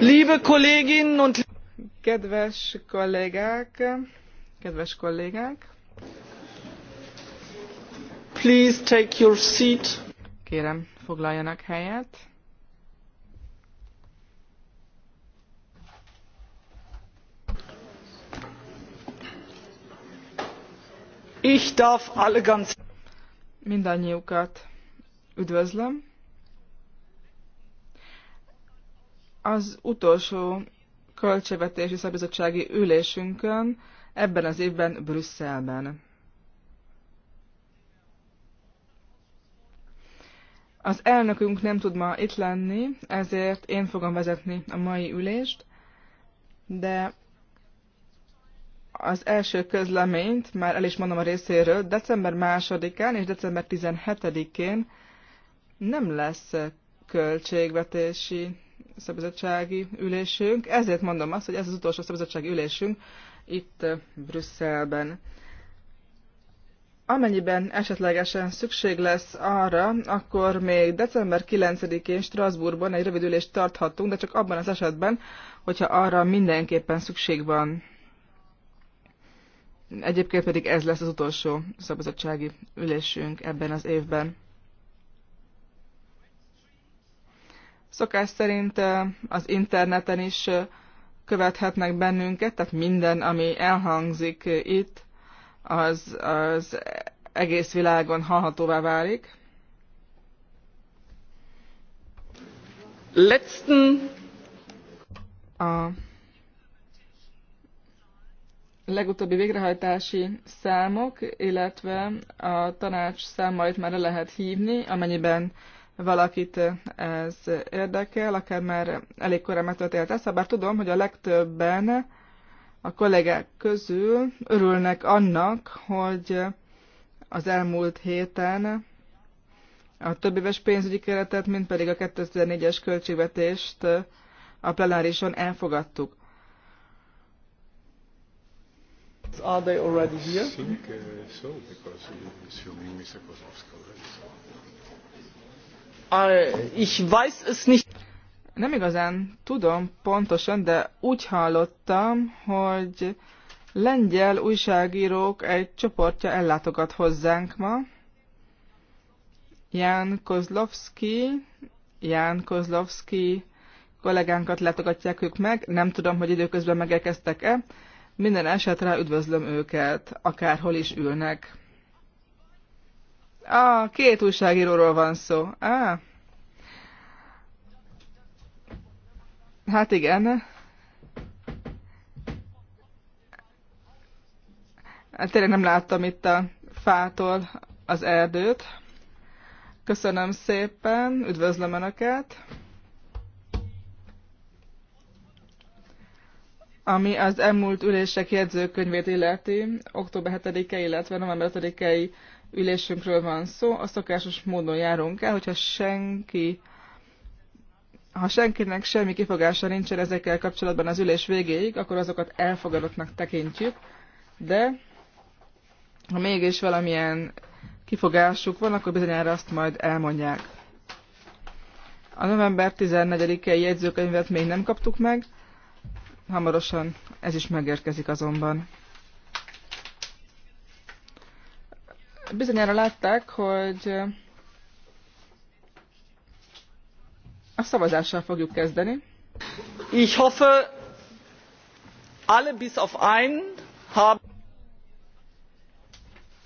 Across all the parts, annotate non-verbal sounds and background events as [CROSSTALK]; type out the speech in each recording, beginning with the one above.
Liebe Kolleginnen und Kedves kollégák, kedves kollégák. Please take your seat. Kérem, foglaljanak helyet. Ich darf alle ganz mindannyiukat üdvözlöm. Az utolsó költségvetési szabizottsági ülésünkön ebben az évben Brüsszelben. Az elnökünk nem tud ma itt lenni, ezért én fogom vezetni a mai ülést, de az első közleményt már el is mondom a részéről, december 2-án és december 17-én nem lesz költségvetési szabadsági ülésünk. Ezért mondom azt, hogy ez az utolsó szabadsági ülésünk itt eh, Brüsszelben. Amennyiben esetlegesen szükség lesz arra, akkor még december 9-én Strasbourgban egy rövid ülést tarthatunk, de csak abban az esetben, hogyha arra mindenképpen szükség van. Egyébként pedig ez lesz az utolsó szabadsági ülésünk ebben az évben. Szokás szerint az interneten is követhetnek bennünket, tehát minden, ami elhangzik itt, az, az egész világon hallhatóvá válik. Letzten a legutóbbi végrehajtási számok, illetve a tanács számait már le lehet hívni, amennyiben valakit ez érdekel, akár már elég korán megtörtént ezt, bár tudom, hogy a legtöbben a kollégák közül örülnek annak, hogy az elmúlt héten a több éves pénzügyi keretet, mint pedig a 2004-es költségvetést a plenárison elfogadtuk. Are they already here? I think uh, so, because assuming Mr. Kozlowska already saw ich weiß es nicht. Nem igazán tudom pontosan, de úgy hallottam, hogy lengyel újságírók egy csoportja ellátogat hozzánk ma. Ján Kozlovski, Ján Kozlovski kollégánkat látogatják ők meg, nem tudom, hogy időközben megérkeztek-e. Minden esetre üdvözlöm őket, akárhol is ülnek. A két újságíróról van szó. Ah. Hát igen. Hát tényleg nem láttam itt a fától az erdőt. Köszönöm szépen, üdvözlöm Önöket! Ami az elmúlt ülések jegyzőkönyvét illeti, október 7-e, illetve november 5-ei ülésünkről van szó, a szokásos módon járunk el, hogyha senki ha senkinek semmi kifogása nincsen ezekkel kapcsolatban az ülés végéig, akkor azokat elfogadottnak tekintjük, de ha mégis valamilyen kifogásuk van, akkor bizonyára azt majd elmondják. A november 14-i jegyzőkönyvet még nem kaptuk meg, hamarosan ez is megérkezik azonban. Bizonyára látták, hogy a szavazással fogjuk kezdeni. Ich hoffe, alle bis auf ein, haben...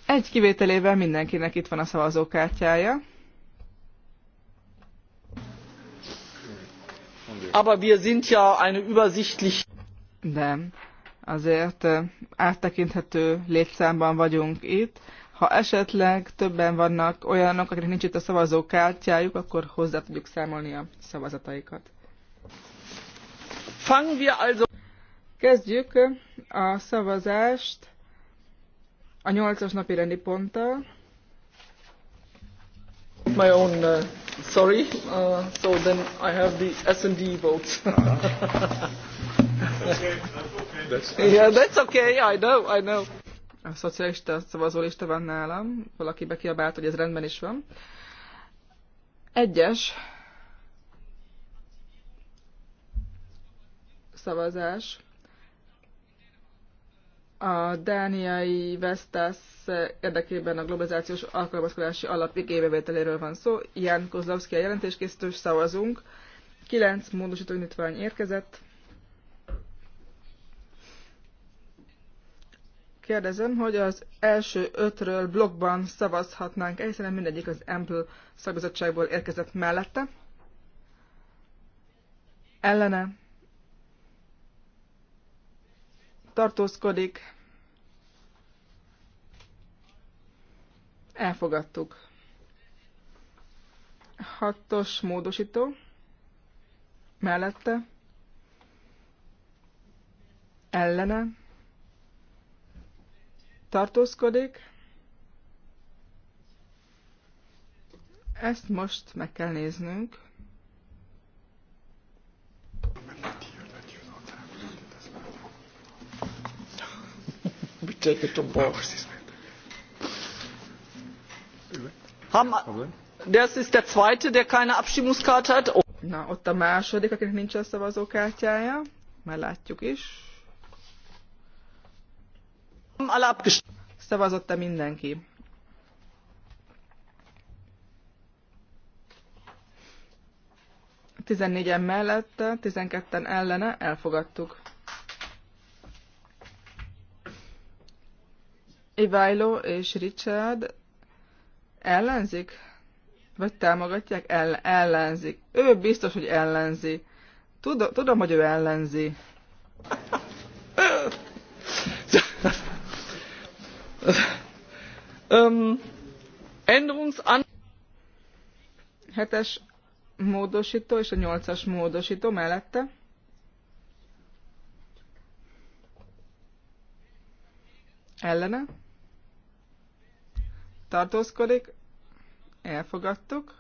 Egy kivételével mindenkinek itt van a szavazókártyája. Aber wir sind ja eine übersichtlich... De azért áttekinthető létszámban vagyunk itt, ha esetleg többen vannak olyanok, akik nincs itt a szavazókártyájuk, akkor hozzá tudjuk számolni a szavazataikat. Fangen also Kezdjük a szavazást a nyolcas napi rendi ponttal. My own, uh, sorry, uh, so then I have the S&D votes. that's okay. That's [LAUGHS] okay. Yeah, that's okay, I know, I know a szocialista szavazólista van nálam, valaki bekiabált, hogy ez rendben is van. Egyes szavazás. A dániai Vestas érdekében a globalizációs alkalmazkodási alap igénybevételéről van szó. Ján Kozlowski a jelentéskészítős, szavazunk. Kilenc módosító indítvány érkezett. kérdezem, hogy az első ötről blogban szavazhatnánk Egyszerűen mindegyik az Ample szakbizottságból érkezett mellette. Ellene tartózkodik. Elfogadtuk. Hatos módosító mellette ellene tartózkodik. Ezt most meg kell néznünk. Bitte, bitte, box. Das ist der zweite, der keine Abstimmungskarte hat. Na, ott a második, akinek nincs a szavazókártyája. Már látjuk is. Szavazott-e mindenki? Tizennégyen mellette, tizenketten ellene, elfogadtuk. Ivailo és Richard ellenzik? Vagy támogatják? El, ellenzik. Ő biztos, hogy ellenzi. Tudom, tudom hogy ő ellenzi. [LAUGHS] Änderungsantrag. Hetes módosító és a nyolcas módosító mellette. Ellene. Tartózkodik. Elfogadtuk.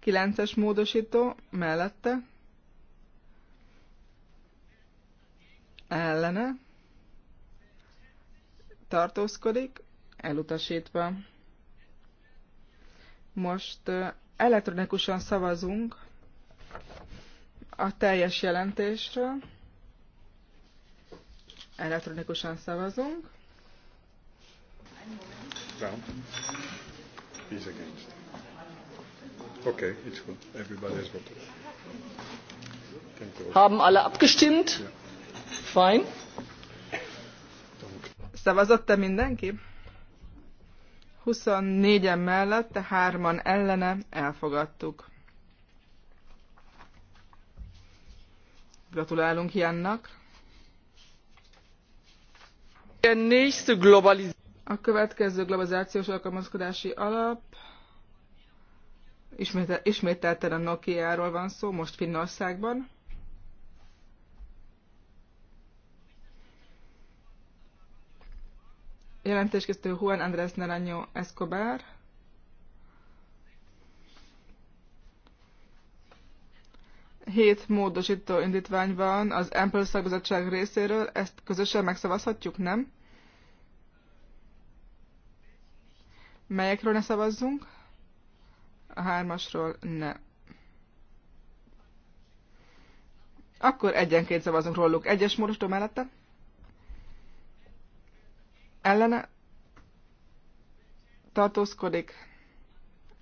Kilences módosító mellette. Ellene tartózkodik, elutasítva. Most elektronikusan szavazunk a teljes jelentésről. Elektronikusan szavazunk. Okay, it's good. Everybody has voted. Haben alle abgestimmt? Yeah. Fine. Szavazott-e mindenki? 24-en te hárman ellene elfogadtuk. Gratulálunk Jannak. A következő globalizációs alkalmazkodási alap. ismételten a Nokia-ról van szó, most Finnországban. jelentéskészítő Juan Andrés Naranjo Escobar. Hét módosító indítvány van az Ample szakbizottság részéről, ezt közösen megszavazhatjuk, nem? Melyekről ne szavazzunk? A hármasról ne. Akkor egyenként szavazunk róluk. Egyes módosító mellette? ellene tartózkodik,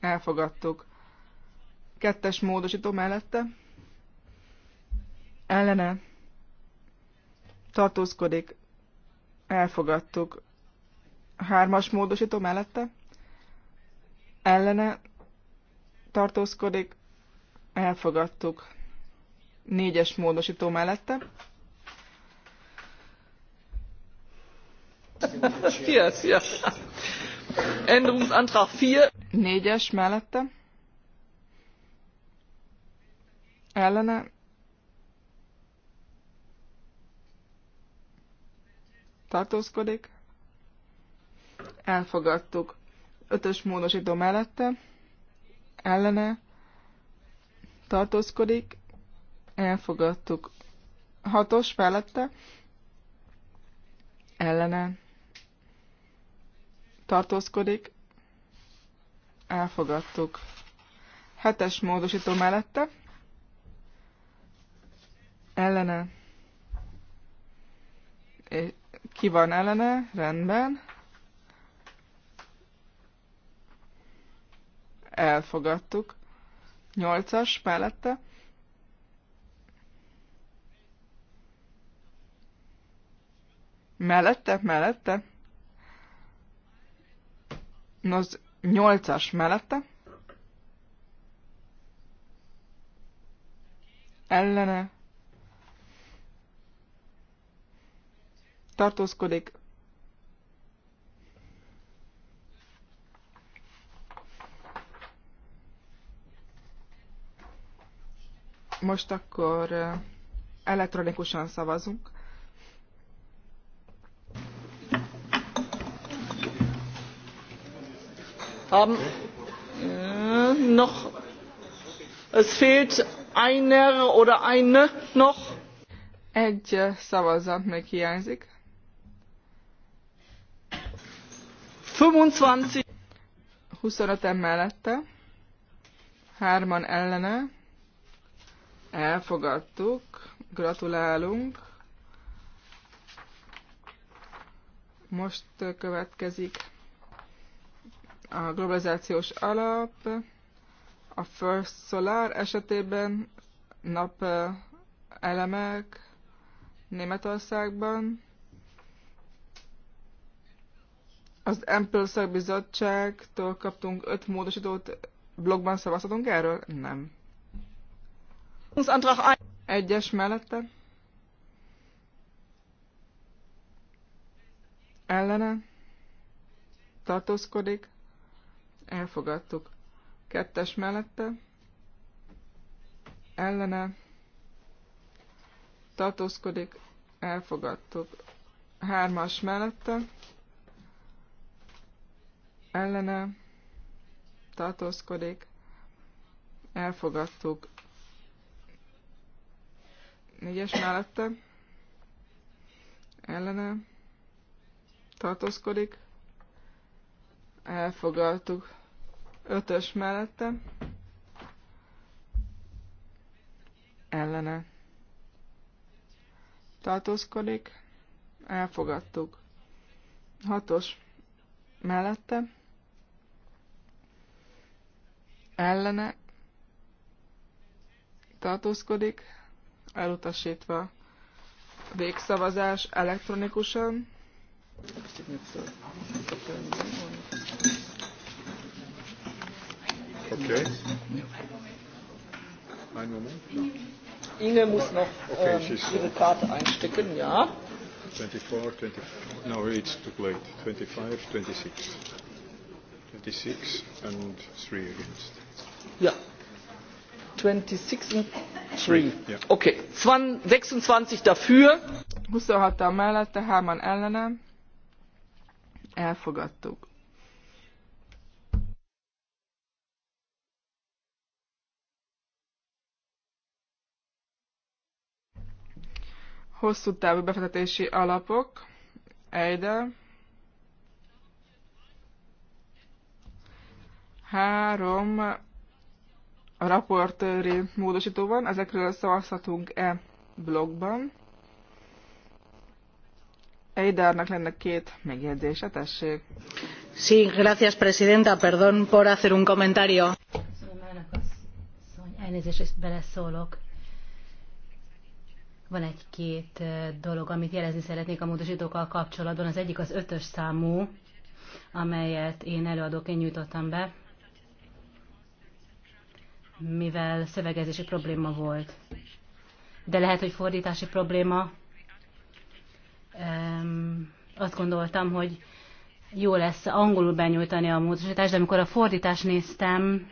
elfogadtuk. Kettes módosító mellette ellene tartózkodik, elfogadtuk. Hármas módosító mellette ellene tartózkodik, elfogadtuk. Négyes módosító mellette Szia, szia. Änderungsantrag 4. Négyes mellette. Ellene. Tartózkodik. Elfogadtuk. Ötös módosító mellette. Ellene. Tartózkodik. Elfogadtuk. Hatos mellette. Ellene tartózkodik, elfogadtuk. Hetes módosító mellette, ellene, ki van ellene, rendben, elfogadtuk. Nyolcas mellette, mellette, mellette, Nos, 8-as mellette. Ellene. Tartózkodik. Most akkor eh, elektronikusan szavazunk. haben äh, noch es fehlt einer oder eine noch egy szavazat még hiányzik 25 25 mellette hárman ellene elfogadtuk gratulálunk most következik a globalizációs alap, a First Solar esetében nap elemek Németországban, az Ample szakbizottságtól kaptunk öt módosítót, blogban szavazhatunk erről? Nem. Egyes mellette. Ellene. Tartózkodik elfogadtuk. Kettes mellette, ellene, tartózkodik, elfogadtuk. Hármas mellette, ellene, tartózkodik, elfogadtuk. Négyes mellette, ellene, tartózkodik, elfogadtuk. Ötös mellette. Ellene. Tartózkodik. Elfogadtuk. Hatos mellette. Ellene. Tartózkodik. Elutasítva. Végszavazás elektronikusan. Köszönöm. Okay. Ein Moment. Ja. Inge muss noch okay, ähm, ihre Karte einstecken, ja. 24, 25, no, it's too late. 25, 26. 26 and 3 against. Ja. 26 and 3. Ja. Okay. 26 dafür. 26-an mellette, 3 ellene. Elfogadtuk. hosszú távú befektetési alapok, Ejde. három raportőri módosító van, ezekről szavazhatunk-e blogban. Eidárnak lenne két megjegyzése, tessék. Sí, gracias, presidenta. Perdón por hacer un comentario. Köszönöm, Elnézést, és beleszólok. Van egy-két dolog, amit jelezni szeretnék a módosítókkal kapcsolatban. Az egyik az ötös számú, amelyet én előadóként nyújtottam be, mivel szövegezési probléma volt. De lehet, hogy fordítási probléma. Um, azt gondoltam, hogy jó lesz angolul benyújtani a módosítást, de amikor a fordítást néztem,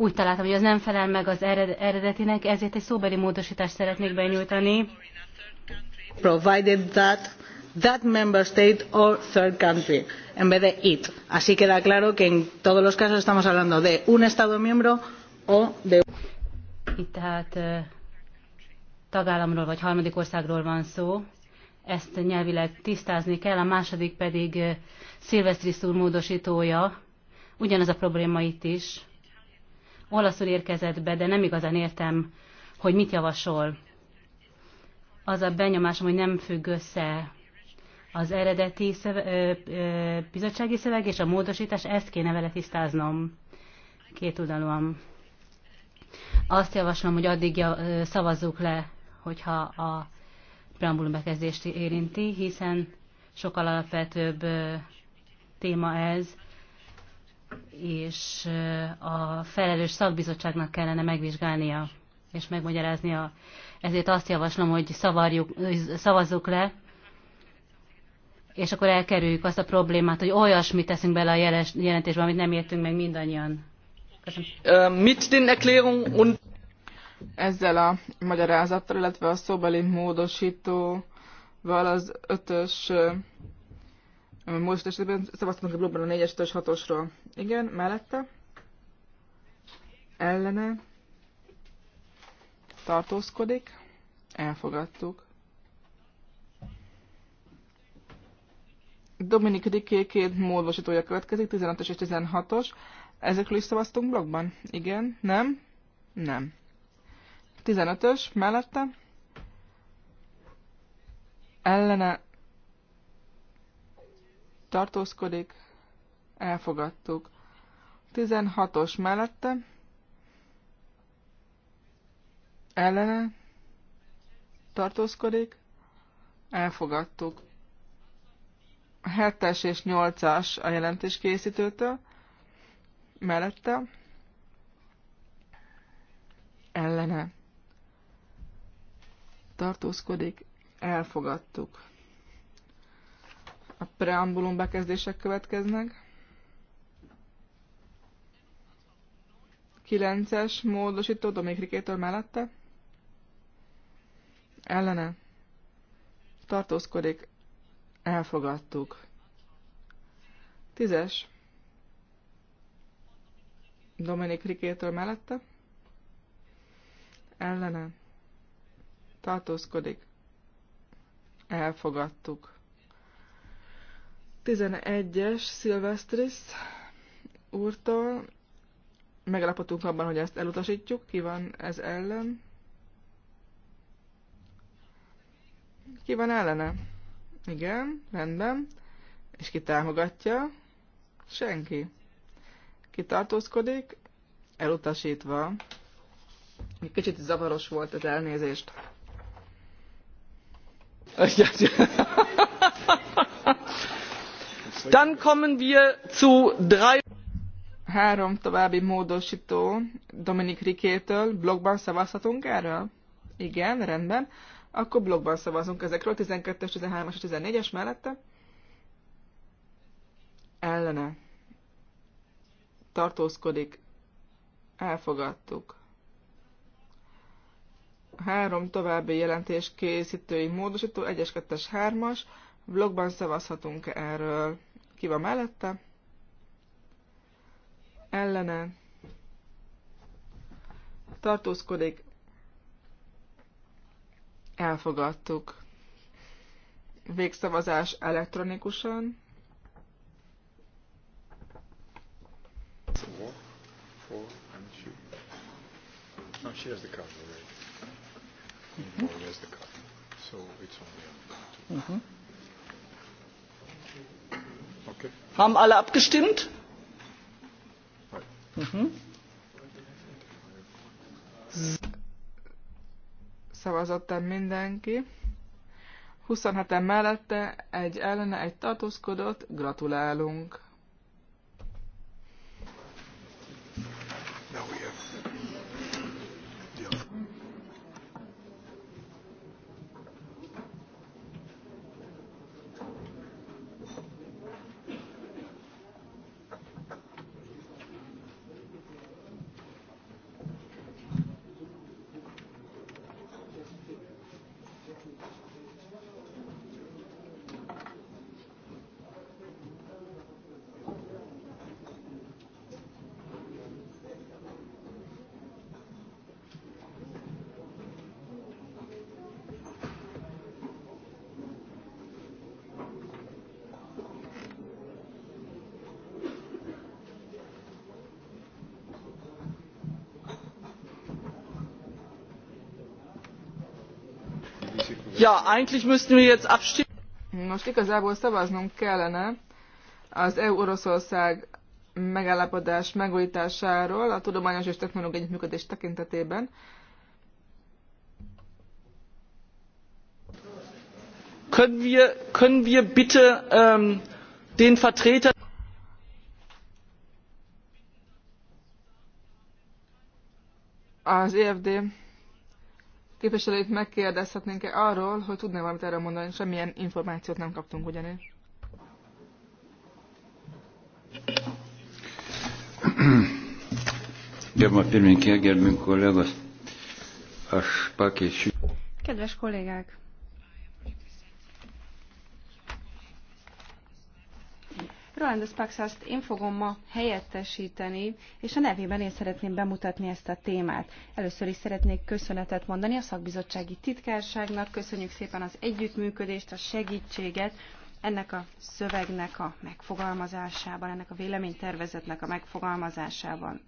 úgy találtam, hogy az nem felel meg az eredetinek, ezért egy szóbeli módosítást szeretnék benyújtani. Provided that that member state or third country en vez de it. Así queda claro que en todos los casos estamos hablando de un Estado miembro o de. Itt tehát tagállamról vagy harmadik országról van szó. Ezt nyelvileg tisztázni kell, a második pedig Szilvesztris úr módosítója. Ugyanaz a probléma itt is olaszul érkezett be, de nem igazán értem, hogy mit javasol. Az a benyomásom, hogy nem függ össze az eredeti szöve, ö, ö, bizottsági szöveg és a módosítás, ezt kéne vele tisztáznom két Azt javaslom, hogy addig szavazzuk le, hogyha a preambulum bekezdést érinti, hiszen sokkal alapvetőbb téma ez, és a felelős szakbizottságnak kellene megvizsgálnia és megmagyaráznia. Ezért azt javaslom, hogy szavarjuk, szavazzuk le, és akkor elkerüljük azt a problémát, hogy olyasmit teszünk bele a jelentésbe, amit nem értünk meg mindannyian. Köszönöm. Mit den Erklärung ezzel a magyarázattal, illetve a szóbeli módosítóval az ötös most esetben szavaztunk a blogban a 4-es, 5-ös, 6-osról. Igen, mellette. Ellene. Tartózkodik. Elfogadtuk. Dominik Riké két módosítója következik, 15-ös és 16-os. Ezekről is szavaztunk blogban? Igen? Nem? Nem. 15-ös mellette. Ellene tartózkodik, elfogadtuk. 16-os mellette, ellene, tartózkodik, elfogadtuk. 7-es és 8-as a jelentés készítőtől, mellette, ellene, tartózkodik, elfogadtuk. A preambulum bekezdések következnek. 9-es módosító Dominik Rikétől mellette. Ellene. Tartózkodik. Elfogadtuk. 10-es. Dominik Rikétől mellette. Ellene. Tartózkodik. Elfogadtuk. 11-es Silvestris úrtól. Megállapodtunk abban, hogy ezt elutasítjuk. Ki van ez ellen? Ki van ellene? Igen, rendben. És ki támogatja? Senki. Ki tartózkodik? Elutasítva. Egy kicsit zavaros volt az elnézést. Dann kommen wir zu drei... Három további módosító Dominik Rikétől. Blogban szavazhatunk erről? Igen, rendben. Akkor blogban szavazunk ezekről. 12-es, 13-as, 14-es mellette. Ellene. Tartózkodik. Elfogadtuk három további jelentés készítői módosító 1-2-3-as, blogban szavazhatunk erről ki van mellette, ellene tartózkodik, elfogadtuk. Végszavazás elektronikusan. No, she has the card already. Mm -hmm. the card. So it's only on the haben alle abgestimmt? Mhm. szavazott mindenki? 27-en mellette, egy ellene, egy tartózkodott. Gratulálunk! Ja, eigentlich müssten wir jetzt abstimmen. Most igazából szavaznunk kellene az EU-Oroszország megállapodás megújításáról a tudományos és technológiai működés tekintetében. Können wir, können wir bitte ähm, den Vertreter az EFD képviselőt megkérdezhetnénk-e arról, hogy tudná valamit erről mondani, semmilyen információt nem kaptunk ugyanis. Kedves kollégák! Rolandus Paxaszt én fogom ma helyettesíteni, és a nevében én szeretném bemutatni ezt a témát. Először is szeretnék köszönetet mondani a szakbizottsági titkárságnak, köszönjük szépen az együttműködést, a segítséget, ennek a szövegnek a megfogalmazásában, ennek a véleménytervezetnek a megfogalmazásában.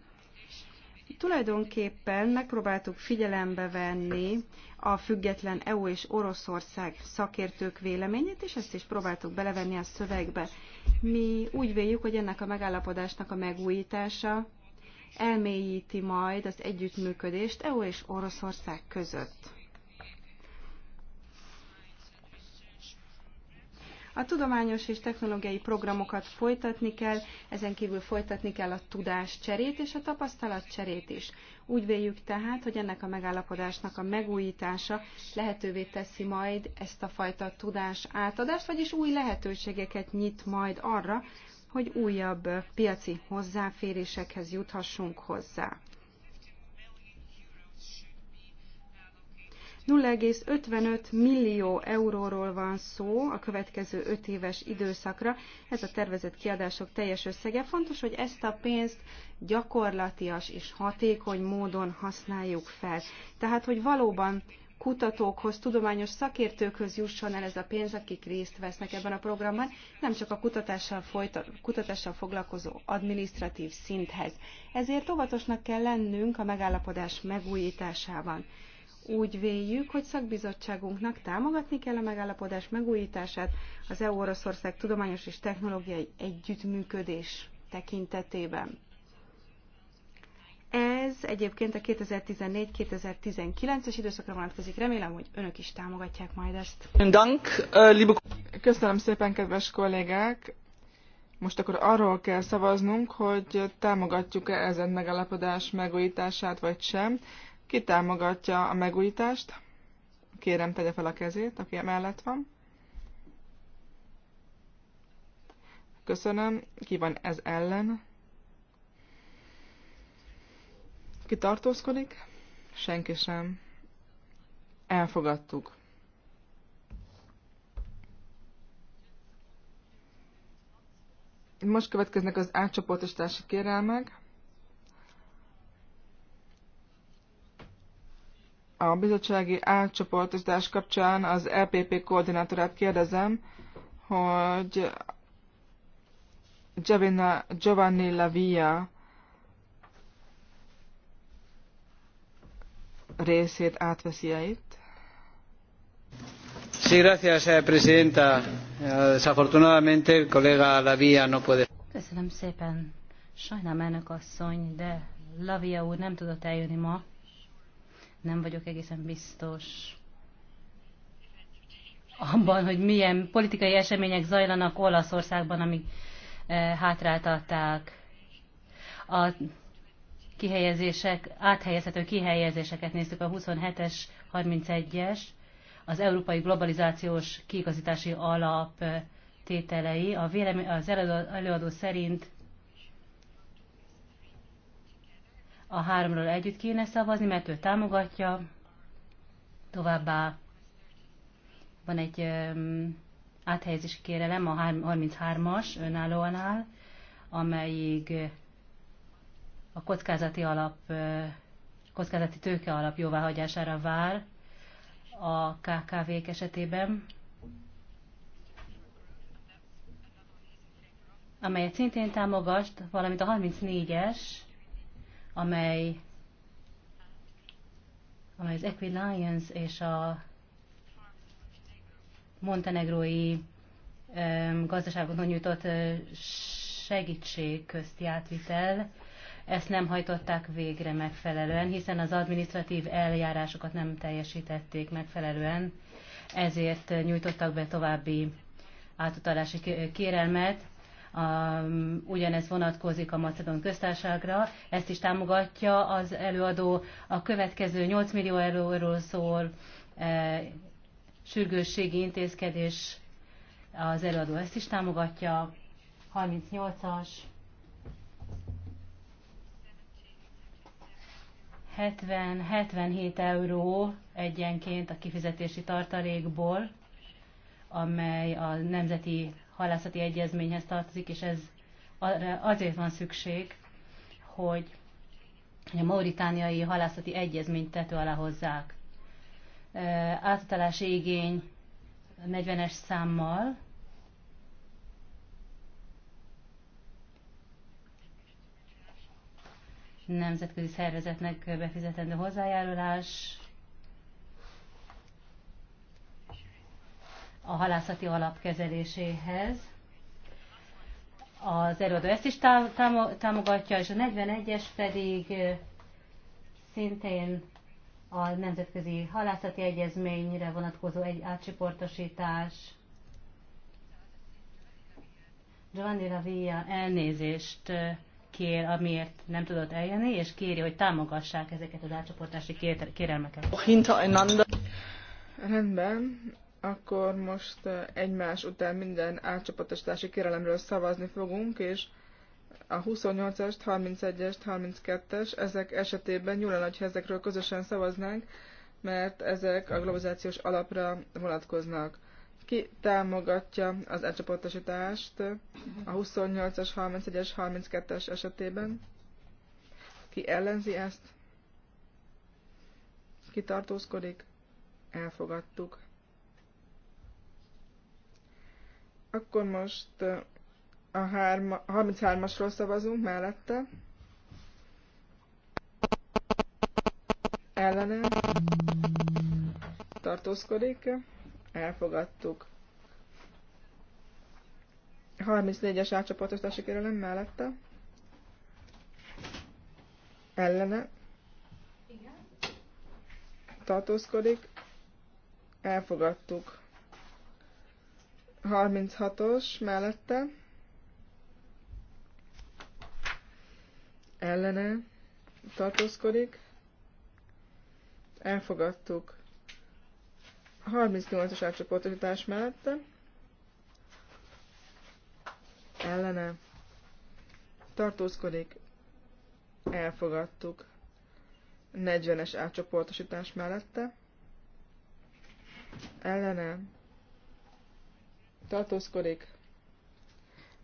Tulajdonképpen megpróbáltuk figyelembe venni a független EU és Oroszország szakértők véleményét, és ezt is próbáltuk belevenni a szövegbe. Mi úgy véljük, hogy ennek a megállapodásnak a megújítása elmélyíti majd az együttműködést EU és Oroszország között. A tudományos és technológiai programokat folytatni kell, ezen kívül folytatni kell a tudás cserét és a cserét is. Úgy véljük tehát, hogy ennek a megállapodásnak a megújítása lehetővé teszi majd ezt a fajta tudás átadást, vagyis új lehetőségeket nyit majd arra, hogy újabb piaci hozzáférésekhez juthassunk hozzá. 0,55 millió euróról van szó a következő 5 éves időszakra. Ez a tervezett kiadások teljes összege. Fontos, hogy ezt a pénzt gyakorlatias és hatékony módon használjuk fel. Tehát, hogy valóban kutatókhoz, tudományos szakértőkhöz jusson el ez a pénz, akik részt vesznek ebben a programban, nem csak a kutatással, folyta, kutatással foglalkozó administratív szinthez. Ezért óvatosnak kell lennünk a megállapodás megújításában. Úgy véljük, hogy szakbizottságunknak támogatni kell a megállapodás megújítását az EU-Oroszország tudományos és technológiai együttműködés tekintetében. Ez egyébként a 2014-2019-es időszakra vonatkozik. Remélem, hogy önök is támogatják majd ezt. Köszönöm szépen, kedves kollégák! Most akkor arról kell szavaznunk, hogy támogatjuk-e ezen megállapodás megújítását, vagy sem. Ki támogatja a megújítást? Kérem, tegye fel a kezét, aki emellett van. Köszönöm. Ki van ez ellen? Ki tartózkodik? Senki sem. Elfogadtuk. Most következnek az átcsoportosítási kérelmek. a bizottsági átcsoportosítás kapcsán az EPP koordinátorát kérdezem, hogy Giovanna, Giovanni Lavia részét átveszi -e itt. Sí, gracias, eh, presidenta. Eh, desafortunadamente, el colega Lavia no puede. Köszönöm szépen. Sajnálom, elnök asszony, de Lavia úr nem tudott eljönni ma nem vagyok egészen biztos abban, hogy milyen politikai események zajlanak Olaszországban, amik eh, hátráltatták a kihelyezések, áthelyezhető kihelyezéseket néztük a 27-es, 31-es, az Európai Globalizációs Kiigazítási Alap eh, tételei. A vélemény, az előadó szerint A háromról együtt kéne szavazni, mert ő támogatja. Továbbá van egy um, áthelyezési kérelem, a 33-as önállóan áll, amelyig a kockázati alap, kockázati tőke alap jóváhagyására vár a KKV-k esetében, amelyet szintén támogat, valamint a 34-es, amely, amely az Equilions és a montenegrói gazdaságban nyújtott segítség közti átvitel, ezt nem hajtották végre megfelelően, hiszen az administratív eljárásokat nem teljesítették megfelelően, ezért nyújtottak be további átutalási kérelmet. Um, ugyanez vonatkozik a Macedon köztársaságra, ezt is támogatja az előadó. A következő 8 millió euróról szól e, sürgősségi intézkedés, az előadó ezt is támogatja. 38-as. 70-77 euró egyenként a kifizetési tartalékból, amely a nemzeti halászati egyezményhez tartozik, és ez azért van szükség, hogy a mauritániai halászati egyezményt tető alá hozzák. Átutalási igény 40-es számmal, nemzetközi szervezetnek befizetendő hozzájárulás a halászati alapkezeléséhez. Az előadó ezt is támogatja, és a 41-es pedig szintén a Nemzetközi Halászati Egyezményre vonatkozó egy átcsoportosítás. Giovanni Ravia elnézést kér, amiért nem tudott eljönni, és kéri, hogy támogassák ezeket az átcsoportási kérelmeket. Rendben, akkor most egymás után minden átcsapatosítási kérelemről szavazni fogunk, és a 28-est, 31-est, 32-es, ezek esetében nyúlna, hogyha ezekről közösen szavaznánk, mert ezek a globalizációs alapra vonatkoznak. Ki támogatja az elcsoportosítást a 28-as, 31-es, 32-es esetében? Ki ellenzi ezt? Ki tartózkodik? Elfogadtuk. Akkor most a 33-asról szavazunk mellette. Ellene tartózkodik. Elfogadtuk. 34-es átcsoportosítási kérelem mellette. Ellene. Tartózkodik. Elfogadtuk. 36-os mellette ellene tartózkodik. Elfogadtuk. 38 os átcsoportosítás mellette ellene tartózkodik. Elfogadtuk. 40-es átcsoportosítás mellette ellene tartózkodik.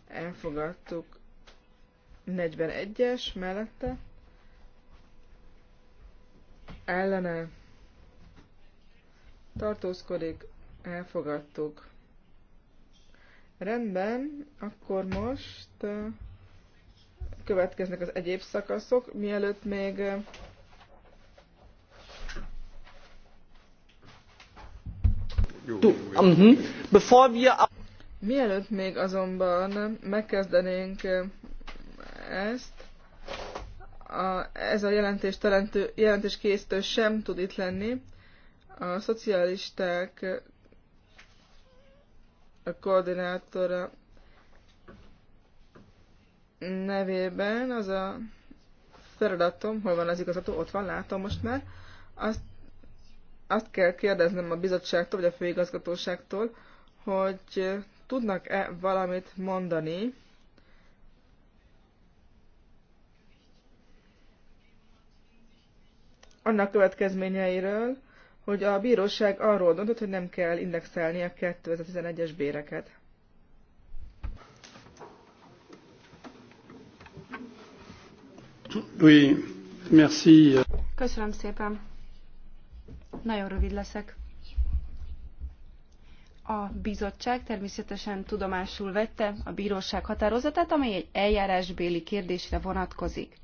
Elfogadtuk 41-es mellette. Ellene tartózkodik. Elfogadtuk. Rendben, akkor most következnek az egyéb szakaszok, mielőtt még mhm. Bevor wir Mielőtt még azonban megkezdenénk eh, ezt, a, ez a jelentés, telentő, jelentés készítő sem tud itt lenni. A szocialisták eh, a koordinátora nevében az a feladatom, hol van az igazató, ott van, látom most már, azt, azt kell kérdeznem a bizottságtól, vagy a főigazgatóságtól, hogy tudnak-e valamit mondani annak következményeiről, hogy a bíróság arról döntött, hogy nem kell indexelni a 2011-es béreket. Oui, merci. Köszönöm szépen. Nagyon rövid leszek a bizottság természetesen tudomásul vette a bíróság határozatát, amely egy eljárásbéli kérdésre vonatkozik.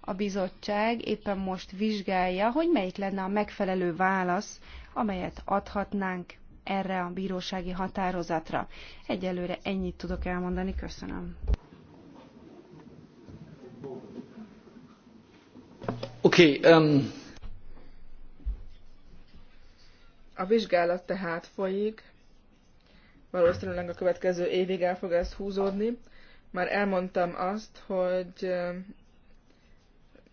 A bizottság éppen most vizsgálja, hogy melyik lenne a megfelelő válasz, amelyet adhatnánk erre a bírósági határozatra. Egyelőre ennyit tudok elmondani. Köszönöm. Oké. Okay, um... A vizsgálat tehát folyik, valószínűleg a következő évig el fog ezt húzódni. Már elmondtam azt, hogy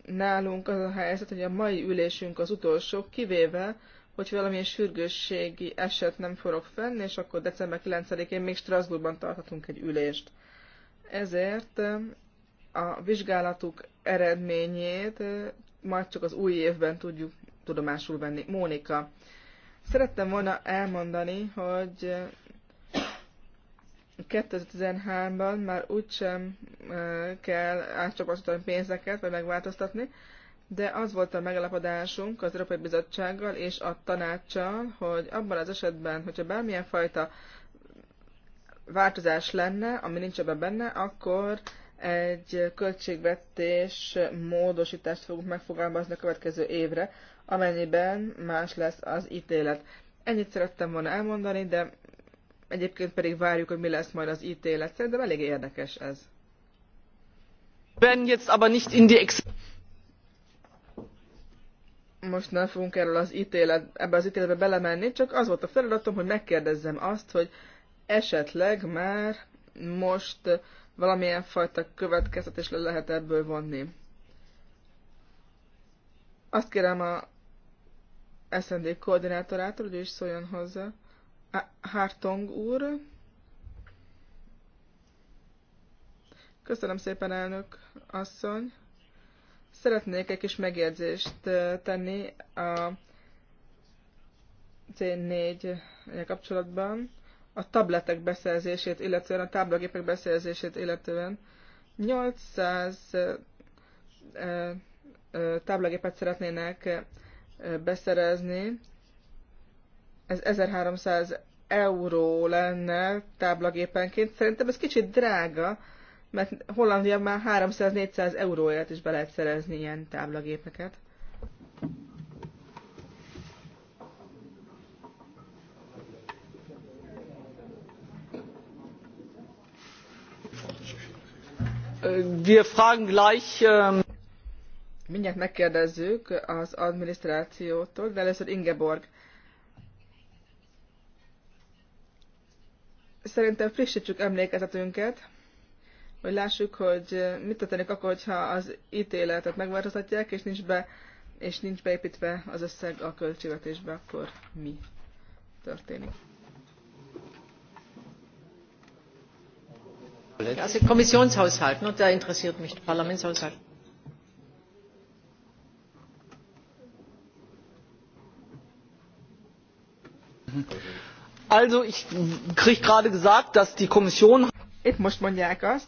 nálunk az a helyzet, hogy a mai ülésünk az utolsó, kivéve, hogy valamilyen sürgősségi eset nem forog fenn, és akkor december 9-én még Strasbourgban tarthatunk egy ülést. Ezért a vizsgálatuk eredményét majd csak az új évben tudjuk tudomásul venni. Mónika, szerettem volna elmondani, hogy 2013-ban már úgysem kell átcsoportosítani pénzeket, vagy megváltoztatni, de az volt a megalapodásunk az Európai Bizottsággal és a tanácssal, hogy abban az esetben, hogyha bármilyen fajta változás lenne, ami nincs ebben benne, akkor egy költségvetés módosítást fogunk megfogalmazni a következő évre, amennyiben más lesz az ítélet. Ennyit szerettem volna elmondani, de egyébként pedig várjuk, hogy mi lesz majd az ítélet. Szerintem elég érdekes ez. Most nem fogunk erről az ítélet, ebbe az ítéletbe belemenni, csak az volt a feladatom, hogy megkérdezzem azt, hogy esetleg már most valamilyen fajta következtetés le lehet ebből vonni. Azt kérem a SND koordinátorától, hogy ő is szóljon hozzá. Hartong úr. Köszönöm szépen, elnök asszony. Szeretnék egy kis megjegyzést tenni a C4 kapcsolatban. A tabletek beszerzését, illetően a táblagépek beszerzését, illetően 800 táblagépet szeretnének beszerezni ez 1300 euró lenne táblagépenként. Szerintem ez kicsit drága, mert Hollandia már 300-400 euróért is be lehet szerezni ilyen táblagépeket. Wir fragen gleich. um... Mindjárt megkérdezzük az adminisztrációtól, de először Ingeborg Uh, Szerintem frissítsük emlékezetünket, hogy lássuk, hogy eh, mit történik akkor, hogyha az ítéletet megváltoztatják, és nincs be és nincs beépítve az összeg a költségvetésbe, akkor mi történik? Also Kommissionshaushalt, ne? der interessiert mich, Parlamentshaushalt. Mm-hmm. Also ich gerade gesagt, dass die Kommission... Itt most mondják azt,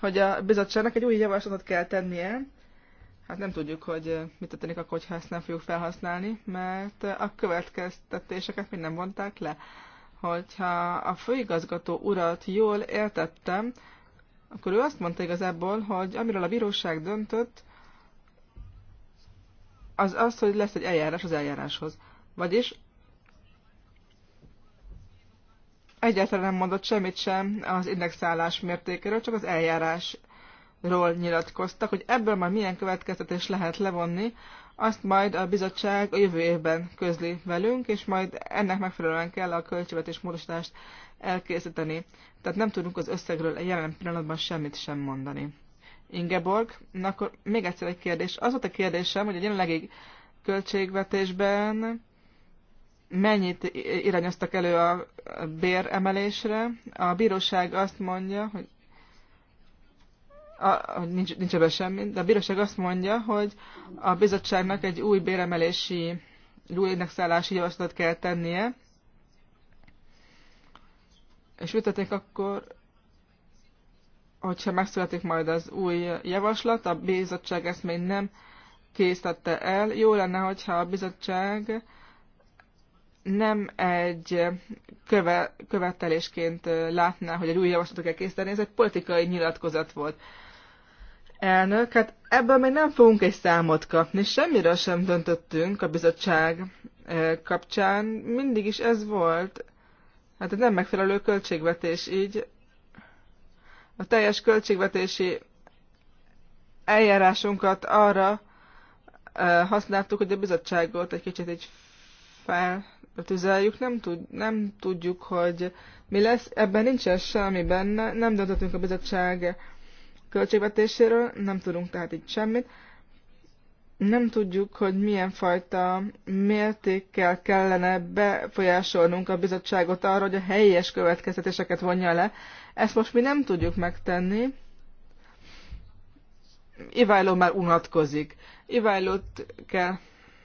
hogy a bizottságnak egy új javaslatot kell tennie. Hát nem tudjuk, hogy eh, mit történik akkor, hogyha ezt nem fogjuk felhasználni, mert eh, a következtetéseket még nem vonták le. Hogyha a főigazgató urat jól értettem, akkor ő azt mondta igazából, hogy amiről a bíróság döntött, az az, hogy lesz egy eljárás az eljáráshoz. Vagyis egyáltalán nem mondott semmit sem az indexálás mértékéről, csak az eljárásról nyilatkoztak, hogy ebből már milyen következtetés lehet levonni, azt majd a bizottság a jövő évben közli velünk, és majd ennek megfelelően kell a költségvetés módosítást elkészíteni. Tehát nem tudunk az összegről jelen pillanatban semmit sem mondani. Ingeborg, na akkor még egyszer egy kérdés. Az volt a kérdésem, hogy a jelenlegi költségvetésben mennyit irányoztak elő a emelésre. A bíróság azt mondja, hogy a, nincs, nincs ebben semmi, de a bíróság azt mondja, hogy a bizottságnak egy új béremelési, egy új indexálási javaslatot kell tennie, és ütetnék akkor, hogyha megszületik majd az új javaslat, a bizottság ezt még nem készítette el. Jó lenne, hogyha a bizottság nem egy köve, követelésként látná, hogy egy új javaslatot kell készíteni, ez egy politikai nyilatkozat volt. Elnök, hát ebből még nem fogunk egy számot kapni, semmiről sem döntöttünk a bizottság kapcsán, mindig is ez volt. Hát ez nem megfelelő költségvetés, így a teljes költségvetési eljárásunkat arra használtuk, hogy a bizottságot egy kicsit így fel tüzeljük, nem, tud, nem tudjuk, hogy mi lesz. Ebben nincsen semmi benne, nem döntöttünk a bizottság költségvetéséről, nem tudunk tehát itt semmit. Nem tudjuk, hogy milyen fajta mértékkel kellene befolyásolnunk a bizottságot arra, hogy a helyes következtetéseket vonja le. Ezt most mi nem tudjuk megtenni. Iváló már unatkozik. Iválót kell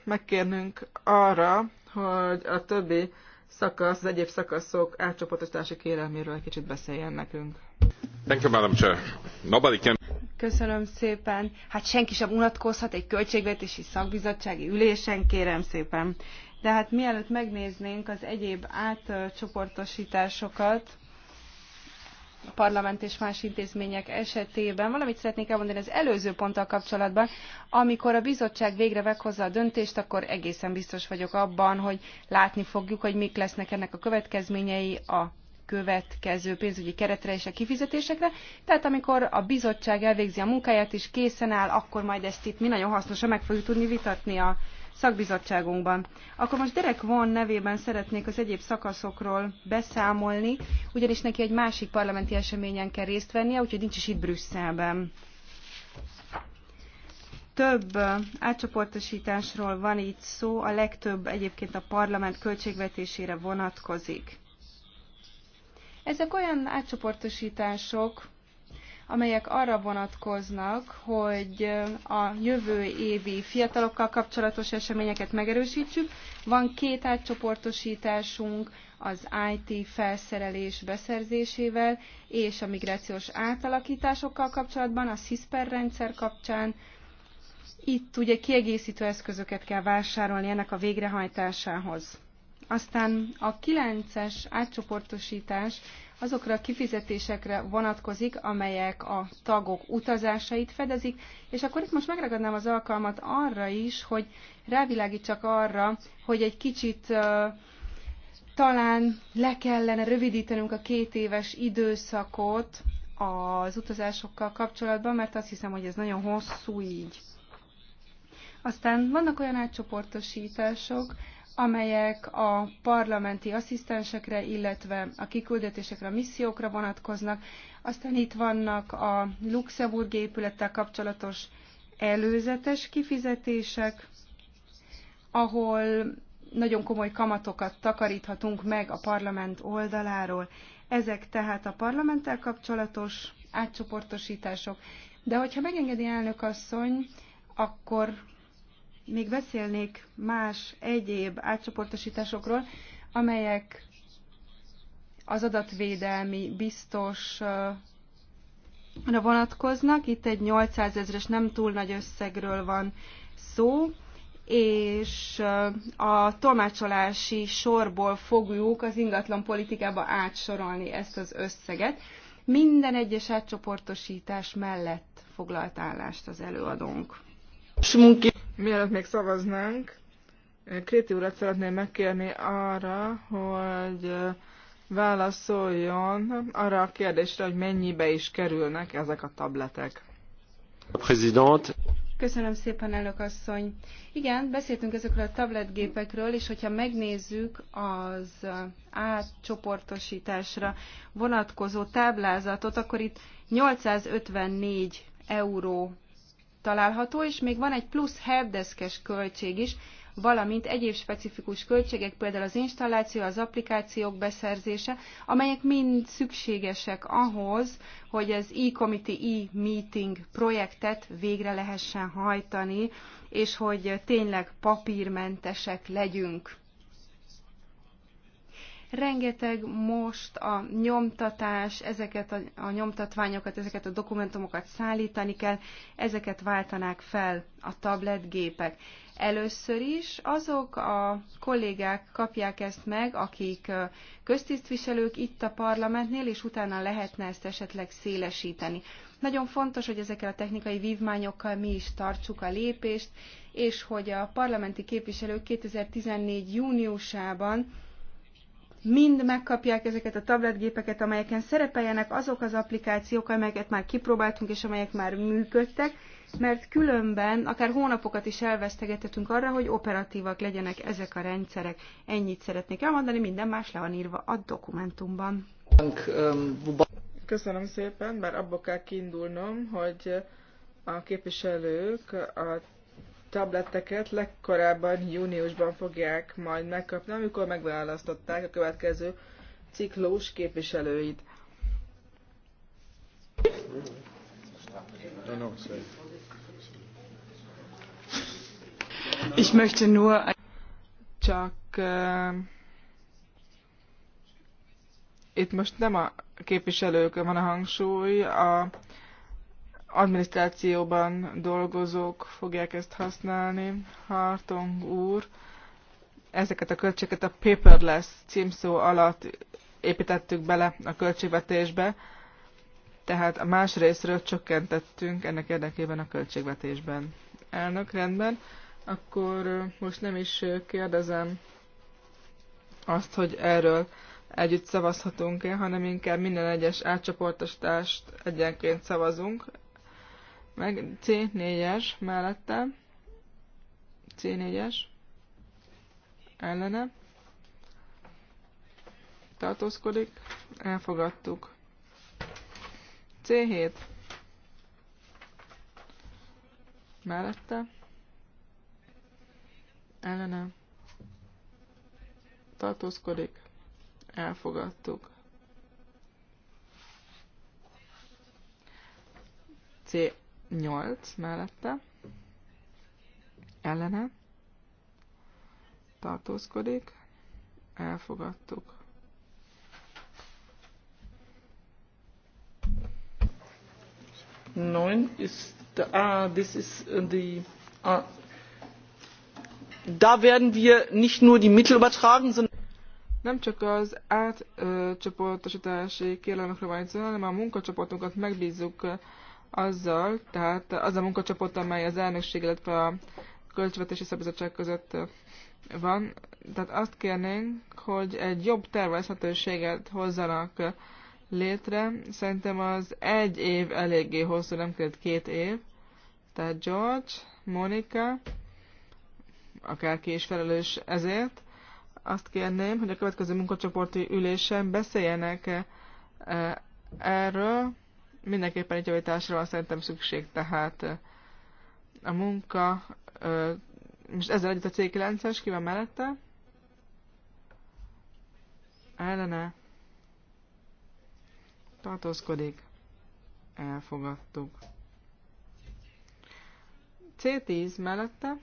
megkérnünk arra, hogy a többi szakasz, az egyéb szakaszok átcsoportosítási kérelméről egy kicsit beszéljen nekünk. Thank you, Madam Chair. Nobody can... Köszönöm szépen. Hát senki sem unatkozhat egy költségvetési szakbizottsági ülésen, kérem szépen. De hát mielőtt megnéznénk az egyéb átcsoportosításokat, a parlament és más intézmények esetében. Valamit szeretnék elmondani az előző ponttal kapcsolatban. Amikor a bizottság végre meghozza a döntést, akkor egészen biztos vagyok abban, hogy látni fogjuk, hogy mik lesznek ennek a következményei a következő pénzügyi keretre és a kifizetésekre. Tehát amikor a bizottság elvégzi a munkáját és készen áll, akkor majd ezt itt mi nagyon hasznosan meg fogjuk tudni vitatni a szakbizottságunkban. Akkor most Derek Von nevében szeretnék az egyéb szakaszokról beszámolni, ugyanis neki egy másik parlamenti eseményen kell részt vennie, úgyhogy nincs is itt Brüsszelben. Több átcsoportosításról van itt szó, a legtöbb egyébként a parlament költségvetésére vonatkozik. Ezek olyan átcsoportosítások, amelyek arra vonatkoznak, hogy a jövő évi fiatalokkal kapcsolatos eseményeket megerősítsük. Van két átcsoportosításunk az IT felszerelés beszerzésével és a migrációs átalakításokkal kapcsolatban, a CISPER rendszer kapcsán. Itt ugye kiegészítő eszközöket kell vásárolni ennek a végrehajtásához. Aztán a 9-es átcsoportosítás azokra a kifizetésekre vonatkozik, amelyek a tagok utazásait fedezik, és akkor itt most megragadnám az alkalmat arra is, hogy rávilágítsak arra, hogy egy kicsit talán le kellene rövidítenünk a két éves időszakot az utazásokkal kapcsolatban, mert azt hiszem, hogy ez nagyon hosszú így. Aztán vannak olyan átcsoportosítások, amelyek a parlamenti asszisztensekre, illetve a kiküldetésekre, a missziókra vonatkoznak. Aztán itt vannak a Luxemburg épülettel kapcsolatos előzetes kifizetések, ahol nagyon komoly kamatokat takaríthatunk meg a parlament oldaláról. Ezek tehát a parlamenttel kapcsolatos átcsoportosítások. De hogyha megengedi elnök asszony, akkor még beszélnék más egyéb átcsoportosításokról, amelyek az adatvédelmi biztos vonatkoznak. Itt egy 800 ezres nem túl nagy összegről van szó, és a tolmácsolási sorból fogjuk az ingatlan politikába átsorolni ezt az összeget. Minden egyes átcsoportosítás mellett foglalt állást az előadónk. Mielőtt még szavaznánk, Kréti urat szeretném megkérni arra, hogy válaszoljon arra a kérdésre, hogy mennyibe is kerülnek ezek a tabletek. A prezident. Köszönöm szépen, elnök asszony. Igen, beszéltünk ezekről a tabletgépekről, és hogyha megnézzük az átcsoportosításra vonatkozó táblázatot, akkor itt 854 euró található, és még van egy plusz helpdeskes költség is, valamint egyéb specifikus költségek, például az installáció, az applikációk beszerzése, amelyek mind szükségesek ahhoz, hogy az e-committee e-meeting projektet végre lehessen hajtani, és hogy tényleg papírmentesek legyünk. Rengeteg most a nyomtatás, ezeket a, a nyomtatványokat, ezeket a dokumentumokat szállítani kell, ezeket váltanák fel a tabletgépek. Először is azok a kollégák kapják ezt meg, akik köztisztviselők itt a parlamentnél, és utána lehetne ezt esetleg szélesíteni. Nagyon fontos, hogy ezekkel a technikai vívmányokkal mi is tartsuk a lépést, és hogy a parlamenti képviselők 2014. júniusában mind megkapják ezeket a tabletgépeket, amelyeken szerepeljenek azok az applikációk, amelyeket már kipróbáltunk, és amelyek már működtek, mert különben akár hónapokat is elvesztegethetünk arra, hogy operatívak legyenek ezek a rendszerek. Ennyit szeretnék elmondani, minden más le van írva a dokumentumban. Köszönöm szépen, bár abból kell kiindulnom, hogy a képviselők a tabletteket legkorábban júniusban fogják majd megkapni, amikor megválasztották a következő ciklós képviselőit. Ich möchte nur csak uh, itt most nem a képviselők van a hangsúly, a adminisztrációban dolgozók fogják ezt használni. Hartong úr, ezeket a költségeket a paperless címszó alatt építettük bele a költségvetésbe, tehát a más részről csökkentettünk ennek érdekében a költségvetésben. Elnök, rendben. Akkor most nem is kérdezem azt, hogy erről együtt szavazhatunk-e, hanem inkább minden egyes átcsoportosítást egyenként szavazunk meg C4-es mellette, C4-es ellene tartózkodik, elfogadtuk. C7 mellette ellene tartózkodik, elfogadtuk. C 8 mellette, ellene, tartózkodik, elfogadtuk. Neun ist da, ah, this is the, äh, ah, da werden wir nicht nur die Mittel übertragen, sondern nem csak az átcsoportosítási kérelmekről van szó, hanem a munkacsoportunkat megbízzuk azzal, tehát az a munkacsoport, amely az elnökség, illetve a költségvetési szabizottság között van. Tehát azt kérnénk, hogy egy jobb tervezhetőséget hozzanak létre. Szerintem az egy év eléggé hosszú, nem kell két év. Tehát George, Monika, akárki is felelős ezért, azt kérném, hogy a következő munkacsoporti ülésen beszéljenek erről, mindenképpen egy javításra van szerintem szükség, tehát a munka, most ezzel együtt a C9-es, ki van mellette? Ellene tartózkodik, elfogadtuk. C10 mellette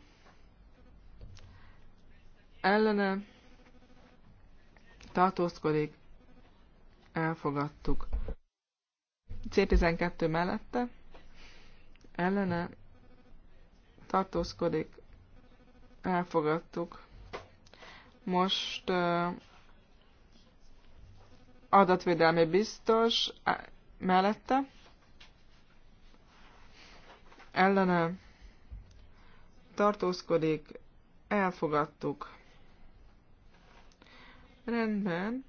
ellene tartózkodik, elfogadtuk. C12 mellette ellene tartózkodik. Elfogadtuk. Most uh, adatvédelmi biztos mellette ellene tartózkodik. Elfogadtuk. Rendben.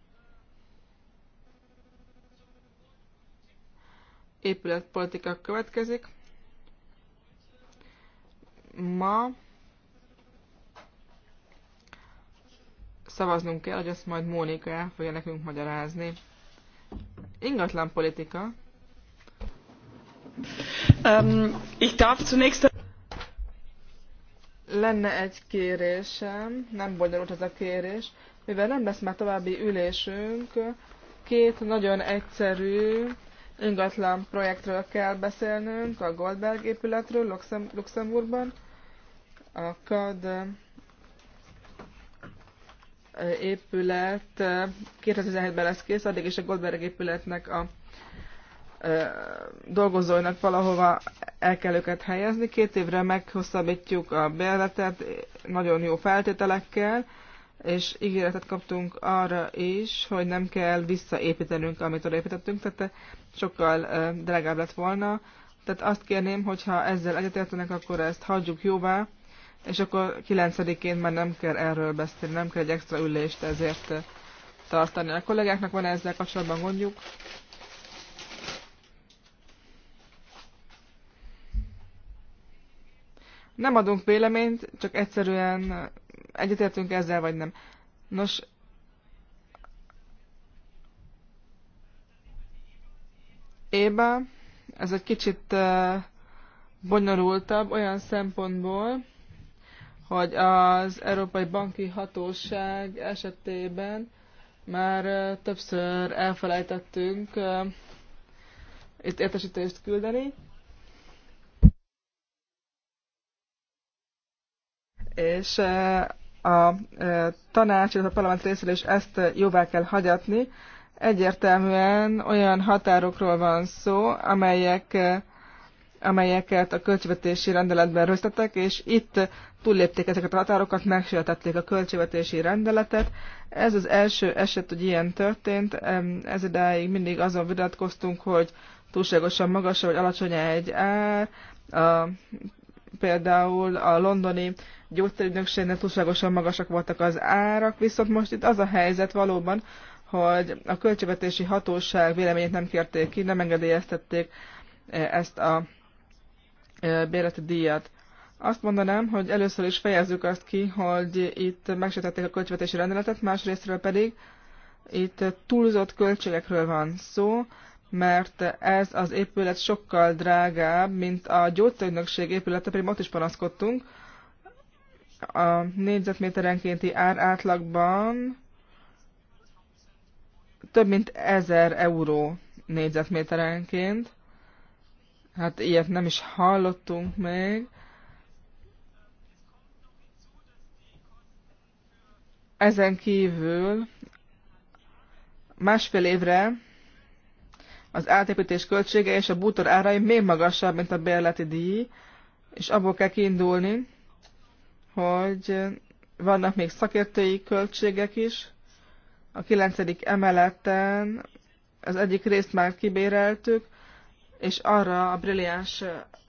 épületpolitika következik. Ma szavaznunk kell, hogy azt majd Mónika el fogja nekünk magyarázni. Ingatlan politika. Um, ich darf zunächst... Lenne egy kérésem, nem bonyolult ez a kérés, mivel nem lesz már további ülésünk, két nagyon egyszerű ingatlan projektről kell beszélnünk, a Goldberg épületről Luxem Luxemburgban, a CAD épület 2017-ben eh, lesz kész, addig is a Goldberg épületnek a eh, dolgozóinak valahova el kell őket helyezni. Két évre meghosszabbítjuk a bérletet nagyon jó feltételekkel, és ígéretet kaptunk arra is, hogy nem kell visszaépítenünk, amit odaépítettünk, tehát eh, sokkal drágább lett volna. Tehát azt kérném, hogyha ezzel egyetértenek, akkor ezt hagyjuk jóvá, és akkor 9-én már nem kell erről beszélni, nem kell egy extra ülést ezért tartani. A kollégáknak van -e ezzel kapcsolatban gondjuk? Nem adunk véleményt, csak egyszerűen egyetértünk ezzel, vagy nem. Nos, éba. Ez egy kicsit bonyolultabb olyan szempontból, hogy az Európai Banki Hatóság esetében már többször elfelejtettünk itt értesítést küldeni. És a tanács, illetve a parlament részéről is ezt jóvá kell hagyatni, Egyértelműen olyan határokról van szó, amelyek, eh, amelyeket a költségvetési rendeletben rögzítettek, és itt túllépték ezeket a határokat, megsületették a költségvetési rendeletet. Ez az első eset, hogy ilyen történt. Ez idáig mindig azon vitatkoztunk, hogy túlságosan magas vagy alacsony egy ár. A, például a londoni gyógyszerügynökségnél túlságosan magasak voltak az árak, viszont most itt az a helyzet valóban, hogy a költségvetési hatóság véleményét nem kérték ki, nem engedélyeztették e, ezt a e, bérleti díjat. Azt mondanám, hogy először is fejezzük azt ki, hogy itt megsértették a költségvetési rendeletet, másrésztről pedig itt túlzott költségekről van szó, mert ez az épület sokkal drágább, mint a gyógyszerügynökség épülete, pedig ott is panaszkodtunk. A négyzetméterenkénti ár átlagban több mint ezer euró négyzetméterenként. Hát ilyet nem is hallottunk még. Ezen kívül másfél évre az átépítés költsége és a bútor árai még magasabb, mint a bérleti díj, és abból kell kiindulni, hogy vannak még szakértői költségek is, a kilencedik emeleten az egyik részt már kibéreltük, és arra a brilliáns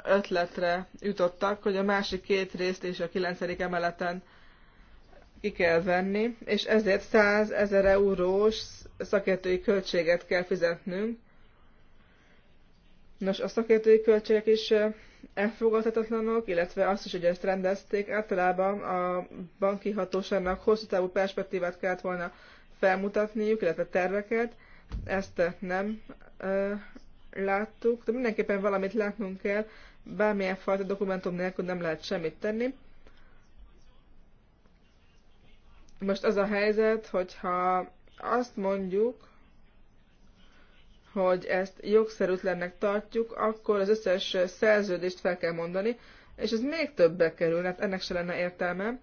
ötletre jutottak, hogy a másik két részt is a kilencedik emeleten ki kell venni, és ezért 100 ezer eurós szakértői költséget kell fizetnünk. Nos, a szakértői költségek is elfogadhatatlanok, illetve azt is, hogy ezt rendezték. Általában a banki hatóságnak hosszú távú perspektívát kellett volna felmutatniuk, illetve terveket. Ezt nem ö, láttuk, de mindenképpen valamit látnunk kell, bármilyen fajta dokumentum nélkül nem lehet semmit tenni. Most az a helyzet, hogyha azt mondjuk, hogy ezt jogszerűtlennek tartjuk, akkor az összes szerződést fel kell mondani, és ez még többbe kerül, hát ennek se lenne értelme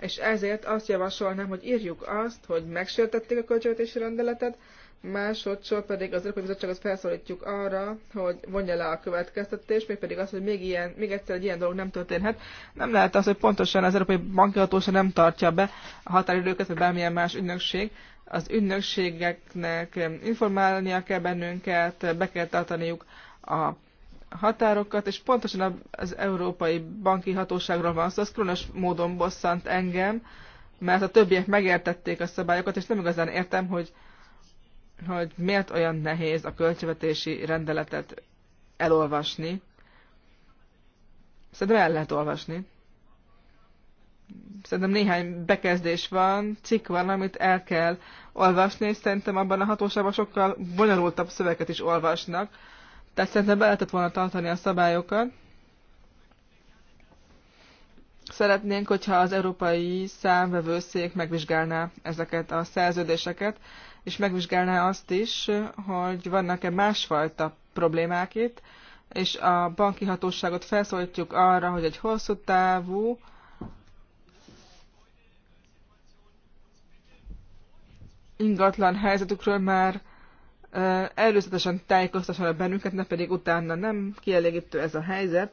és ezért azt javasolnám, hogy írjuk azt, hogy megsértették a költségvetési rendeletet, másodszor pedig az Európai Bizottságot felszólítjuk arra, hogy vonja le a következtetést, mégpedig az, hogy még, ilyen, még egyszer egy ilyen dolog nem történhet. Nem lehet az, hogy pontosan az Európai Banki Hatóság nem tartja be a határidőket, vagy bármilyen más ügynökség. Az ügynökségeknek informálnia kell bennünket, be kell tartaniuk a határokat, és pontosan az Európai Banki Hatóságról van szó, az különös módon bosszant engem, mert a többiek megértették a szabályokat, és nem igazán értem, hogy, hogy miért olyan nehéz a költségvetési rendeletet elolvasni. Szerintem el lehet olvasni. Szerintem néhány bekezdés van, cikk van, amit el kell olvasni, és szerintem abban a hatóságban sokkal bonyolultabb szöveget is olvasnak, tehát szerintem be lehetett volna tartani a szabályokat. Szeretnénk, hogyha az európai számvevőszék megvizsgálná ezeket a szerződéseket, és megvizsgálná azt is, hogy vannak-e másfajta problémák itt, és a banki hatóságot felszólítjuk arra, hogy egy hosszú távú ingatlan helyzetükről már előzetesen tájékoztassanak bennünket, ne pedig utána nem kielégítő ez a helyzet,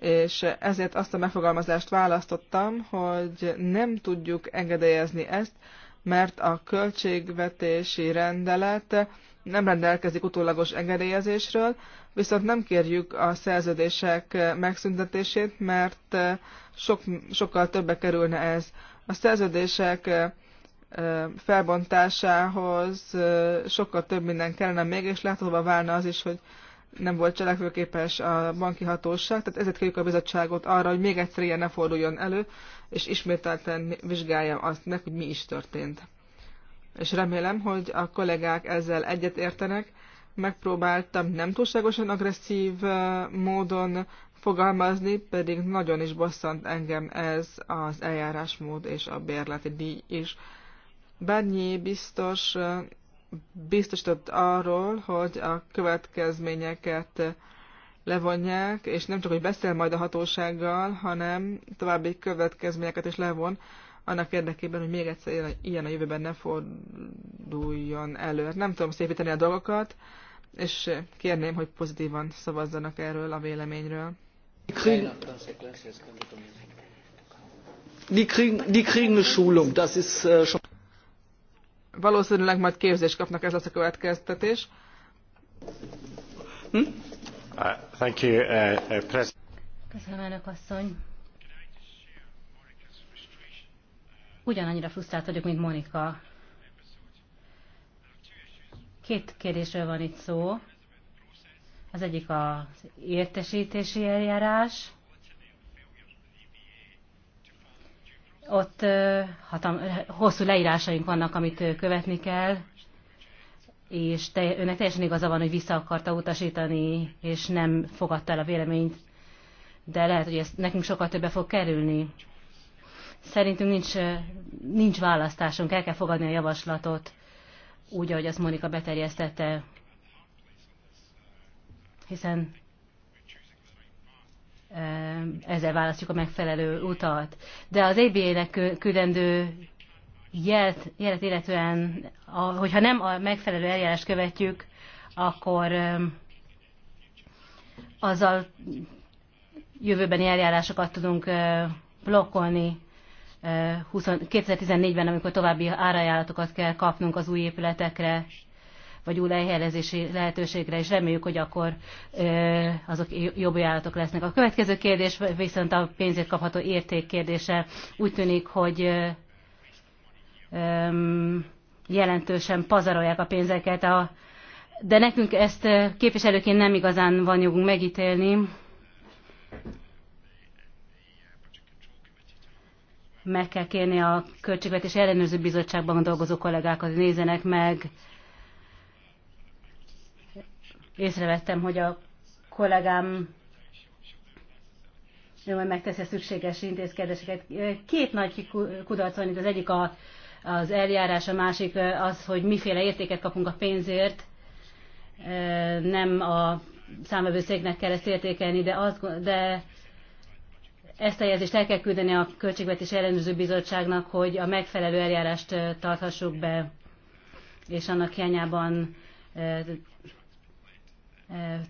és ezért azt a megfogalmazást választottam, hogy nem tudjuk engedélyezni ezt, mert a költségvetési rendelet nem rendelkezik utólagos engedélyezésről, viszont nem kérjük a szerződések megszüntetését, mert sok, sokkal többe kerülne ez. A szerződések felbontásához sokkal több minden kellene még, és láthatóvá válna az is, hogy nem volt cselekvőképes a banki hatóság, tehát ezért kérjük a bizottságot arra, hogy még egyszer ilyen ne forduljon elő, és ismételten vizsgáljam azt meg, hogy mi is történt. És remélem, hogy a kollégák ezzel egyet értenek. Megpróbáltam nem túlságosan agresszív módon fogalmazni, pedig nagyon is bosszant engem ez az eljárásmód és a bérleti díj is. Barnier biztos biztosított arról, hogy a következményeket levonják, és nem csak, hogy beszél majd a hatósággal, hanem további következményeket is levon, annak érdekében, hogy még egyszer ilyen a jövőben ne forduljon elő. Nem tudom szépíteni a dolgokat, és kérném, hogy pozitívan szavazzanak erről a véleményről. Die kriegen, die kriegen eine Schulung, das ist schon valószínűleg majd képzést kapnak, ez lesz a következtetés. Hm? Uh, thank you, uh, uh, Köszönöm, elnök asszony. Ugyanannyira frusztrált vagyok, mint Monika. Két kérdésről van itt szó. Az egyik az értesítési eljárás, Ott hatam, hosszú leírásaink vannak, amit követni kell, és te, önnek teljesen igaza van, hogy vissza akarta utasítani, és nem fogadta el a véleményt, de lehet, hogy ez nekünk sokkal többe fog kerülni. Szerintünk nincs, nincs választásunk, el kell fogadni a javaslatot, úgy, ahogy azt Monika beterjesztette, hiszen Eh, ezzel választjuk a megfelelő utat. De az ABA-nek küldendő jelet, jelet illetően, a, hogyha nem a megfelelő eljárást követjük, akkor eh, azzal jövőbeni eljárásokat tudunk eh, blokkolni 2014-ben, amikor további árajánlatokat kell kapnunk az új épületekre, vagy új lehelyezési lehetőségre, és reméljük, hogy akkor azok jobb ajánlatok lesznek. A következő kérdés viszont a pénzért kapható érték kérdése. Úgy tűnik, hogy jelentősen pazarolják a pénzeket, a, de nekünk ezt képviselőként nem igazán van jogunk megítélni. Meg kell kérni a Költségvetési Ellenőrző Bizottságban dolgozó kollégákat, hogy nézzenek meg észrevettem, hogy a kollégám ő majd megteszi a szükséges intézkedéseket. Két nagy kudarc van itt, az egyik a, az eljárás, a másik az, hogy miféle értéket kapunk a pénzért. Nem a számvevőszéknek kell ezt értékelni, de, az, de ezt a jelzést el kell küldeni a Költségvetés Ellenőrző Bizottságnak, hogy a megfelelő eljárást tarthassuk be, és annak hiányában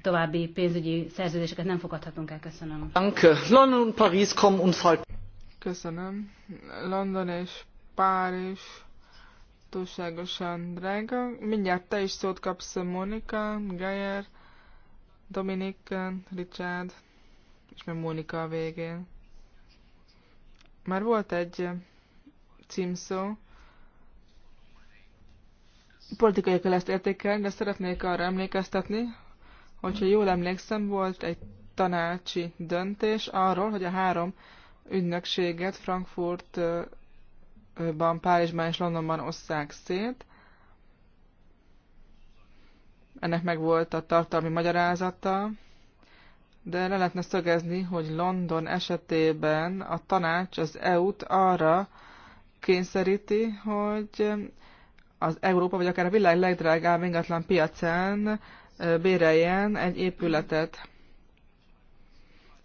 további pénzügyi szerződéseket nem fogadhatunk el. Köszönöm. Danke. London und Paris kommen fall. Köszönöm. London és Párizs túlságosan drága. Mindjárt te is szót kapsz Monika, Geyer, Dominik, Richard, és meg Monika a végén. Már volt egy címszó, politikai kell ezt értékelni, de szeretnék arra emlékeztetni, Hogyha jól emlékszem, volt egy tanácsi döntés arról, hogy a három ügynökséget Frankfurtban, Párizsban és Londonban osszák szét. Ennek meg volt a tartalmi magyarázata, de le lehetne szögezni, hogy London esetében a tanács az EU-t arra kényszeríti, hogy az Európa vagy akár a világ legdrágább ingatlan piacán béreljen egy épületet.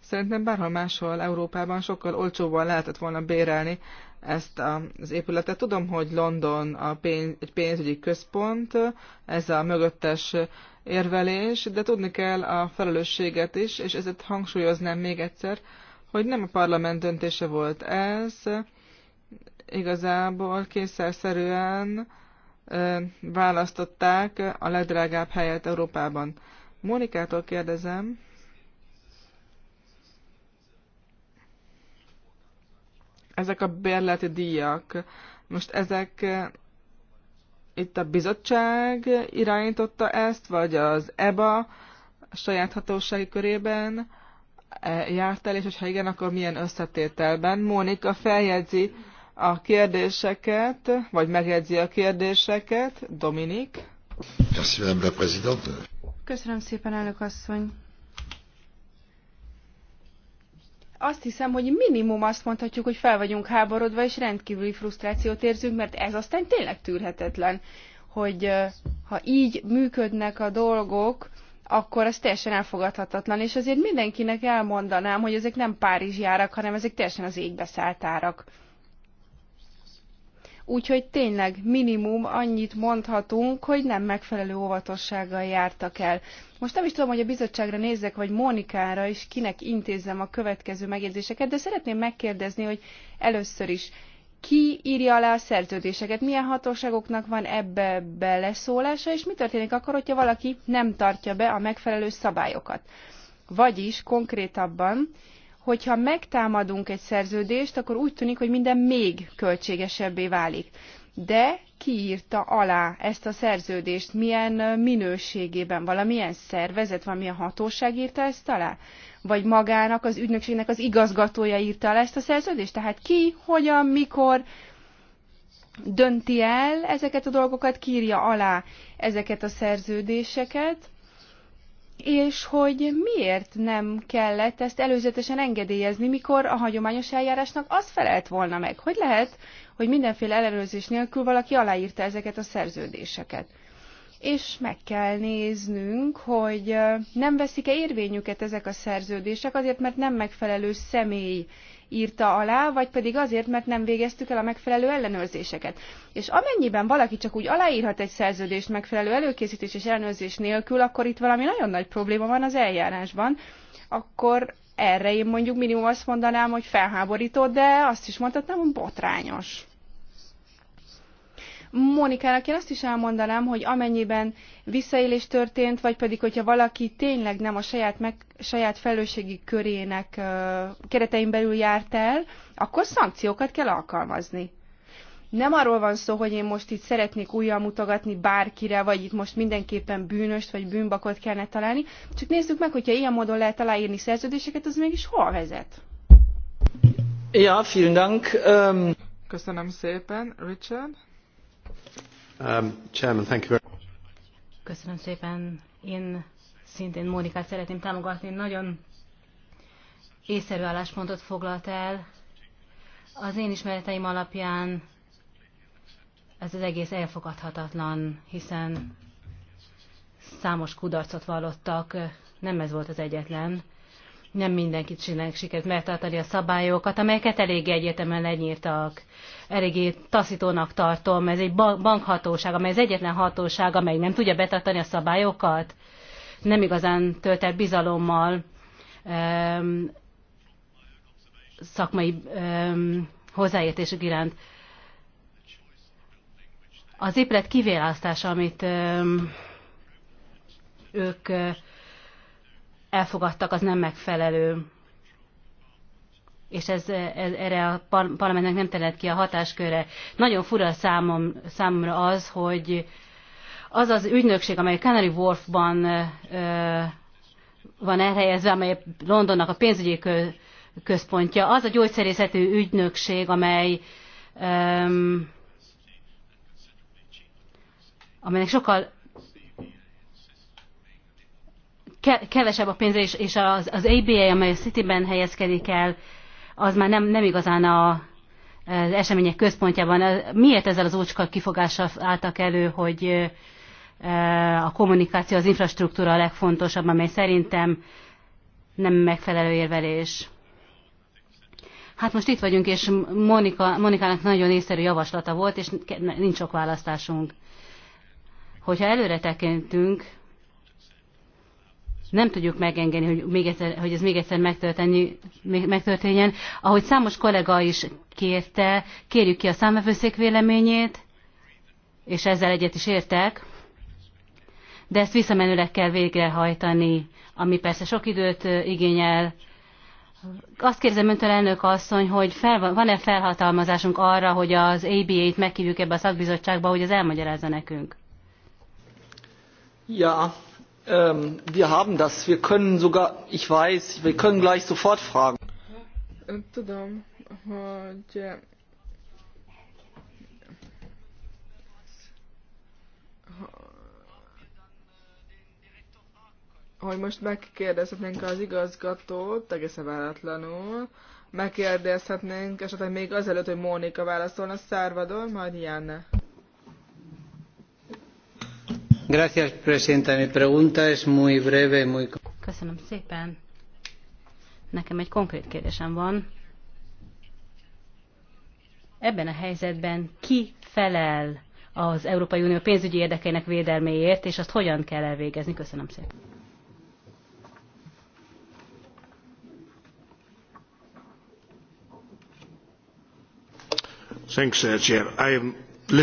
Szerintem bárhol máshol Európában sokkal olcsóbban lehetett volna bérelni ezt az épületet. Tudom, hogy London a pénz, egy pénzügyi központ, ez a mögöttes érvelés, de tudni kell a felelősséget is, és ezért hangsúlyoznám még egyszer, hogy nem a parlament döntése volt ez, igazából készszerűen választották a legdrágább helyet Európában. Monikától kérdezem, ezek a bérleti díjak, most ezek itt a bizottság irányította ezt, vagy az EBA a saját hatósági körében e, járt el, és hogyha igen, akkor milyen összetételben? Mónika feljegyzi a kérdéseket, vagy megjegyzi a kérdéseket. Dominik. Köszönöm szépen, elnök asszony. Azt hiszem, hogy minimum azt mondhatjuk, hogy fel vagyunk háborodva, és rendkívüli frusztrációt érzünk, mert ez aztán tényleg tűrhetetlen, hogy ha így működnek a dolgok, akkor ez teljesen elfogadhatatlan, és azért mindenkinek elmondanám, hogy ezek nem Párizsi árak, hanem ezek teljesen az égbe szállt árak. Úgyhogy tényleg minimum annyit mondhatunk, hogy nem megfelelő óvatossággal jártak el. Most nem is tudom, hogy a bizottságra nézzek, vagy Mónikára, is, kinek intézzem a következő megjegyzéseket, de szeretném megkérdezni, hogy először is ki írja alá a szerződéseket, milyen hatóságoknak van ebbe beleszólása, és mi történik akkor, hogyha valaki nem tartja be a megfelelő szabályokat. Vagyis konkrétabban hogyha megtámadunk egy szerződést, akkor úgy tűnik, hogy minden még költségesebbé válik. De kiírta alá ezt a szerződést, milyen minőségében, valamilyen szervezet, valamilyen hatóság írta ezt alá? Vagy magának, az ügynökségnek az igazgatója írta alá ezt a szerződést? Tehát ki, hogyan, mikor, dönti el ezeket a dolgokat, kírja alá ezeket a szerződéseket, és hogy miért nem kellett ezt előzetesen engedélyezni, mikor a hagyományos eljárásnak az felelt volna meg. Hogy lehet, hogy mindenféle ellenőrzés nélkül valaki aláírta ezeket a szerződéseket? és meg kell néznünk, hogy nem veszik-e érvényüket ezek a szerződések, azért mert nem megfelelő személy írta alá, vagy pedig azért, mert nem végeztük el a megfelelő ellenőrzéseket. És amennyiben valaki csak úgy aláírhat egy szerződést megfelelő előkészítés és ellenőrzés nélkül, akkor itt valami nagyon nagy probléma van az eljárásban, akkor erre én mondjuk minimum azt mondanám, hogy felháborító, de azt is mondhatnám, hogy botrányos. Mónikának én azt is elmondanám, hogy amennyiben visszaélés történt, vagy pedig, hogyha valaki tényleg nem a saját, meg, saját felelősségi körének uh, keretein belül járt el, akkor szankciókat kell alkalmazni. Nem arról van szó, hogy én most itt szeretnék újra mutogatni bárkire, vagy itt most mindenképpen bűnöst vagy bűnbakot kellene találni, csak nézzük meg, hogyha ilyen módon lehet aláírni szerződéseket, az mégis hol vezet. Ja, vielen Dank. Um... Köszönöm szépen, Richard. Um, Köszönöm szépen. Én szintén Mónikát szeretném támogatni. Nagyon észszerű álláspontot foglalt el. Az én ismereteim alapján ez az egész elfogadhatatlan, hiszen számos kudarcot vallottak, nem ez volt az egyetlen nem mindenki csinálják sikert megtartani a szabályokat, amelyeket elég egyetemen lenyírtak. Eléggé taszítónak tartom, ez egy bankhatóság, amely az egyetlen hatóság, amely nem tudja betartani a szabályokat. Nem igazán tölt el bizalommal um, szakmai um, hozzáértésük iránt. Az épület kiválasztása, amit um, ők uh, elfogadtak, az nem megfelelő. És ez, ez erre a parlamentnek nem telett ki a hatásköre. Nagyon fura számom, számomra az, hogy az az ügynökség, amely Canary Wharfban ö, van elhelyezve, amely Londonnak a pénzügyi kö, központja, az a gyógyszerészetű ügynökség, amely ö, amelynek sokkal kevesebb a pénze, és, és az, az ABA, amely a Cityben helyezkedik el, az már nem, nem igazán a, az események központjában. Miért ezzel az ócska kifogással álltak elő, hogy a kommunikáció, az infrastruktúra a legfontosabb, amely szerintem nem megfelelő érvelés. Hát most itt vagyunk, és Monika, Monikának nagyon észszerű javaslata volt, és nincs sok választásunk. Hogyha előre tekintünk, nem tudjuk megengedni, hogy, még egyszer, hogy ez még egyszer megtörténjen. Ahogy számos kollega is kérte, kérjük ki a számvevőszék véleményét, és ezzel egyet is értek, de ezt visszamenőleg kell végrehajtani, ami persze sok időt igényel. Azt kérdezem öntől, elnök asszony, hogy fel, van-e felhatalmazásunk arra, hogy az ABA-t megkívjuk ebbe a szakbizottságba, hogy ez elmagyarázza nekünk? Ja, Ähm, wir haben das. Wir können sogar, ich weiß, wir können gleich sofort fragen. Tudom, hogy hogy most megkérdezhetnénk az igazgatót, egészen váratlanul, megkérdezhetnénk esetleg még azelőtt, hogy Mónika válaszolna, Szárvador, majd Janne. Köszönöm szépen. Nekem egy konkrét kérdésem van. Ebben a helyzetben ki felel az Európai Unió pénzügyi érdekeinek védelméért, és azt hogyan kell elvégezni? Köszönöm szépen. Uh,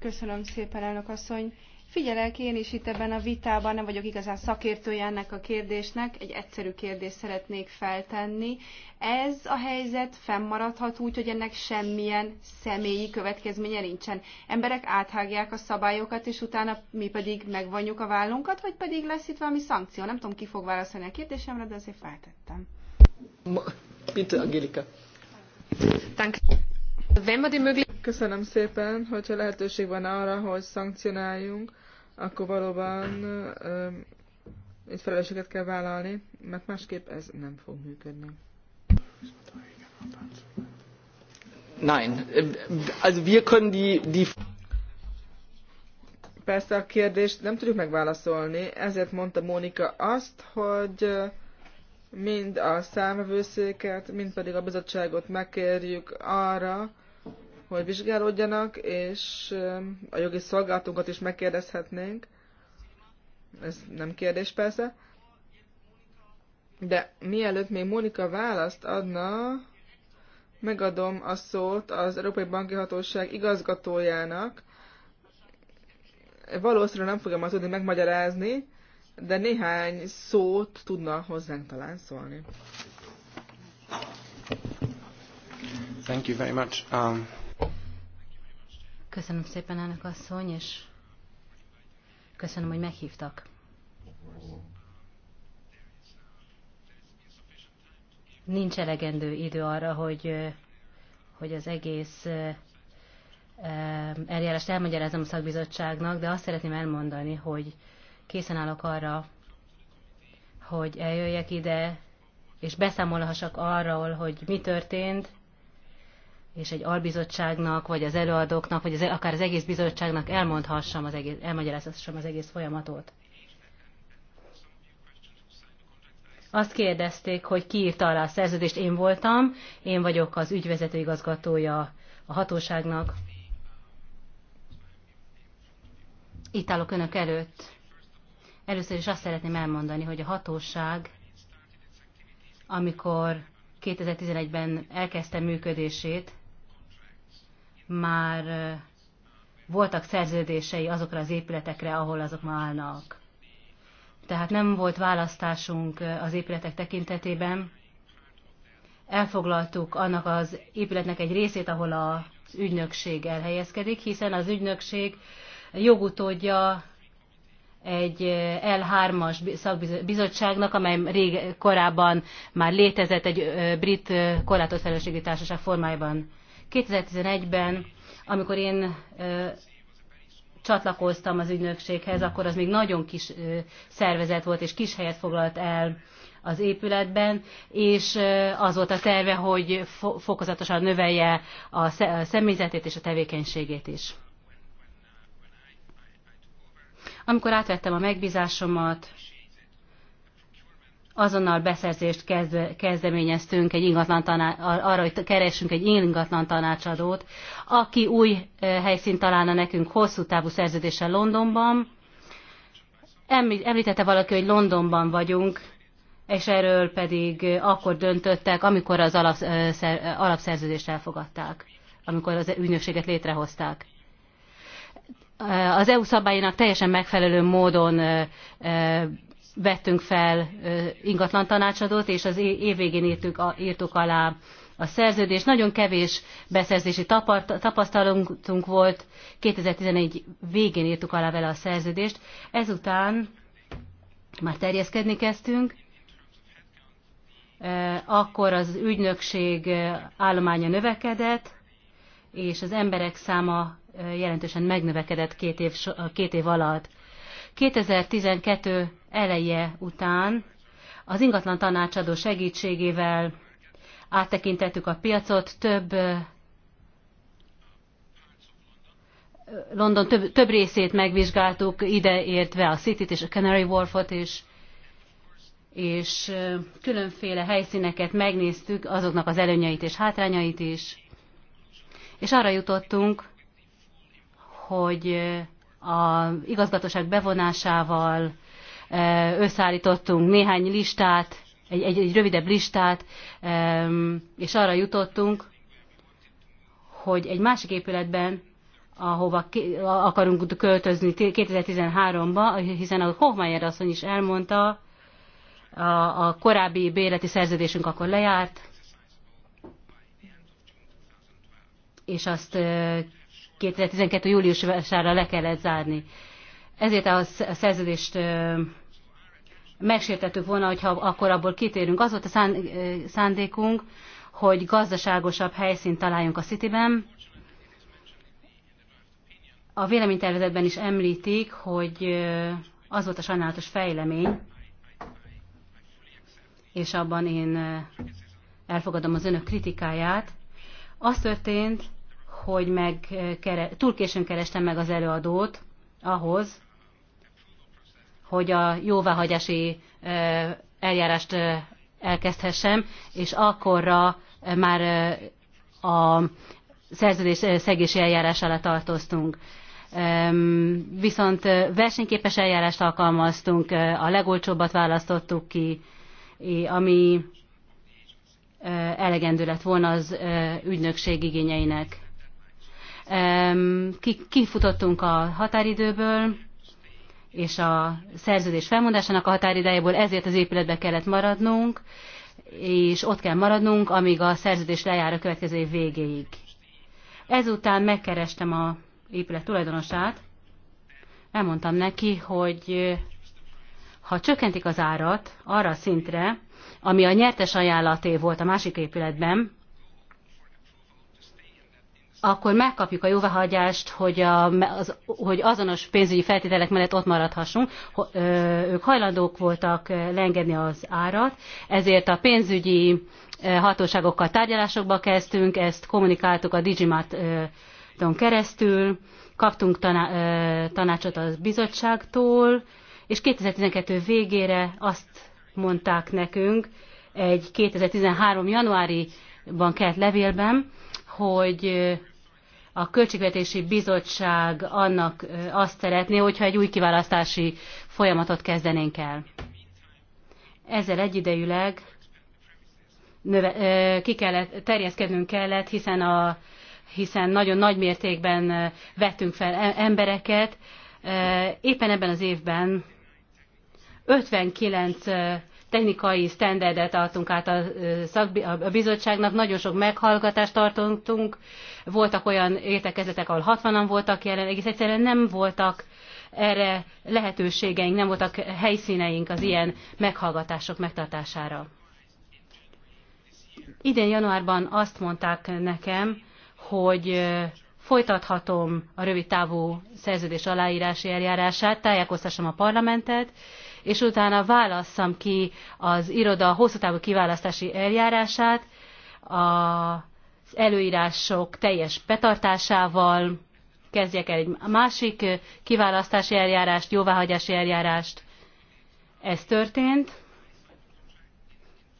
Köszönöm szépen, elnök asszony Figyelek én is itt ebben a vitában, nem vagyok igazán szakértője ennek a kérdésnek, egy egyszerű kérdést szeretnék feltenni. Ez a helyzet fennmaradhat úgy, hogy ennek semmilyen személyi következménye nincsen. Emberek áthágják a szabályokat, és utána mi pedig megvonjuk a vállunkat, vagy pedig lesz itt valami szankció. Nem tudom, ki fog válaszolni a kérdésemre, de azért feltettem. Mint Angelika. Köszönöm szépen, hogyha lehetőség van arra, hogy szankcionáljunk, akkor valóban egy felelősséget kell vállalni, mert másképp ez nem fog működni. Nein, also wir können die, die Persze a kérdést nem tudjuk megválaszolni, ezért mondta Mónika azt, hogy mind a számvevőszéket, mind pedig a bizottságot megkérjük arra, hogy vizsgálódjanak, és um, a jogi szolgálatunkat is megkérdezhetnénk. Ez nem kérdés persze. De mielőtt még Mónika választ adna, megadom a szót az Európai Banki Hatóság igazgatójának. Valószínűleg nem fogja majd tudni megmagyarázni, de néhány szót tudna hozzánk talán szólni. Thank you very much. Um... Köszönöm szépen, elnök asszony, és köszönöm, hogy meghívtak. Nincs elegendő idő arra, hogy, hogy az egész eljárást elmagyarázom a szakbizottságnak, de azt szeretném elmondani, hogy készen állok arra, hogy eljöjjek ide, és beszámolhassak arról, hogy mi történt, és egy albizottságnak, vagy az előadóknak, vagy az, akár az egész bizottságnak elmondhassam az egész, elmagyarázhassam az egész folyamatot. Azt kérdezték, hogy ki írta alá a szerződést, én voltam, én vagyok az ügyvezető igazgatója a hatóságnak. Itt állok önök előtt Először is azt szeretném elmondani, hogy a hatóság, amikor 2011-ben elkezdte működését, már voltak szerződései azokra az épületekre, ahol azok ma állnak. Tehát nem volt választásunk az épületek tekintetében. Elfoglaltuk annak az épületnek egy részét, ahol az ügynökség elhelyezkedik, hiszen az ügynökség jogutódja egy L3-as szakbizottságnak, amely rég, korábban már létezett egy brit korlátos felelősségi társaság formájában. 2011-ben, amikor én csatlakoztam az ügynökséghez, akkor az még nagyon kis szervezet volt, és kis helyet foglalt el az épületben, és az volt a terve, hogy fokozatosan növelje a személyzetét és a tevékenységét is. Amikor átvettem a megbízásomat, azonnal beszerzést kezd, kezdeményeztünk egy ingatlan taná, arra, hogy keressünk egy ingatlan tanácsadót, aki új helyszínt találna nekünk hosszú távú szerződéssel Londonban. Említette valaki, hogy Londonban vagyunk, és erről pedig akkor döntöttek, amikor az alapszerződést elfogadták, amikor az ügynökséget létrehozták az EU szabályainak teljesen megfelelő módon vettünk fel ingatlan tanácsadót, és az év végén írtuk, írtuk alá a szerződést. Nagyon kevés beszerzési tapasztalatunk volt. 2011 végén írtuk alá vele a szerződést. Ezután már terjeszkedni kezdtünk. Akkor az ügynökség állománya növekedett, és az emberek száma jelentősen megnövekedett két év, két év alatt. 2012 eleje után az ingatlan tanácsadó segítségével áttekintettük a piacot, több London több, több részét megvizsgáltuk, ideértve a City-t és a Canary Wharfot is, és különféle helyszíneket megnéztük, azoknak az előnyeit és hátrányait is, és arra jutottunk, hogy eh, a igazgatóság bevonásával eh, összeállítottunk néhány listát, egy, egy, egy rövidebb listát, eh, és arra jutottunk, hogy egy másik épületben, ahova akarunk költözni 2013-ba, hiszen a Hohmeyer asszony is elmondta, a, a korábbi béleti szerződésünk akkor lejárt, és azt 2012. júliusára le kellett zárni. Ezért a szerződést megsértettük volna, hogyha akkor abból kitérünk. Az volt a szándékunk, hogy gazdaságosabb helyszínt találjunk a Cityben. A véleménytervezetben is említik, hogy az volt a sajnálatos fejlemény, és abban én elfogadom az önök kritikáját. Az történt, hogy meg, eh, kere, túl későn kerestem meg az előadót ahhoz, hogy a jóváhagyási eh, eljárást eh, elkezdhessem, és akkorra már a szerződés szegési eljárás alá tartoztunk. Viszont versenyképes eljárást alkalmaztunk, a legolcsóbbat választottuk ki, ami elegendő lett volna az ügynökség igényeinek kifutottunk a határidőből, és a szerződés felmondásának a határidejából, ezért az épületbe kellett maradnunk, és ott kell maradnunk, amíg a szerződés lejár a következő év végéig. Ezután megkerestem a épület tulajdonosát, elmondtam neki, hogy ha csökkentik az árat arra a szintre, ami a nyertes ajánlaté volt a másik épületben, akkor megkapjuk a jóváhagyást, hogy, a, az, hogy azonos pénzügyi feltételek mellett ott maradhassunk. Ők hajlandók voltak leengedni az árat, ezért a pénzügyi hatóságokkal tárgyalásokba kezdtünk, ezt kommunikáltuk a Digimaton keresztül, kaptunk taná, tanácsot a bizottságtól, és 2012 végére azt mondták nekünk egy 2013. januáriban kelt levélben, hogy a Költségvetési Bizottság annak azt szeretné, hogyha egy új kiválasztási folyamatot kezdenénk el. Ezzel egyidejűleg növe, ki kellett, terjeszkednünk kellett, hiszen, a, hiszen nagyon nagy mértékben vettünk fel e-, embereket. Éppen ebben az évben 59 technikai standardet adtunk át a, szakbi, a bizottságnak, nagyon sok meghallgatást tartottunk, voltak olyan értekezletek, ahol 60-an voltak jelen, egész egyszerűen nem voltak erre lehetőségeink, nem voltak helyszíneink az ilyen meghallgatások megtartására. Idén januárban azt mondták nekem, hogy folytathatom a rövid távú szerződés aláírási eljárását, tájékoztassam a parlamentet, és utána válasszam ki az iroda hosszútávú kiválasztási eljárását az előírások teljes betartásával, kezdjek el egy másik kiválasztási eljárást, jóváhagyási eljárást. Ez történt,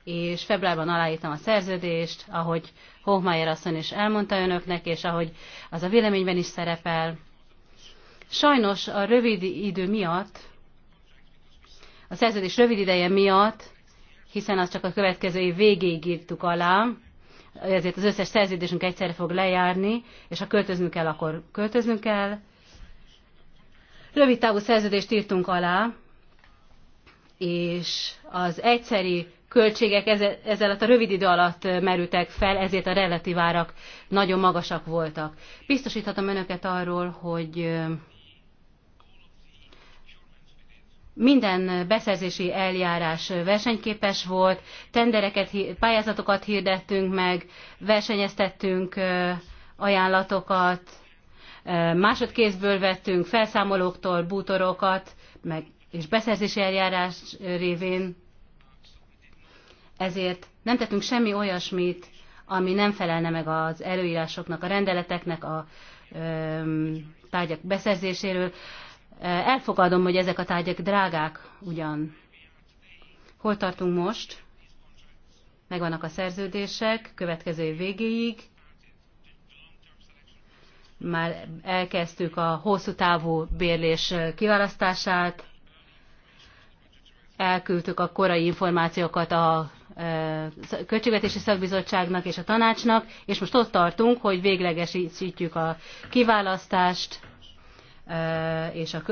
és februárban aláírtam a szerződést, ahogy Hohmeyer asszony is elmondta önöknek, és ahogy az a véleményben is szerepel. Sajnos a rövid idő miatt a szerződés rövid ideje miatt, hiszen azt csak a következő év végéig írtuk alá, ezért az összes szerződésünk egyszerre fog lejárni, és ha költöznünk kell, akkor költöznünk kell. Rövid távú szerződést írtunk alá, és az egyszeri költségek ezzel a rövid idő alatt merültek fel, ezért a relatív árak nagyon magasak voltak. Biztosíthatom önöket arról, hogy minden beszerzési eljárás versenyképes volt, tendereket, pályázatokat hirdettünk meg, versenyeztettünk ajánlatokat, másodkézből vettünk felszámolóktól bútorokat, meg, és beszerzési eljárás révén. Ezért nem tettünk semmi olyasmit, ami nem felelne meg az előírásoknak, a rendeleteknek, a tárgyak beszerzéséről. Eh, elfogadom, hogy ezek a tárgyak drágák ugyan. Hol tartunk most? Megvannak a szerződések, következő év végéig. Már elkezdtük a hosszú távú bérlés kiválasztását. Elküldtük a korai információkat a eh, Költségvetési Szakbizottságnak és a tanácsnak, és most ott tartunk, hogy véglegesítjük a kiválasztást Eh, és a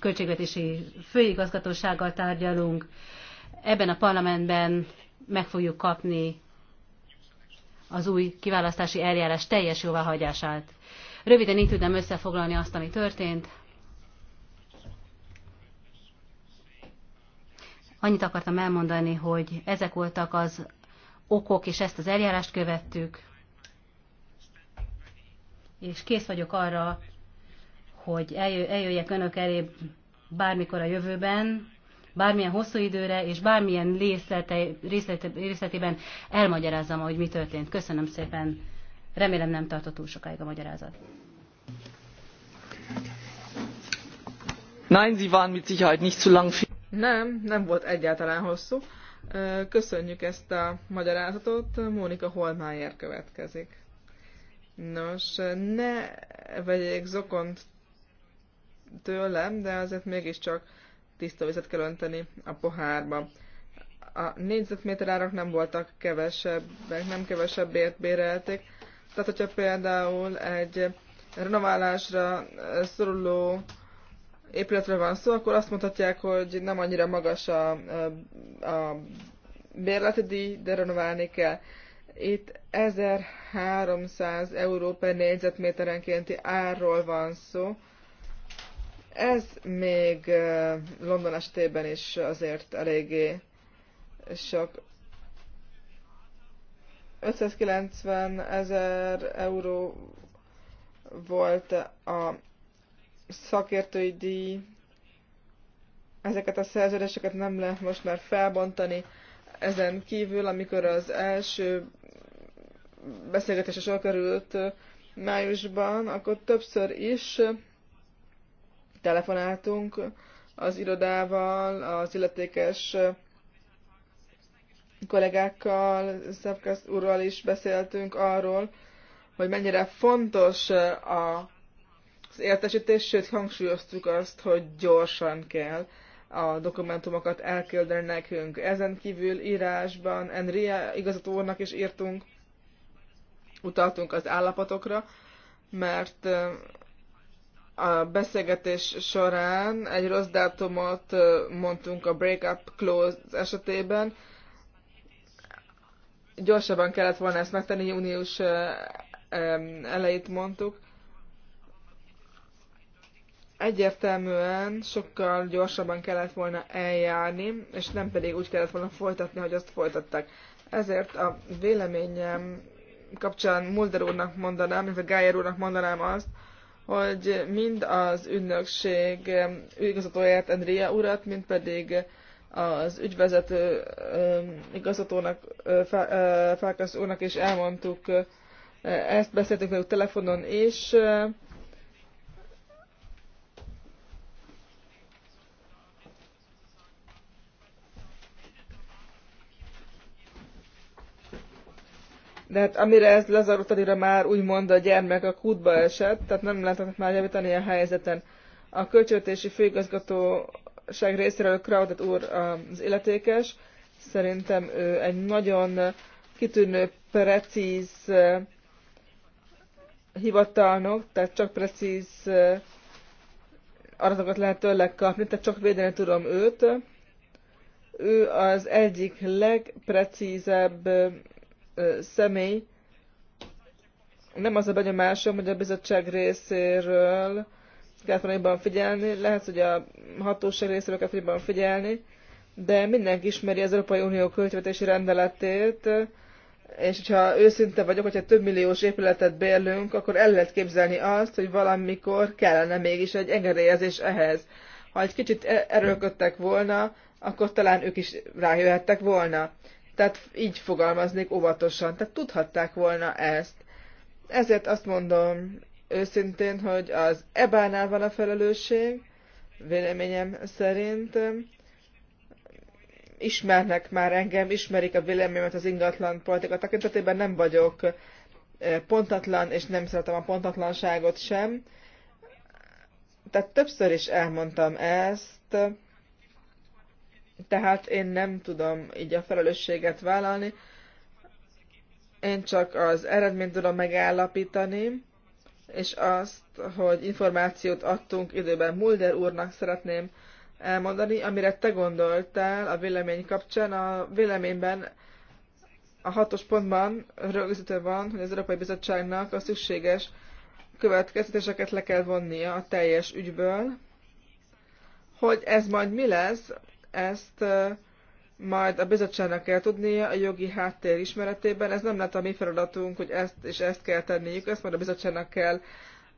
költségvetési főigazgatósággal tárgyalunk. Ebben a parlamentben meg fogjuk kapni az új kiválasztási eljárás teljes jóváhagyását. Röviden így tudnám összefoglalni azt, ami történt. Annyit akartam elmondani, hogy ezek voltak az okok, és ezt az eljárást követtük, és kész vagyok arra, hogy eljöjjek önök elé bármikor a jövőben, bármilyen hosszú időre, és bármilyen részlete, részlete, részletében elmagyarázzam, hogy mi történt. Köszönöm szépen. Remélem nem tartott túl sokáig a magyarázat. Nein, Sie waren mit Sicherheit nicht zu lang. Nem, nem volt egyáltalán hosszú. Köszönjük ezt a magyarázatot. Mónika Holmájer következik. Nos, ne vegyék zokont tőlem, de azért mégiscsak tiszta vizet kell önteni a pohárba. A négyzetméter árak nem voltak kevesebbek, nem kevesebbért bérelték. Tehát, hogyha például egy renoválásra eh, szoruló épületre van szó, akkor azt mondhatják, hogy nem annyira magas a, eh, a bérleti díj, de renoválni kell. Itt 1300 euró per négyzetméterenkénti árról van szó, ez még London estében is azért eléggé sok. 590 ezer euró volt a szakértői díj. Ezeket a szerződéseket nem lehet most már felbontani. Ezen kívül, amikor az első beszélgetése sor került májusban, akkor többször is telefonáltunk az irodával, az illetékes kollégákkal, Szefkesz úrral is beszéltünk arról, hogy mennyire fontos a, az értesítés, sőt hangsúlyoztuk azt, hogy gyorsan kell a dokumentumokat elküldeni nekünk. Ezen kívül írásban Enria úrnak is írtunk, utaltunk az állapotokra, mert a beszélgetés során egy rossz dátumot mondtunk a breakup close esetében. Gyorsabban kellett volna ezt megtenni, június elejét mondtuk. Egyértelműen sokkal gyorsabban kellett volna eljárni, és nem pedig úgy kellett volna folytatni, hogy azt folytatták. Ezért a véleményem kapcsán Mulder úrnak mondanám, illetve Gájer úrnak mondanám azt, hogy mind az ügynökség igazgatóját, Andrea urat, mind pedig az ügyvezető igazgatónak, Fákasz úrnak is elmondtuk, ezt beszéltük velük telefonon is, de hát amire ez lezárult, addigra már úgymond a gyermek a kútba esett, tehát nem lehetett már javítani a helyzeten. A költségvetési főigazgatóság részéről Crowded úr az illetékes, szerintem ő egy nagyon kitűnő, precíz hivatalnok, tehát csak precíz adatokat lehet tőle kapni, tehát csak védeni tudom őt. Ő az egyik legprecízebb személy. Nem az a benyomásom, hogy a bizottság részéről kell jobban figyelni, lehet, hogy a hatóság részéről kell jobban figyelni, de mindenki ismeri az Európai Unió költségvetési rendeletét, és hogyha őszinte vagyok, hogyha több milliós épületet bérlünk, akkor el lehet képzelni azt, hogy valamikor kellene mégis egy engedélyezés ehhez. Ha egy kicsit e- erőködtek volna, akkor talán ők is rájöhettek volna. Tehát így fogalmaznék óvatosan. Tehát tudhatták volna ezt. Ezért azt mondom őszintén, hogy az ebánál van a felelősség, véleményem szerint. Ismernek már engem, ismerik a véleményemet az ingatlan politika tekintetében, nem vagyok eh, pontatlan, és nem szeretem a pontatlanságot sem. Tehát többször is elmondtam ezt, tehát én nem tudom így a felelősséget vállalni. Én csak az eredményt tudom megállapítani, és azt, hogy információt adtunk időben Mulder úrnak szeretném elmondani, amire te gondoltál a vélemény kapcsán. A véleményben a hatos pontban rögzítve van, hogy az Európai Bizottságnak a szükséges következtetéseket le kell vonnia a teljes ügyből. Hogy ez majd mi lesz, ezt majd a bizottságnak kell tudnia a jogi háttér ismeretében. Ez nem lett a mi feladatunk, hogy ezt és ezt kell tenniük, ezt majd a bizottságnak kell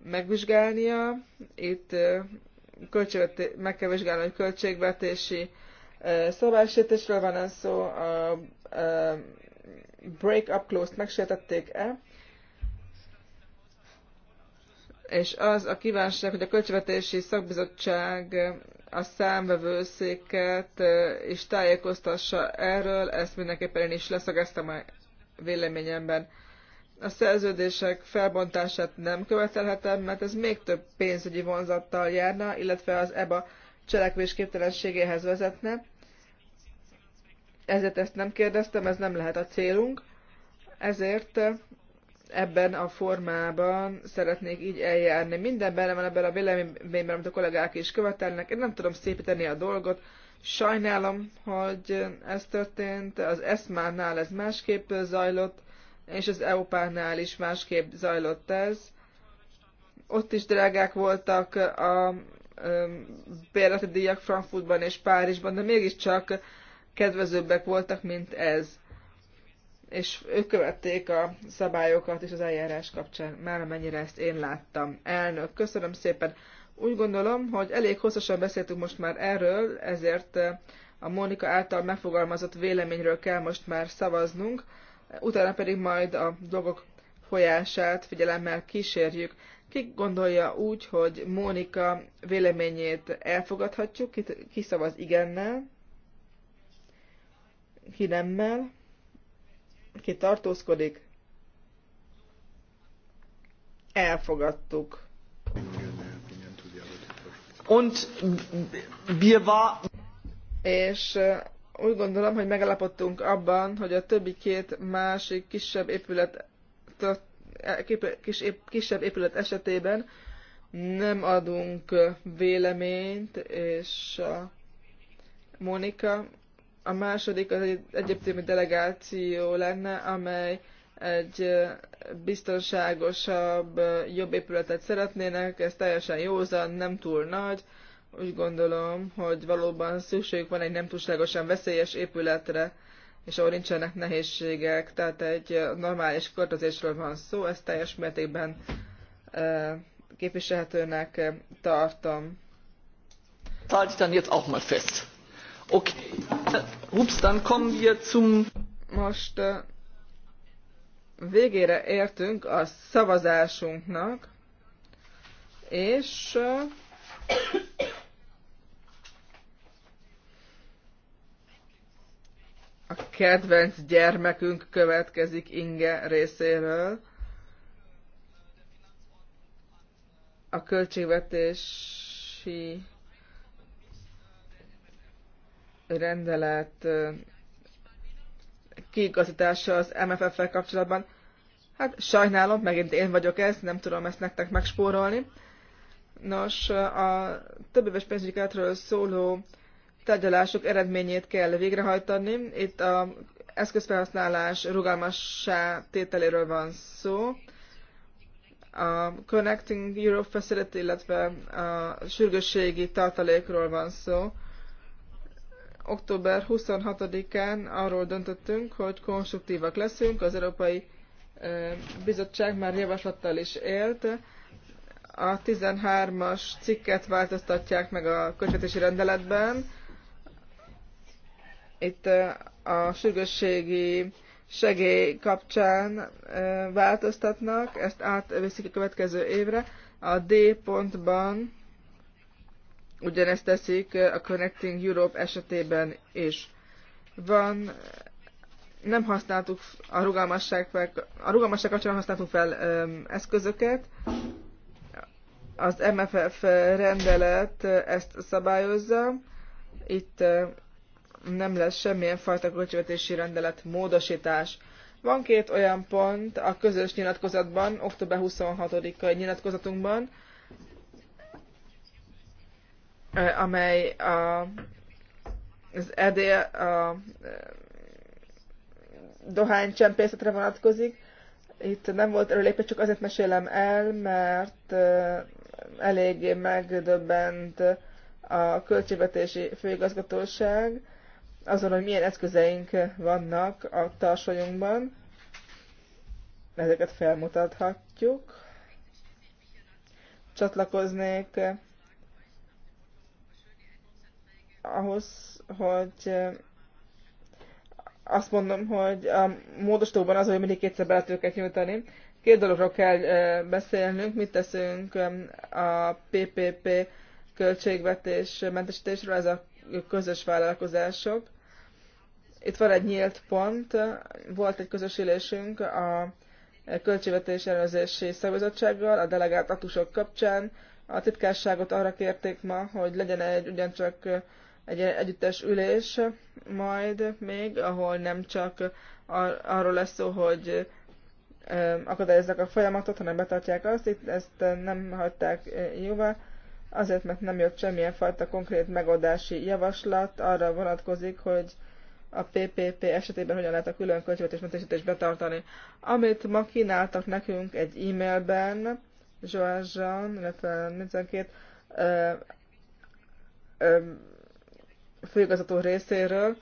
megvizsgálnia. Itt meg kell vizsgálni, hogy költségvetési szabálysértésről van ez szó, a, a break-up close-t megsértették-e. És az a kívánság, hogy a költségvetési szakbizottság a számvevőszéket és tájékoztassa erről, ezt mindenképpen én is leszögeztem a véleményemben. A szerződések felbontását nem követelhetem, mert ez még több pénzügyi vonzattal járna, illetve az EBA cselekvésképtelenségéhez vezetne. Ezért ezt nem kérdeztem, ez nem lehet a célunk. Ezért ebben a formában szeretnék így eljárni. Minden benne van ebben a véleményben, amit a kollégák is követelnek. Én nem tudom szépíteni a dolgot. Sajnálom, hogy ez történt. Az ESMA-nál ez másképp zajlott, és az EUPA-nál is másképp zajlott ez. Ott is drágák voltak a bérleti díjak Frankfurtban és Párizsban, de mégiscsak kedvezőbbek voltak, mint ez és ők követték a szabályokat és az eljárás kapcsán, már amennyire ezt én láttam. Elnök, köszönöm szépen. Úgy gondolom, hogy elég hosszasan beszéltünk most már erről, ezért eh, a Mónika által megfogalmazott véleményről kell most már szavaznunk, utána pedig majd a dolgok folyását figyelemmel kísérjük. Ki gondolja úgy, hogy Mónika véleményét elfogadhatjuk, ki, szavaz igennel, ki nemmel, ki tartózkodik, elfogadtuk. Und wir war... És úgy gondolom, hogy megalapodtunk abban, hogy a többi két másik kisebb épület e, kisebb épület esetében nem adunk véleményt, és a Monika a második az egy egyiptomi delegáció lenne, amely egy biztonságosabb, jobb épületet szeretnének, ez teljesen józan, nem túl nagy. Úgy gondolom, hogy valóban szükségük van egy nem túlságosan veszélyes épületre, és ahol nincsenek nehézségek, tehát egy normális költözésről van szó, ezt teljes mértékben képviselhetőnek tartom. Tartsd dann jetzt auch mal fest. Okay. Ups, dann kommen wir zum... Most végére értünk a szavazásunknak, és a kedvenc gyermekünk következik Inge részéről. A költségvetési rendelet kiigazítása az MFF-fel kapcsolatban. Hát sajnálom, megint én vagyok ez, nem tudom ezt nektek megspórolni. Nos, a több éves pénzügyi keretről szóló tárgyalások eredményét kell végrehajtani. Itt a eszközfelhasználás rugalmassá tételéről van szó. A Connecting Europe Facility, illetve a sürgősségi tartalékról van szó október 26-án arról döntöttünk, hogy konstruktívak leszünk. Az Európai Bizottság már javaslattal is élt. A 13-as cikket változtatják meg a közvetési rendeletben. Itt a sürgősségi segély kapcsán változtatnak, ezt átviszik a következő évre. A D pontban Ugyanezt teszik a Connecting Europe esetében is. Van, nem használtuk a rugalmasság, fel, a rugalmasság kapcsán használtuk fel eszközöket. Az MFF rendelet ezt szabályozza. Itt nem lesz semmilyen fajta költségvetési rendelet módosítás. Van két olyan pont a közös nyilatkozatban, október 26-ai nyilatkozatunkban, amely a, az edél, a dohánycsempészetre vonatkozik. Itt nem volt előlépés, csak azért mesélem el, mert eléggé megdöbbent a költségvetési főigazgatóság azon, hogy milyen eszközeink vannak a tarsolyunkban. Ezeket felmutathatjuk. Csatlakoznék ahhoz, hogy azt mondom, hogy a módosítóban az, hogy mindig kétszer be lehet nyújtani. Két dologról kell beszélnünk, mit teszünk a PPP költségvetés mentesítésről, ez a közös vállalkozások. Itt van egy nyílt pont, volt egy közös ülésünk a költségvetés előzési szervezettséggel, a delegált aktusok kapcsán. A titkárságot arra kérték ma, hogy legyen egy ugyancsak egy együttes ülés majd még, ahol nem csak ar- arról lesz szó, hogy akadályozzák a folyamatot, hanem betartják azt, itt ezt nem hagyták jóvá, azért, mert nem jött semmilyen fajta konkrét megoldási javaslat, arra vonatkozik, hogy a PPP esetében hogyan lehet a külön költségvetésmentesítést betartani. Amit ma kínáltak nekünk egy e-mailben, Zsoázsan, illetve 42 ö, ö, főigazgató részéről.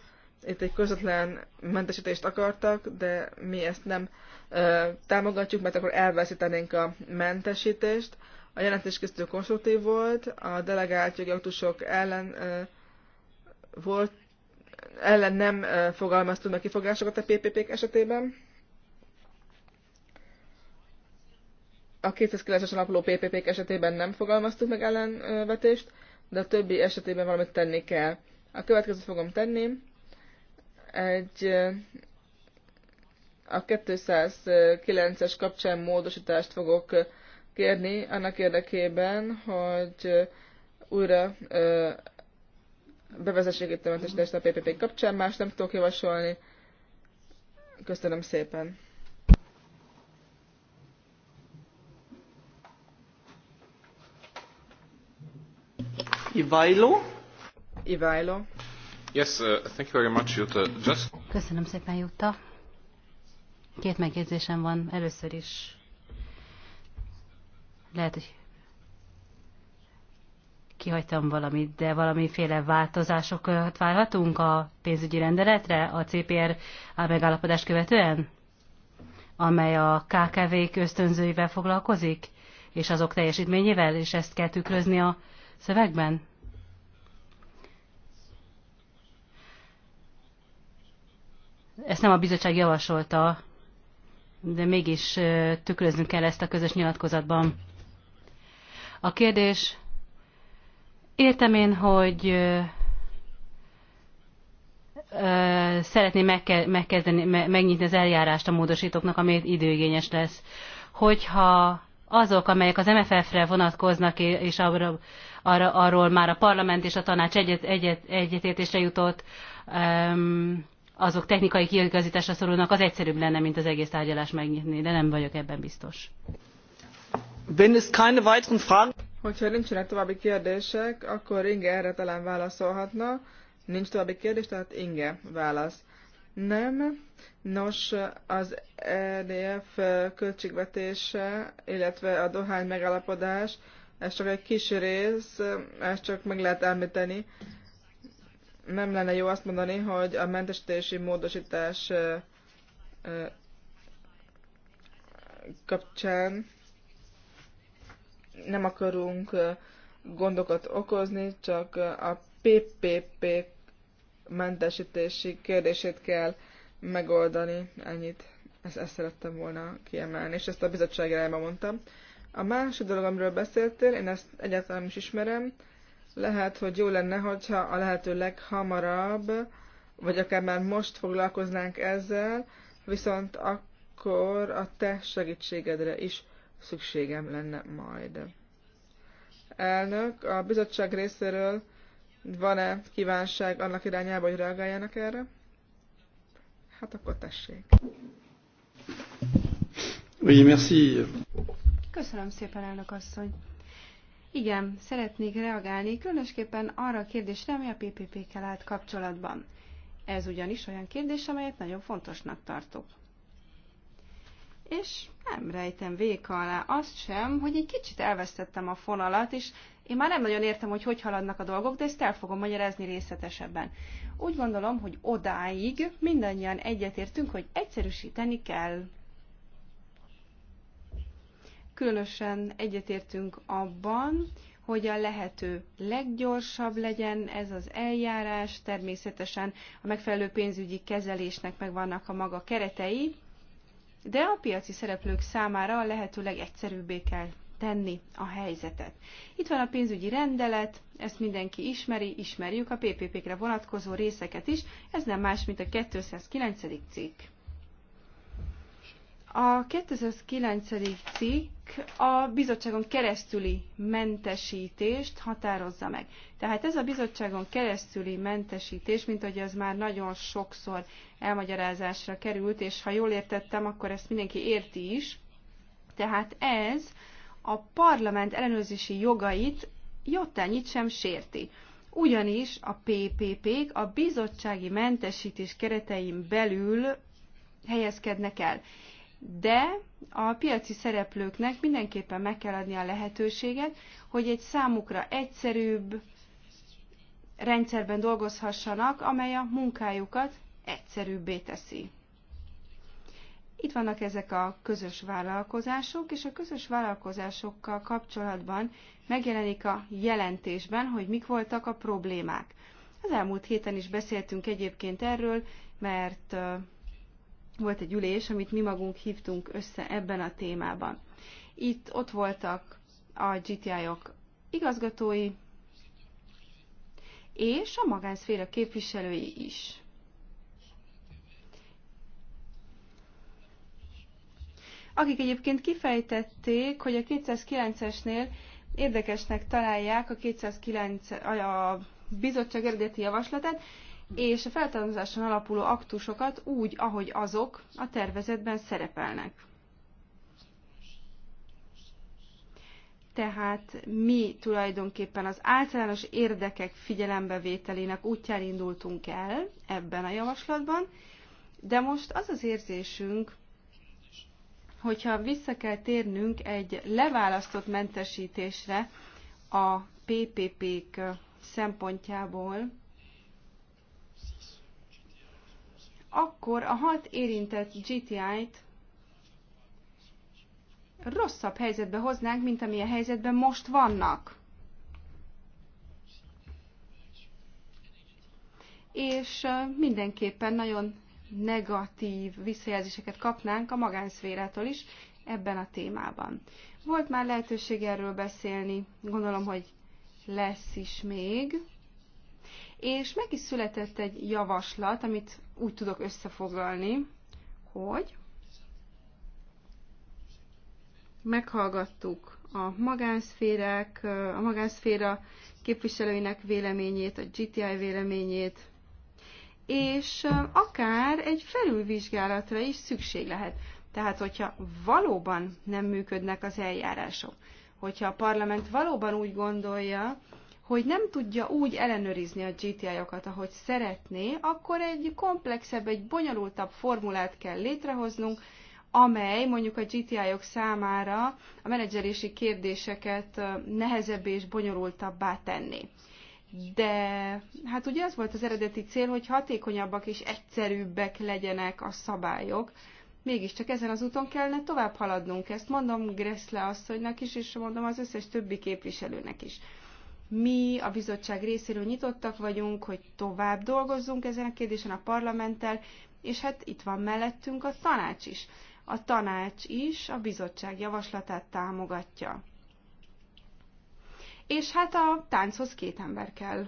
Itt egy közvetlen mentesítést akartak, de mi ezt nem ö, támogatjuk, mert akkor elveszítenénk a mentesítést. A jelentés jelentéskészítő konstruktív volt, a delegált jogi aktusok ellen ö, volt, ellen nem ö, fogalmaztunk meg kifogásokat a PPP-k esetében. A 209-es alapuló PPP-k esetében nem fogalmaztuk meg ellenvetést, de a többi esetében valamit tenni kell. A következőt fogom tenni. Egy eh, a 209-es kapcsán módosítást fogok eh, kérni annak érdekében, hogy eh, újra bevezessék itt a mentesítést a PPP kapcsán, más nem tudok javasolni. Köszönöm szépen! Ivailo. Ivájlo. Yes, uh, thank you very much, Jutta. Just... Köszönöm szépen, Jutta. Két megjegyzésem van. Először is lehet, hogy kihagytam valamit, de valamiféle változásokat várhatunk a pénzügyi rendeletre, a CPR megállapodást követően, amely a KKV-k ösztönzőivel foglalkozik, és azok teljesítményével, és ezt kell tükrözni a szövegben? ezt nem a bizottság javasolta, de mégis tükröznünk kell ezt a közös nyilatkozatban. A kérdés, értem én, hogy szeretném megkezdeni, megnyitni az eljárást a módosítóknak, ami időigényes lesz. Hogyha azok, amelyek az MFF-re vonatkoznak, és arra, arra, arról már a parlament és a tanács egyet, egyet, egyetértésre jutott, azok technikai kiigazításra szorulnak, az egyszerűbb lenne, mint az egész tárgyalás megnyitni, de nem vagyok ebben biztos. Hogyha nincsenek további kérdések, akkor Inge erre talán válaszolhatna. Nincs további kérdés, tehát Inge válasz. Nem. Nos, az EDF költségvetése, illetve a dohány megállapodás, ez csak egy kis rész, ezt csak meg lehet említeni nem lenne jó azt mondani, hogy a mentesítési módosítás kapcsán nem akarunk gondokat okozni, csak a PPP mentesítési kérdését kell megoldani. Ennyit ezt, ezt szerettem volna kiemelni, és ezt a bizottságra elmondtam. A másik dolog, amiről beszéltél, én ezt egyáltalán is ismerem, lehet, hogy jó lenne, hogyha a lehető leghamarabb, vagy akár már most foglalkoznánk ezzel, viszont akkor a te segítségedre is szükségem lenne majd. Elnök, a bizottság részéről van-e kívánság annak irányába, hogy reagáljanak erre? Hát akkor tessék. Oui, merci. Köszönöm szépen, elnök asszony. Igen, szeretnék reagálni, különösképpen arra a kérdésre, ami a ppp kel állt kapcsolatban. Ez ugyanis olyan kérdés, amelyet nagyon fontosnak tartok. És nem rejtem véka alá azt sem, hogy egy kicsit elvesztettem a fonalat, és én már nem nagyon értem, hogy hogy haladnak a dolgok, de ezt el fogom magyarázni részletesebben. Úgy gondolom, hogy odáig mindannyian egyetértünk, hogy egyszerűsíteni kell Különösen egyetértünk abban, hogy a lehető leggyorsabb legyen ez az eljárás, természetesen a megfelelő pénzügyi kezelésnek megvannak a maga keretei, de a piaci szereplők számára a lehető legegyszerűbbé kell tenni a helyzetet. Itt van a pénzügyi rendelet, ezt mindenki ismeri, ismerjük a PPP-kre vonatkozó részeket is, ez nem más, mint a 209. cikk. A 209. cikk a bizottságon keresztüli mentesítést határozza meg. Tehát ez a bizottságon keresztüli mentesítés, mint hogy ez már nagyon sokszor elmagyarázásra került, és ha jól értettem, akkor ezt mindenki érti is. Tehát ez a parlament ellenőrzési jogait jottányit sem sérti. Ugyanis a PPP-k a bizottsági mentesítés keretein belül helyezkednek el de a piaci szereplőknek mindenképpen meg kell adni a lehetőséget, hogy egy számukra egyszerűbb rendszerben dolgozhassanak, amely a munkájukat egyszerűbbé teszi. Itt vannak ezek a közös vállalkozások, és a közös vállalkozásokkal kapcsolatban megjelenik a jelentésben, hogy mik voltak a problémák. Az elmúlt héten is beszéltünk egyébként erről, mert volt egy ülés, amit mi magunk hívtunk össze ebben a témában. Itt ott voltak a GTI-ok igazgatói, és a magánszféra képviselői is. Akik egyébként kifejtették, hogy a 209-esnél érdekesnek találják a 209 a bizottság eredeti javaslatát, és a feltartózáson alapuló aktusokat úgy, ahogy azok a tervezetben szerepelnek. Tehát mi tulajdonképpen az általános érdekek figyelembevételének útján indultunk el ebben a javaslatban, de most az az érzésünk, hogyha vissza kell térnünk egy leválasztott mentesítésre a PPP-k szempontjából, akkor a hat érintett GTI-t rosszabb helyzetbe hoznánk, mint amilyen helyzetben most vannak. És mindenképpen nagyon negatív visszajelzéseket kapnánk a magánszférától is ebben a témában. Volt már lehetőség erről beszélni, gondolom, hogy lesz is még. És meg is született egy javaslat, amit úgy tudok összefoglalni, hogy meghallgattuk a magánszférák, a magánszféra képviselőinek véleményét, a GTI véleményét, és akár egy felülvizsgálatra is szükség lehet. Tehát, hogyha valóban nem működnek az eljárások, hogyha a parlament valóban úgy gondolja, hogy nem tudja úgy ellenőrizni a GTI-okat, ahogy szeretné, akkor egy komplexebb, egy bonyolultabb formulát kell létrehoznunk, amely mondjuk a GTI-ok számára a menedzserési kérdéseket nehezebb és bonyolultabbá tenni. De hát ugye az volt az eredeti cél, hogy hatékonyabbak és egyszerűbbek legyenek a szabályok, mégiscsak ezen az úton kellene tovább haladnunk. Ezt mondom Gressle asszonynak is, és mondom az összes többi képviselőnek is mi a bizottság részéről nyitottak vagyunk, hogy tovább dolgozzunk ezen a kérdésen a parlamenttel, és hát itt van mellettünk a tanács is. A tanács is a bizottság javaslatát támogatja. És hát a tánchoz két ember kell.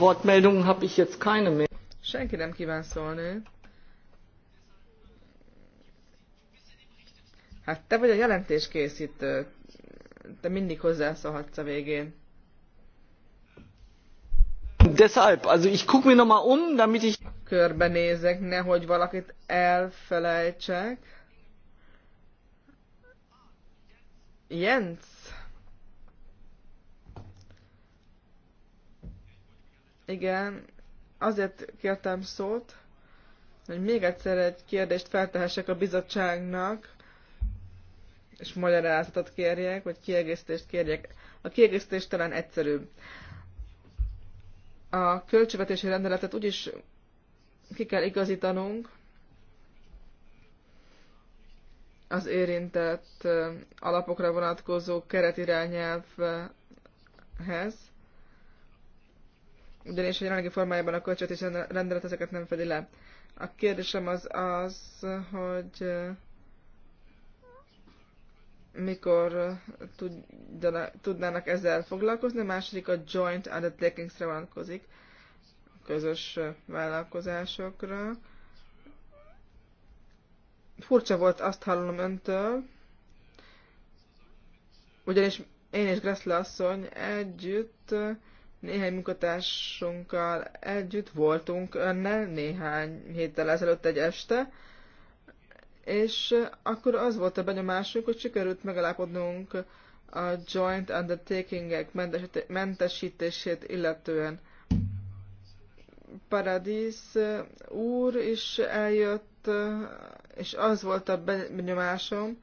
Wortmeldungen habe ich jetzt keine mehr. Schenke dem kíván szólni. Hát te vagy a jelentés készítő. Te mindig hozzászólhatsz a végén. Deshalb, also ich gucke mir nochmal um, damit ich... Körbenézek, nehogy valakit elfelejtsek. Jens, Igen, azért kértem szót, hogy még egyszer egy kérdést feltehessek a bizottságnak, és magyarázatot kérjek, vagy kiegészítést kérjek. A kiegészítés talán egyszerűbb. A költségvetési rendeletet úgyis ki kell igazítanunk az érintett alapokra vonatkozó keretirányelvhez, ugyanis a jelenlegi formájában a a rendelet ezeket nem fedi le. A kérdésem az az, hogy mikor tudnának ezzel foglalkozni, a második a joint undertakingsre vonatkozik, közös vállalkozásokra. Furcsa volt azt hallom öntől, ugyanis én és Gressle asszony együtt néhány munkatársunkkal együtt voltunk önnel néhány héttel ezelőtt egy este, és akkor az volt a benyomásunk, hogy sikerült megalapodnunk a joint undertakingek mentesítését illetően. Paradis úr is eljött, és az volt a benyomásom,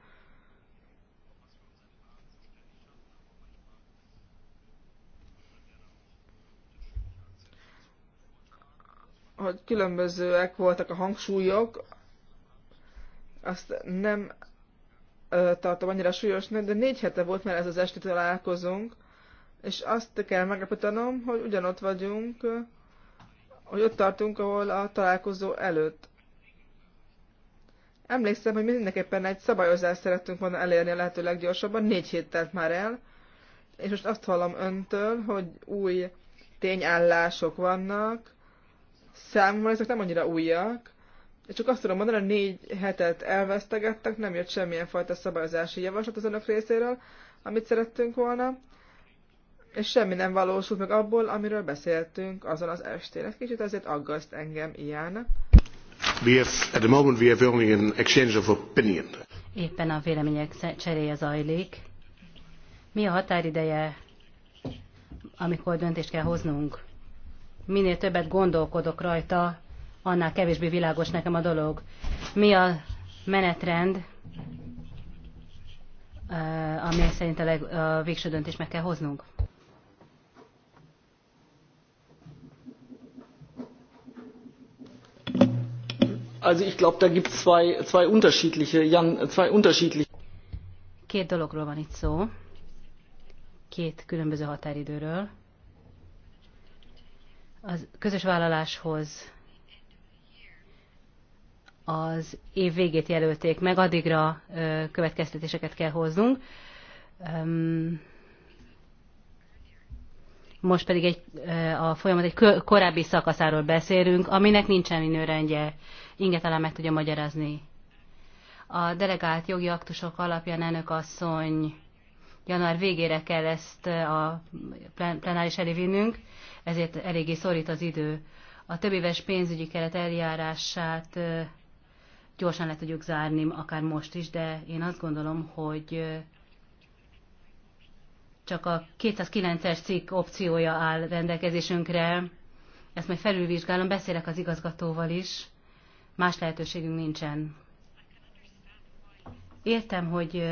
hogy különbözőek voltak a hangsúlyok, azt nem ö, tartom annyira súlyosnak, de négy hete volt már ez az esti találkozunk, és azt kell megállapítanom, hogy ugyanott vagyunk, hogy ott tartunk, ahol a találkozó előtt. Emlékszem, hogy mindenképpen egy szabályozást szerettünk volna elérni a lehető leggyorsabban, négy hét telt már el, és most azt hallom öntől, hogy új tényállások vannak, Számomra ezek nem annyira újak, csak azt tudom mondani, hogy négy hetet elvesztegettek, nem jött semmilyen fajta szabályozási javaslat az önök részéről, amit szerettünk volna, és semmi nem valósult meg abból, amiről beszéltünk azon az estén. Ez kicsit azért aggaszt engem ilyen. We have, at the moment we have only an exchange of opinion. Éppen a vélemények cseréje zajlik. Mi a határideje, amikor döntést kell hoznunk? minél többet gondolkodok rajta, annál kevésbé világos nekem a dolog. Mi a menetrend, eh, ami szerint a, leg, a végső döntést meg kell hoznunk? Also ich glaube, da gibt es zwei, zwei unterschiedliche, Jan, zwei unterschiedliche. Két dologról van itt szó, két különböző határidőről az közös vállaláshoz az év végét jelölték meg, addigra következtetéseket kell hoznunk. Most pedig egy, a folyamat egy korábbi szakaszáról beszélünk, aminek nincsen minőrendje. Inge talán meg tudja magyarázni. A delegált jogi aktusok alapján elnök asszony január végére kell ezt a plenáris elé vinnünk ezért eléggé szorít az idő. A éves pénzügyi keret eljárását gyorsan le tudjuk zárni, akár most is, de én azt gondolom, hogy csak a 209-es cikk opciója áll rendelkezésünkre. Ezt majd felülvizsgálom, beszélek az igazgatóval is. Más lehetőségünk nincsen. Értem, hogy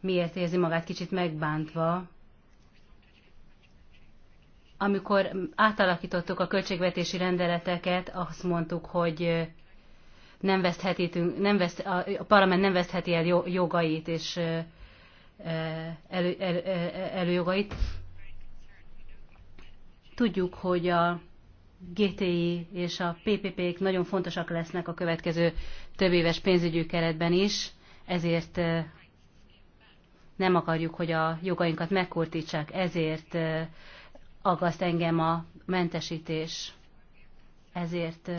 miért érzi magát kicsit megbántva, amikor átalakítottuk a költségvetési rendeleteket, azt mondtuk, hogy nem, veszthetítünk, nem veszt, a parlament nem vesztheti el jogait és elő, elő, előjogait. Tudjuk, hogy a GTI és a PPP-k nagyon fontosak lesznek a következő több éves pénzügyi keretben is, ezért nem akarjuk, hogy a jogainkat megkurtítsák, ezért aggaszt engem a mentesítés. Ezért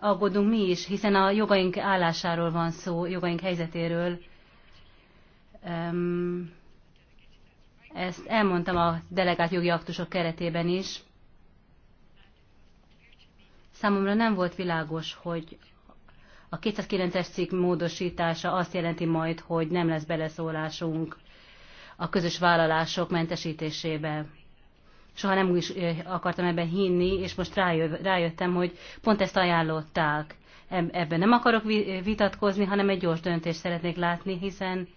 aggódunk mi is, hiszen a jogaink állásáról van szó, jogaink helyzetéről. Ezt elmondtam a delegált jogi aktusok keretében is. Számomra nem volt világos, hogy a 209-es cikk módosítása azt jelenti majd, hogy nem lesz beleszólásunk a közös vállalások mentesítésébe. Soha nem is eh, akartam ebben hinni, és most rájöttem, hogy pont ezt ajánlották. Ebben nem akarok eh, vitatkozni, hanem egy gyors döntést szeretnék látni, hiszen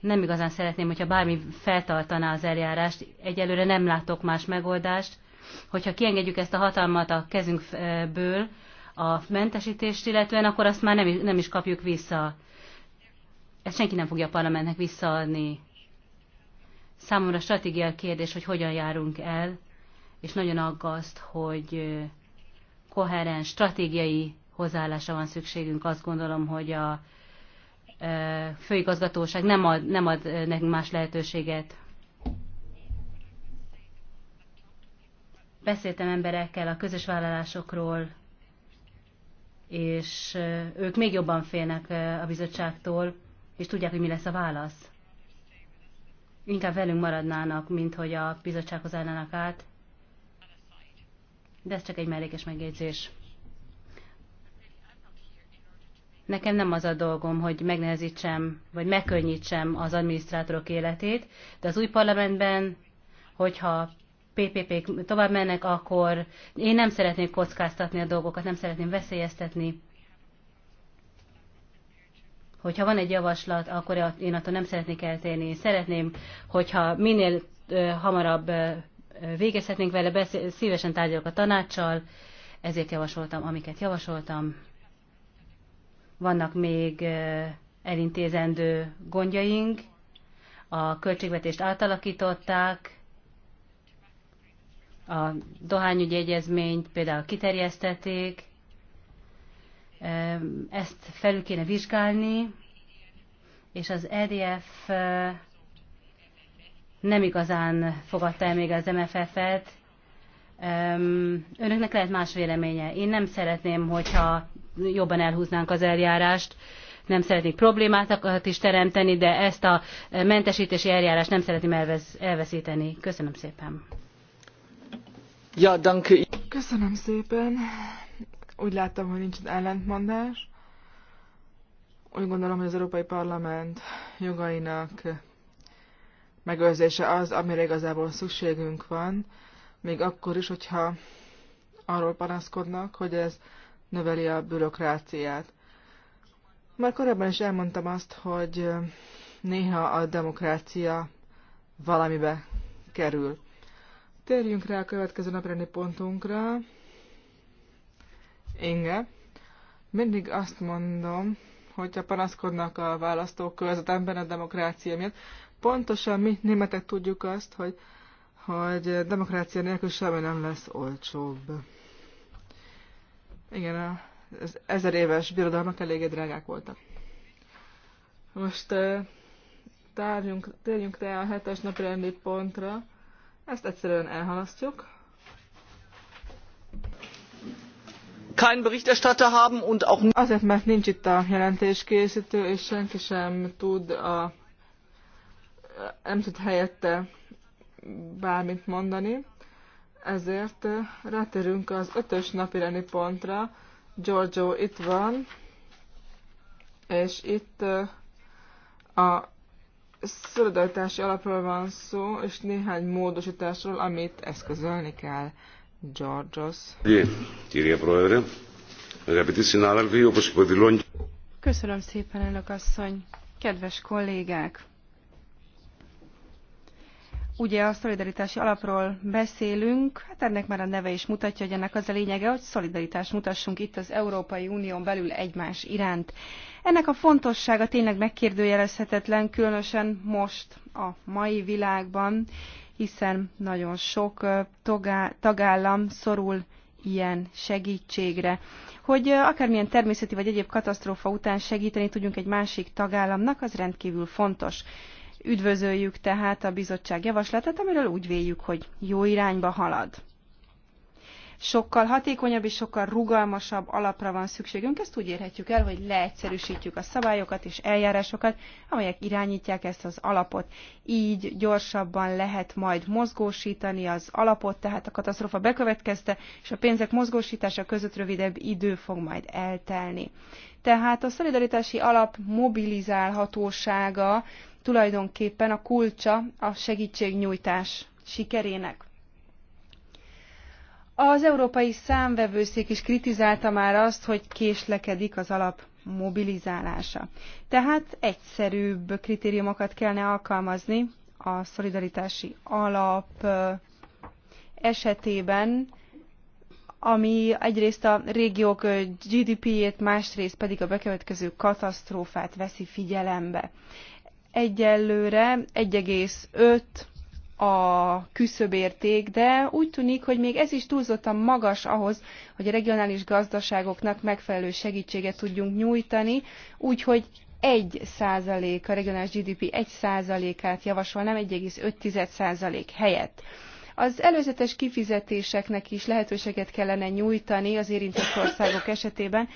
nem igazán szeretném, hogyha bármi feltartaná az eljárást. Egyelőre nem látok más megoldást. Hogyha kiengedjük ezt a hatalmat a kezünkből, eh, a mentesítést illetően, akkor azt már nem is kapjuk vissza ezt senki nem fogja a parlamentnek visszaadni. Számomra stratégiai kérdés, hogy hogyan járunk el, és nagyon aggaszt, hogy koherens stratégiai hozzáállásra van szükségünk. Azt gondolom, hogy a főigazgatóság nem ad, nem ad nekünk más lehetőséget. Beszéltem emberekkel a közös vállalásokról, és ők még jobban félnek a bizottságtól, és tudják, hogy mi lesz a válasz. Inkább velünk maradnának, mint hogy a bizottsághoz állnának át. De ez csak egy mellékes megjegyzés. Nekem nem az a dolgom, hogy megnehezítsem, vagy megkönnyítsem az adminisztrátorok életét, de az új parlamentben, hogyha ppp tovább mennek, akkor én nem szeretnék kockáztatni a dolgokat, nem szeretném veszélyeztetni hogyha van egy javaslat, akkor én attól nem szeretnék eltérni. Szeretném, hogyha minél hamarabb végezhetnénk vele, beszél, szívesen tárgyalok a tanácssal, ezért javasoltam, amiket javasoltam. Vannak még elintézendő gondjaink, a költségvetést átalakították, a dohányügyi egyezményt például kiterjesztették, ezt felül kéne vizsgálni, és az EDF nem igazán fogadta el még az MFF-et. Önöknek lehet más véleménye. Én nem szeretném, hogyha jobban elhúznánk az eljárást, nem szeretnék problémákat is teremteni, de ezt a mentesítési eljárást nem szeretném elveszíteni. Köszönöm szépen. Ja, danke. Köszönöm szépen. Úgy láttam, hogy nincs ellentmondás. Úgy gondolom, hogy az Európai Parlament jogainak megőrzése az, amire igazából szükségünk van, még akkor is, hogyha arról panaszkodnak, hogy ez növeli a bürokráciát. Már korábban is elmondtam azt, hogy néha a demokrácia valamibe kerül. Térjünk rá a következő napreni pontunkra, Inge. Mindig azt mondom, hogyha panaszkodnak a választók körzetemben a demokrácia miatt, pontosan mi németek tudjuk azt, hogy, hogy demokrácia nélkül semmi nem lesz olcsóbb. Igen, az ezer éves birodalmak eléggé drágák voltak. Most tárjunk, térjünk rá a hetes napi pontra. Ezt egyszerűen elhalasztjuk. keinen Berichterstatter haben und auch Azért, mert nincs itt a jelentéskészítő, és senki sem tud a nem tud helyette bármit mondani. Ezért rátérünk az ötös napireni pontra. Giorgio itt van, és itt a szolidaritási alapról van szó, és néhány módosításról, amit eszközölni kell. Georgios. Köszönöm szépen, elnök asszony. Kedves kollégák! Ugye a szolidaritási alapról beszélünk, hát ennek már a neve is mutatja, hogy ennek az a lényege, hogy szolidaritást mutassunk itt az Európai Unión belül egymás iránt. Ennek a fontossága tényleg megkérdőjelezhetetlen, különösen most a mai világban, hiszen nagyon sok tagállam szorul ilyen segítségre. Hogy akármilyen természeti vagy egyéb katasztrófa után segíteni tudjunk egy másik tagállamnak, az rendkívül fontos. Üdvözöljük tehát a bizottság javaslatát, amiről úgy véljük, hogy jó irányba halad sokkal hatékonyabb és sokkal rugalmasabb alapra van szükségünk. Ezt úgy érhetjük el, hogy leegyszerűsítjük a szabályokat és eljárásokat, amelyek irányítják ezt az alapot. Így gyorsabban lehet majd mozgósítani az alapot, tehát a katasztrófa bekövetkezte, és a pénzek mozgósítása között rövidebb idő fog majd eltelni. Tehát a szolidaritási alap mobilizálhatósága tulajdonképpen a kulcsa a segítségnyújtás sikerének. Az Európai Számvevőszék is kritizálta már azt, hogy késlekedik az alap mobilizálása. Tehát egyszerűbb kritériumokat kellene alkalmazni a szolidaritási alap esetében, ami egyrészt a régiók GDP-jét, másrészt pedig a bekövetkező katasztrófát veszi figyelembe. Egyelőre a küszöbérték, de úgy tűnik, hogy még ez is túlzottan magas ahhoz, hogy a regionális gazdaságoknak megfelelő segítséget tudjunk nyújtani, úgyhogy 1 százalék, a regionális GDP 1 százalékát nem 1,5 százalék helyett. Az előzetes kifizetéseknek is lehetőséget kellene nyújtani az érintett országok esetében,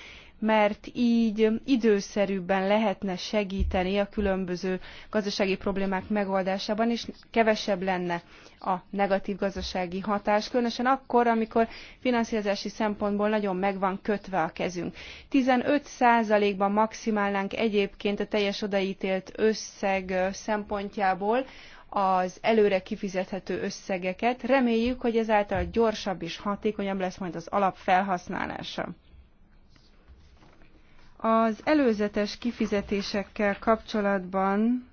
mert így időszerűbben lehetne segíteni a különböző gazdasági problémák megoldásában, és kevesebb lenne a negatív gazdasági hatás, különösen akkor, amikor finanszírozási szempontból nagyon meg van kötve a kezünk. 15%-ban maximálnánk egyébként a teljes odaítélt összeg szempontjából az előre kifizethető összegeket. Reméljük, hogy ezáltal gyorsabb és hatékonyabb lesz majd az alap felhasználása. Az előzetes kifizetésekkel kapcsolatban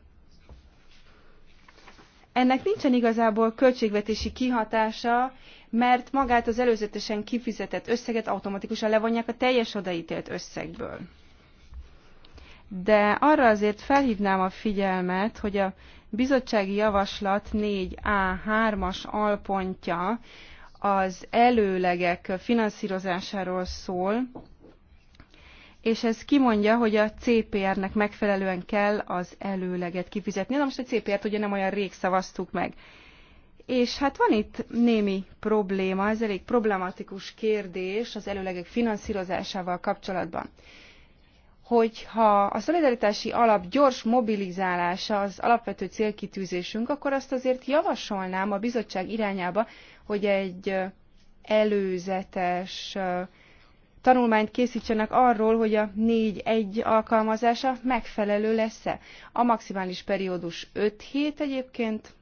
ennek nincsen igazából költségvetési kihatása, mert magát az előzetesen kifizetett összeget automatikusan levonják a teljes odaítélt összegből. De arra azért felhívnám a figyelmet, hogy a bizottsági javaslat 4A3-as alpontja az előlegek finanszírozásáról szól, és ez kimondja, hogy a CPR-nek megfelelően kell az előleget kifizetni. Na most a CPR-t ugye nem olyan rég szavaztuk meg. És hát van itt némi probléma, ez elég problematikus kérdés az előlegek finanszírozásával kapcsolatban. Hogyha a szolidaritási alap gyors mobilizálása az alapvető célkitűzésünk, akkor azt azért javasolnám a bizottság irányába, hogy egy előzetes tanulmányt készítsenek arról, hogy a 4-1 alkalmazása megfelelő lesz-e. A maximális periódus 5 hét egyébként,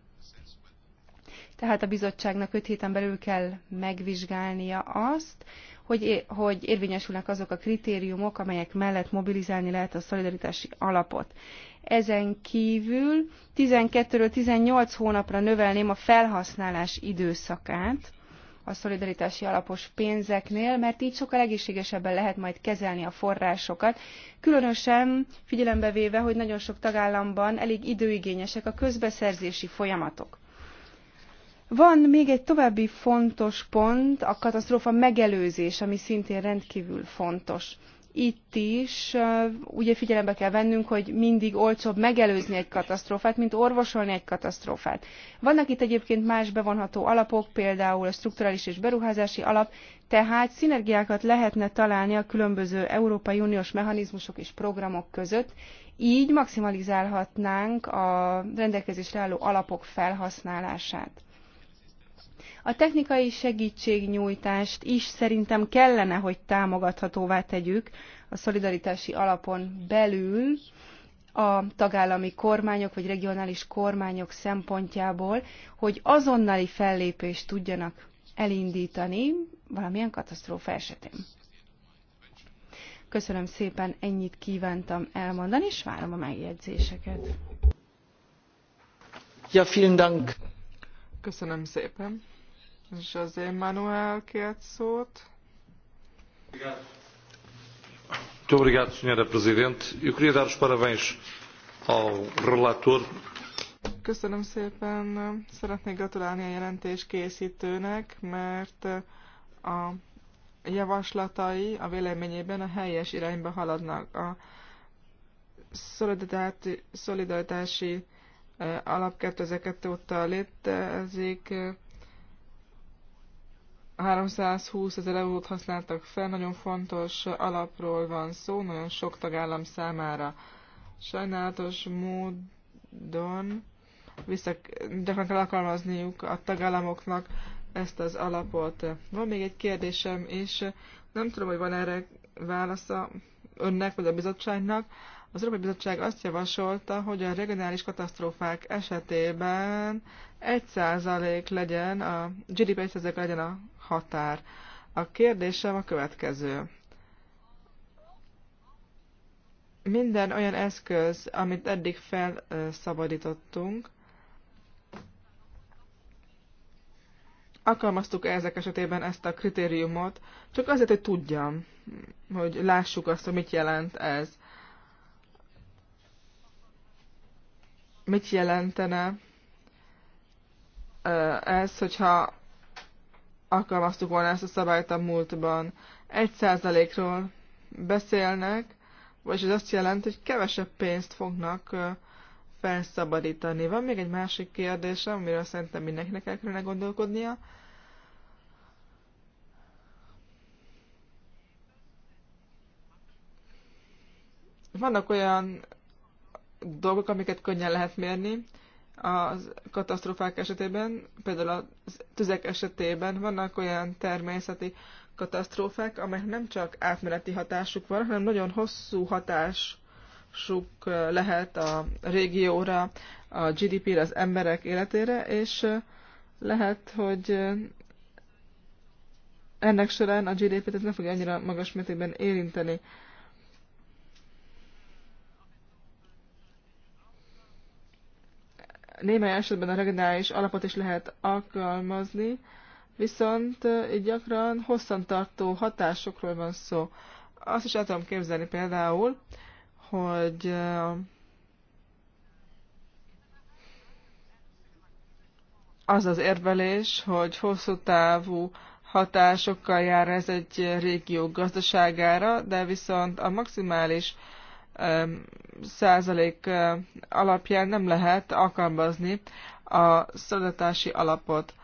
tehát a bizottságnak 5 héten belül kell megvizsgálnia azt, hogy, hogy érvényesülnek azok a kritériumok, amelyek mellett mobilizálni lehet a szolidaritási alapot. Ezen kívül 12-18 hónapra növelném a felhasználás időszakát, a szolidaritási alapos pénzeknél, mert így sokkal egészségesebben lehet majd kezelni a forrásokat, különösen figyelembe véve, hogy nagyon sok tagállamban elég időigényesek a közbeszerzési folyamatok. Van még egy további fontos pont, a katasztrófa megelőzés, ami szintén rendkívül fontos itt is ugye figyelembe kell vennünk, hogy mindig olcsóbb megelőzni egy katasztrófát, mint orvosolni egy katasztrófát. Vannak itt egyébként más bevonható alapok, például a strukturális és beruházási alap, tehát szinergiákat lehetne találni a különböző Európai Uniós mechanizmusok és programok között, így maximalizálhatnánk a rendelkezésre álló alapok felhasználását. A technikai segítségnyújtást is szerintem kellene, hogy támogathatóvá tegyük a szolidaritási alapon belül a tagállami kormányok vagy regionális kormányok szempontjából, hogy azonnali fellépést tudjanak elindítani valamilyen katasztrófa esetén. Köszönöm szépen, ennyit kívántam elmondani, és várom a megjegyzéseket. Ja, vielen Dank. Köszönöm szépen. José Manuel kért szót. Muito obrigado, Sra. Presidente. Eu queria dar os parabéns ao relator. Köszönöm szépen. Szeretnék gratulálni a jelentés készítőnek, mert a javaslatai a véleményében a helyes irányba haladnak. A szolidaritási eh, alap 2002 óta létezik, eh, 320 ezer eurót használtak fel, nagyon fontos alapról van szó, nagyon sok tagállam számára. Sajnálatos módon vissza gyakran kell alkalmazniuk a tagállamoknak ezt az alapot. Van még egy kérdésem, és nem tudom, hogy van erre válasza önnek vagy a bizottságnak. Az Európai Bizottság azt javasolta, hogy a regionális katasztrófák esetében 1% legyen, a GDP 1% legyen a határ. A kérdésem a következő. Minden olyan eszköz, amit eddig felszabadítottunk, alkalmaztuk -e ezek esetében ezt a kritériumot, csak azért, hogy tudjam, hogy lássuk azt, hogy mit jelent ez. mit jelentene ez, hogyha alkalmaztuk volna ezt a szabályt a múltban. Egy százalékról beszélnek, vagyis ez azt jelenti, hogy kevesebb pénzt fognak felszabadítani. Van még egy másik kérdésem, amiről szerintem mindenkinek el kellene gondolkodnia. Vannak olyan dolgok, amiket könnyen lehet mérni. A katasztrofák esetében, például a tüzek esetében vannak olyan természeti katasztrófák, amelyek nem csak átmeneti hatásuk van, hanem nagyon hosszú hatásuk lehet a régióra, a GDP-re, az emberek életére, és lehet, hogy ennek során a GDP-t nem fogja annyira magas mértékben érinteni. némely esetben a regionális alapot is lehet alkalmazni, viszont gyakran hosszantartó hatásokról van szó. Azt is el tudom képzelni például, hogy az az érvelés, hogy hosszú távú hatásokkal jár ez egy régió gazdaságára, de viszont a maximális százalék alapján nem lehet alkalmazni a szolidaritási alapot.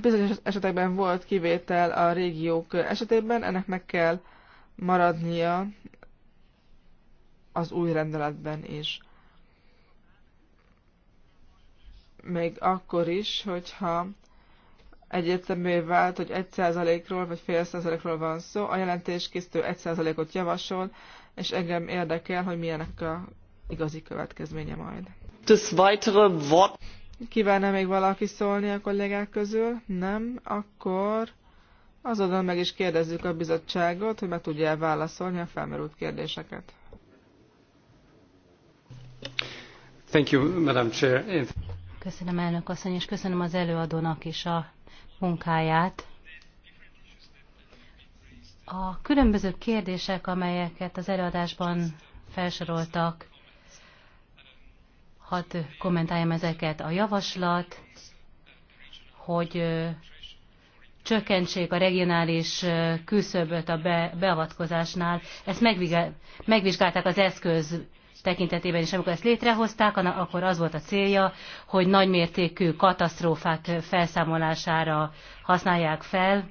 Bizonyos esetekben volt kivétel a régiók esetében, ennek meg kell maradnia az új rendeletben is. Még akkor is, hogyha egyértelmű vált, hogy 1%-ról vagy fél százalékról van szó. A jelentés készítő 1%-ot javasol, és engem érdekel, hogy milyenek a igazi következménye majd. Das weitere Wort. Kívánna még valaki szólni a kollégák közül? Nem? Akkor azonnal meg is kérdezzük a bizottságot, hogy meg tudja válaszolni a felmerült kérdéseket. Thank you, Madam Chair. Köszönöm elnök asszony, és köszönöm az előadónak is a munkáját. A különböző kérdések, amelyeket az előadásban felsoroltak, hadd kommentáljam ezeket. A javaslat, hogy csökkentsék a regionális küszöböt a beavatkozásnál, ezt megvizsgálták az eszköz tekintetében is, amikor ezt létrehozták, akkor az volt a célja, hogy nagymértékű katasztrófák felszámolására használják fel,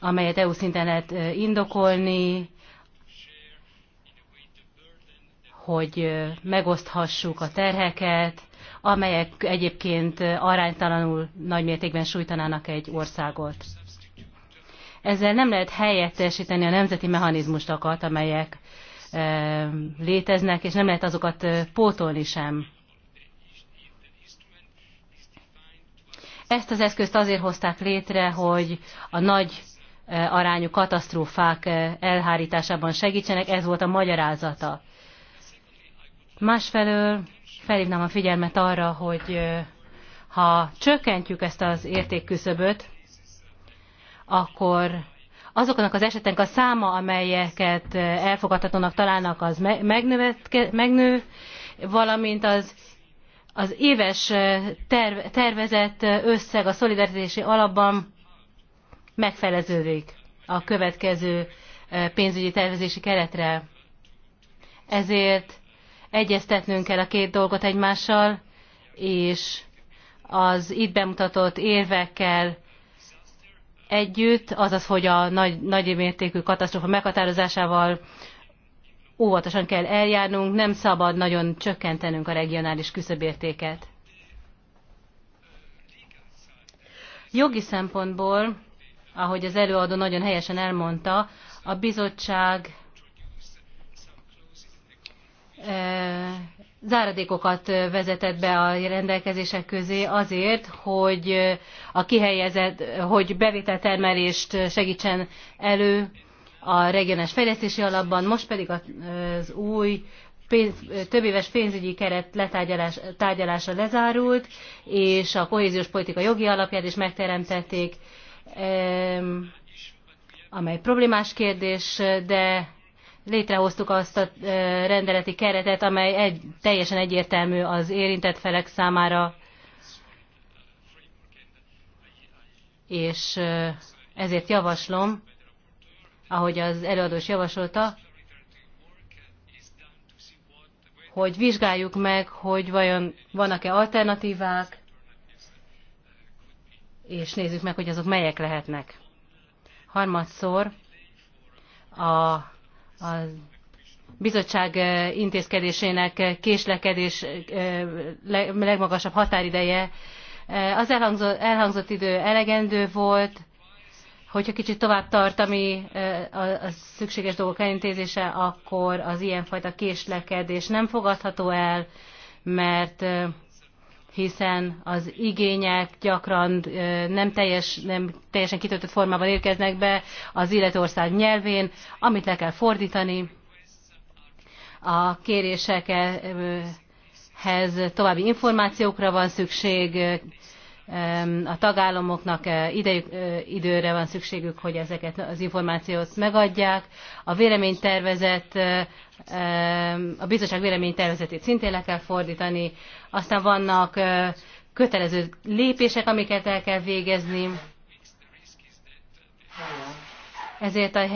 amelyet EU szinten lehet indokolni, hogy megoszthassuk a terheket, amelyek egyébként aránytalanul nagymértékben sújtanának egy országot. Ezzel nem lehet helyettesíteni a nemzeti mechanizmusokat, amelyek léteznek, és nem lehet azokat pótolni sem. Ezt az eszközt azért hozták létre, hogy a nagy arányú katasztrófák elhárításában segítsenek, ez volt a magyarázata. Másfelől felhívnám a figyelmet arra, hogy ha csökkentjük ezt az értékküszöböt, akkor azoknak az eseteknek a száma, amelyeket eh, elfogadhatónak találnak, az megnő, valamint az, az éves eh, terv, tervezett eh, összeg a szolidaritási alapban megfeleződik a következő pénzügyi tervezési keretre. Ezért egyeztetnünk kell a két dolgot egymással, és az itt bemutatott érvekkel együtt, azaz, hogy a nagy, nagy mértékű katasztrófa meghatározásával óvatosan kell eljárnunk, nem szabad nagyon csökkentenünk a regionális küszöbértéket. Jogi szempontból, ahogy az előadó nagyon helyesen elmondta, a bizottság eh, záradékokat vezetett be a rendelkezések közé azért, hogy a kihelyezett, hogy bevételtermelést segítsen elő a regionális fejlesztési alapban, most pedig az új pénz, éves pénzügyi keret tárgyalása lezárult, és a kohéziós politika jogi alapját is megteremtették, amely problémás kérdés, de létrehoztuk azt a rendeleti keretet, amely egy, teljesen egyértelmű az érintett felek számára, és ezért javaslom, ahogy az előadós javasolta, hogy vizsgáljuk meg, hogy vajon vannak-e alternatívák, és nézzük meg, hogy azok melyek lehetnek. Harmadszor a a bizottság eh, intézkedésének késlekedés eh, legmagasabb határideje. Eh, az elhangzott, elhangzott idő elegendő volt, hogyha kicsit tovább tart, ami a szükséges dolgok elintézése, akkor az ilyenfajta késlekedés nem fogadható el, mert hiszen az igények gyakran nem, teljes, nem teljesen kitöltött formában érkeznek be az illetország nyelvén, amit le kell fordítani. A kérésekhez további információkra van szükség, a tagállamoknak eh, idejük, eh, időre van szükségük, hogy ezeket az információt megadják. A véleménytervezet, eh, a bizottság véleménytervezetét szintén le kell fordítani. Aztán vannak kötelező lépések, amiket el kell végezni. Ezért a,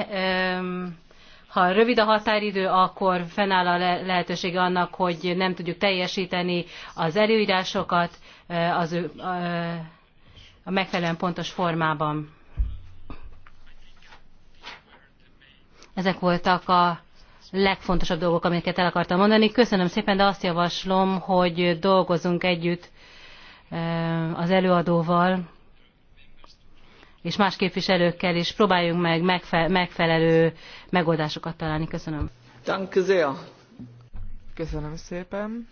ha rövid a határidő, akkor fennáll a lehetősége annak, hogy nem tudjuk teljesíteni az előírásokat, Eh, az ő, eh, a megfelelően pontos formában. Ezek voltak a legfontosabb dolgok, amiket el akartam mondani. Köszönöm szépen, de azt javaslom, hogy dolgozunk együtt eh, az előadóval és más képviselőkkel is próbáljunk meg megfelelő megoldásokat találni. Köszönöm. Danke sehr. Köszönöm szépen.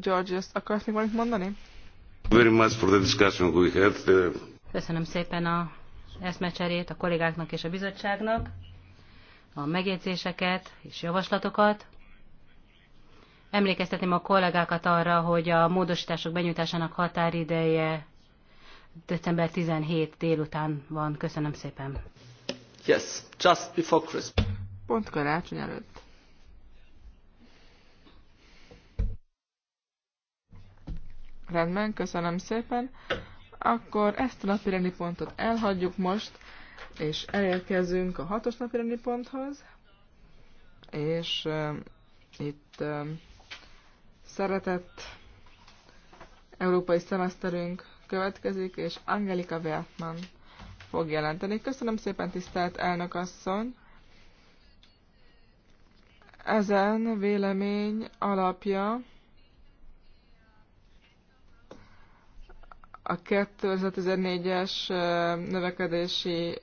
Georgios, akarsz még valamit mondani? Very much for the discussion uh, Köszönöm szépen a eszmecserét a kollégáknak és a bizottságnak, a megjegyzéseket és javaslatokat. Emlékeztetném a kollégákat arra, hogy a módosítások benyújtásának határideje december 17 délután van. Köszönöm szépen. Yes, just before Christmas. Pont karácsony előtt. Rendben, köszönöm szépen. Akkor ezt a napirendi pontot elhagyjuk most, és elérkezünk a hatos napirendi ponthoz. És e, itt e, szeretett európai szemeszterünk következik, és Angelika Wertmann fog jelenteni. Köszönöm szépen, tisztelt elnök asszony! Ezen vélemény alapja a 2014-es növekedési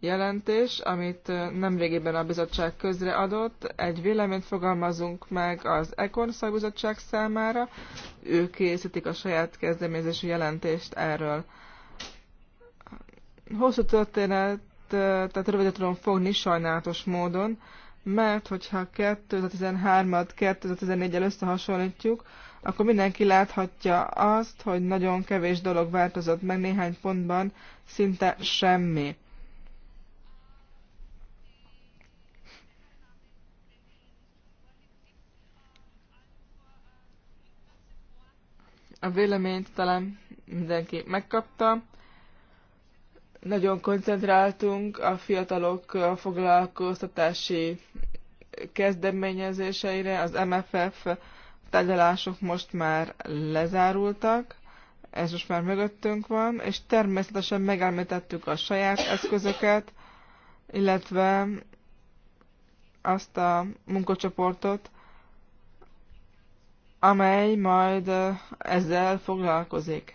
jelentés, amit nemrégiben a bizottság közreadott. Egy véleményt fogalmazunk meg az ECON szakbizottság számára. Ők készítik a saját kezdeményezési jelentést erről. Hosszú történet, tehát rövidre tudom fogni sajnálatos módon, mert hogyha 2013-at 2014-el összehasonlítjuk, akkor mindenki láthatja azt, hogy nagyon kevés dolog változott meg néhány pontban, szinte semmi. A véleményt talán mindenki megkapta. Nagyon koncentráltunk a fiatalok foglalkoztatási kezdeményezéseire, az MFF tárgyalások most már lezárultak, ez most már mögöttünk van, és természetesen megelmítettük a saját eszközöket, illetve azt a munkacsoportot, amely majd ezzel foglalkozik.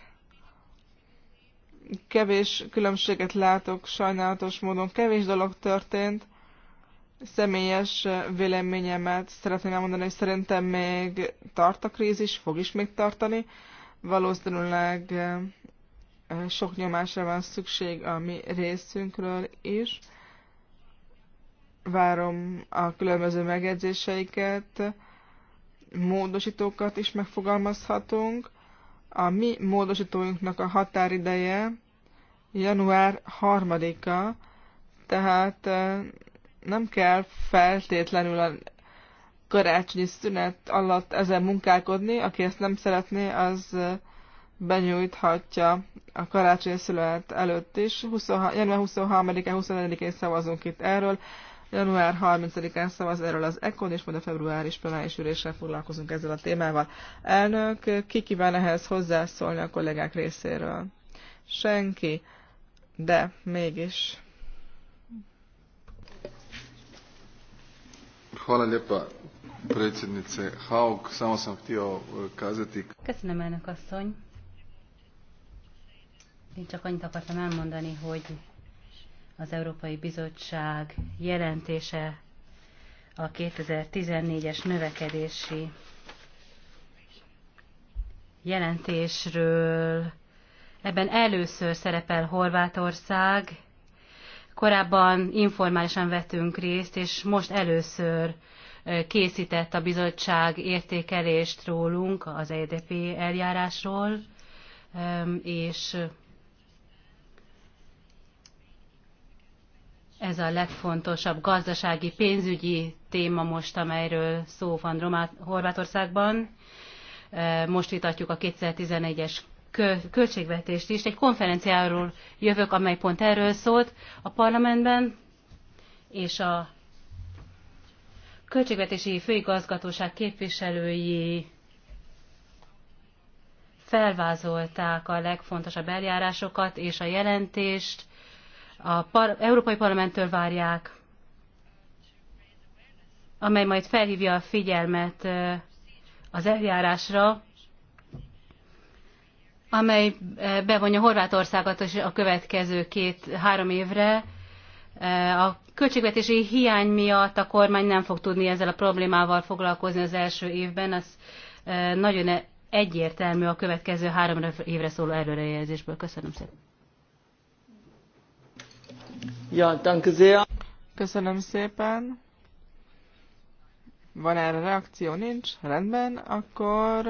Kevés különbséget látok, sajnálatos módon kevés dolog történt, személyes véleményemet szeretném elmondani, hogy szerintem még tart a krízis, fog is még tartani. Valószínűleg eh, sok nyomásra van szükség a mi részünkről is. Várom a különböző megjegyzéseiket, módosítókat is megfogalmazhatunk. A mi módosítóinknak a határideje január 3-a, tehát eh, nem kell feltétlenül a karácsonyi szünet alatt ezen munkálkodni, aki ezt nem szeretné, az benyújthatja a karácsonyi szület előtt is. 20, január 23-án, 24-én szavazunk itt erről, január 30-án szavaz erről az ECON, és majd a február is plenáris üléssel foglalkozunk ezzel a témával. Elnök, ki kíván ehhez hozzászólni a kollégák részéről? Senki, de mégis. Hvala lijepa predsjednice Haug. Samo sam htio e, kazati... Köszönöm, elnök asszony. Én csak annyit akartam elmondani, hogy az Európai Bizottság jelentése a 2014-es növekedési jelentésről. Ebben először szerepel Horvátország, Korábban informálisan vettünk részt, és most először készített a bizottság értékelést rólunk az EDP eljárásról, és ez a legfontosabb gazdasági, pénzügyi téma most, amelyről szó van Romát, Horvátországban. Most vitatjuk a 2011-es költségvetést is. Egy konferenciáról jövök, amely pont erről szólt a parlamentben, és a költségvetési főigazgatóság képviselői felvázolták a legfontosabb eljárásokat és a jelentést. A par- Európai Parlamenttől várják, amely majd felhívja a figyelmet az eljárásra, amely eh, bevonja Horvátországot is a következő két-három évre. Eh, a költségvetési hiány miatt a kormány nem fog tudni ezzel a problémával foglalkozni az első évben. Az eh, nagyon e- egyértelmű a következő három évre szóló előrejelzésből. Köszönöm szépen. Ja, danke sehr. Köszönöm szépen. Van erre reakció? Nincs? Rendben, akkor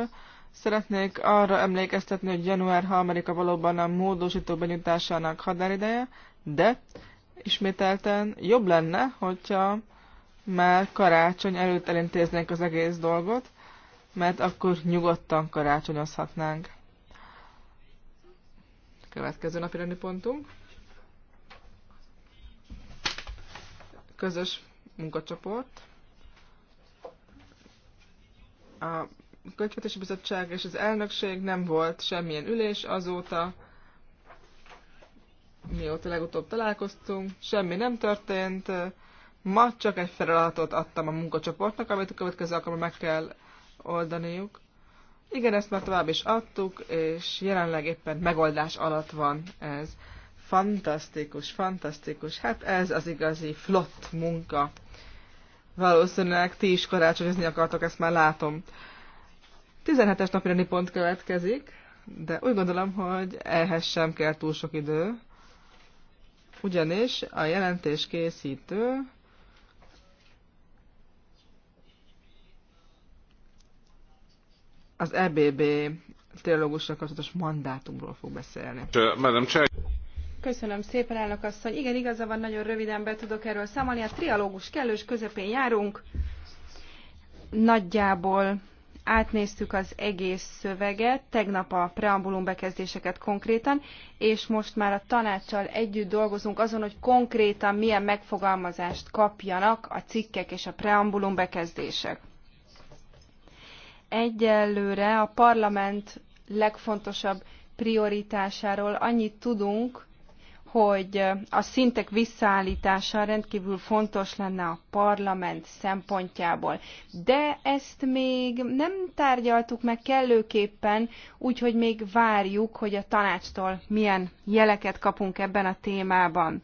Szeretnék arra emlékeztetni, hogy január ha a valóban a módosító benyújtásának határideje, de ismételten jobb lenne, hogyha már karácsony előtt elintéznénk az egész dolgot, mert akkor nyugodtan karácsonyozhatnánk. Következő napi rendi pontunk. Közös munkacsoport. A Költségvetési Bizottság és az elnökség nem volt semmilyen ülés azóta, mióta legutóbb találkoztunk, semmi nem történt. Ma csak egy feladatot adtam a munkacsoportnak, amit a következő alkalommal meg kell oldaniuk. Igen, ezt már tovább is adtuk, és jelenleg éppen megoldás alatt van ez. Fantasztikus, fantasztikus. Hát ez az igazi flott munka. Valószínűleg ti is karácsonyozni akartok, ezt már látom. 17-es napirendi pont következik, de úgy gondolom, hogy ehhez sem kell túl sok idő, ugyanis a jelentés készítő az EBB teológusra kapcsolatos mandátumról fog beszélni. Uh, Köszönöm szépen, elnök asszony. Igen, igaza van, nagyon röviden be tudok erről számolni. A trialógus kellős közepén járunk. Nagyjából átnéztük az egész szöveget, tegnap a preambulum bekezdéseket konkrétan, és most már a tanácssal együtt dolgozunk azon, hogy konkrétan milyen megfogalmazást kapjanak a cikkek és a preambulum bekezdések. Egyelőre a parlament legfontosabb prioritásáról annyit tudunk, hogy a szintek visszaállítása rendkívül fontos lenne a parlament szempontjából. De ezt még nem tárgyaltuk meg kellőképpen, úgyhogy még várjuk, hogy a tanácstól milyen jeleket kapunk ebben a témában.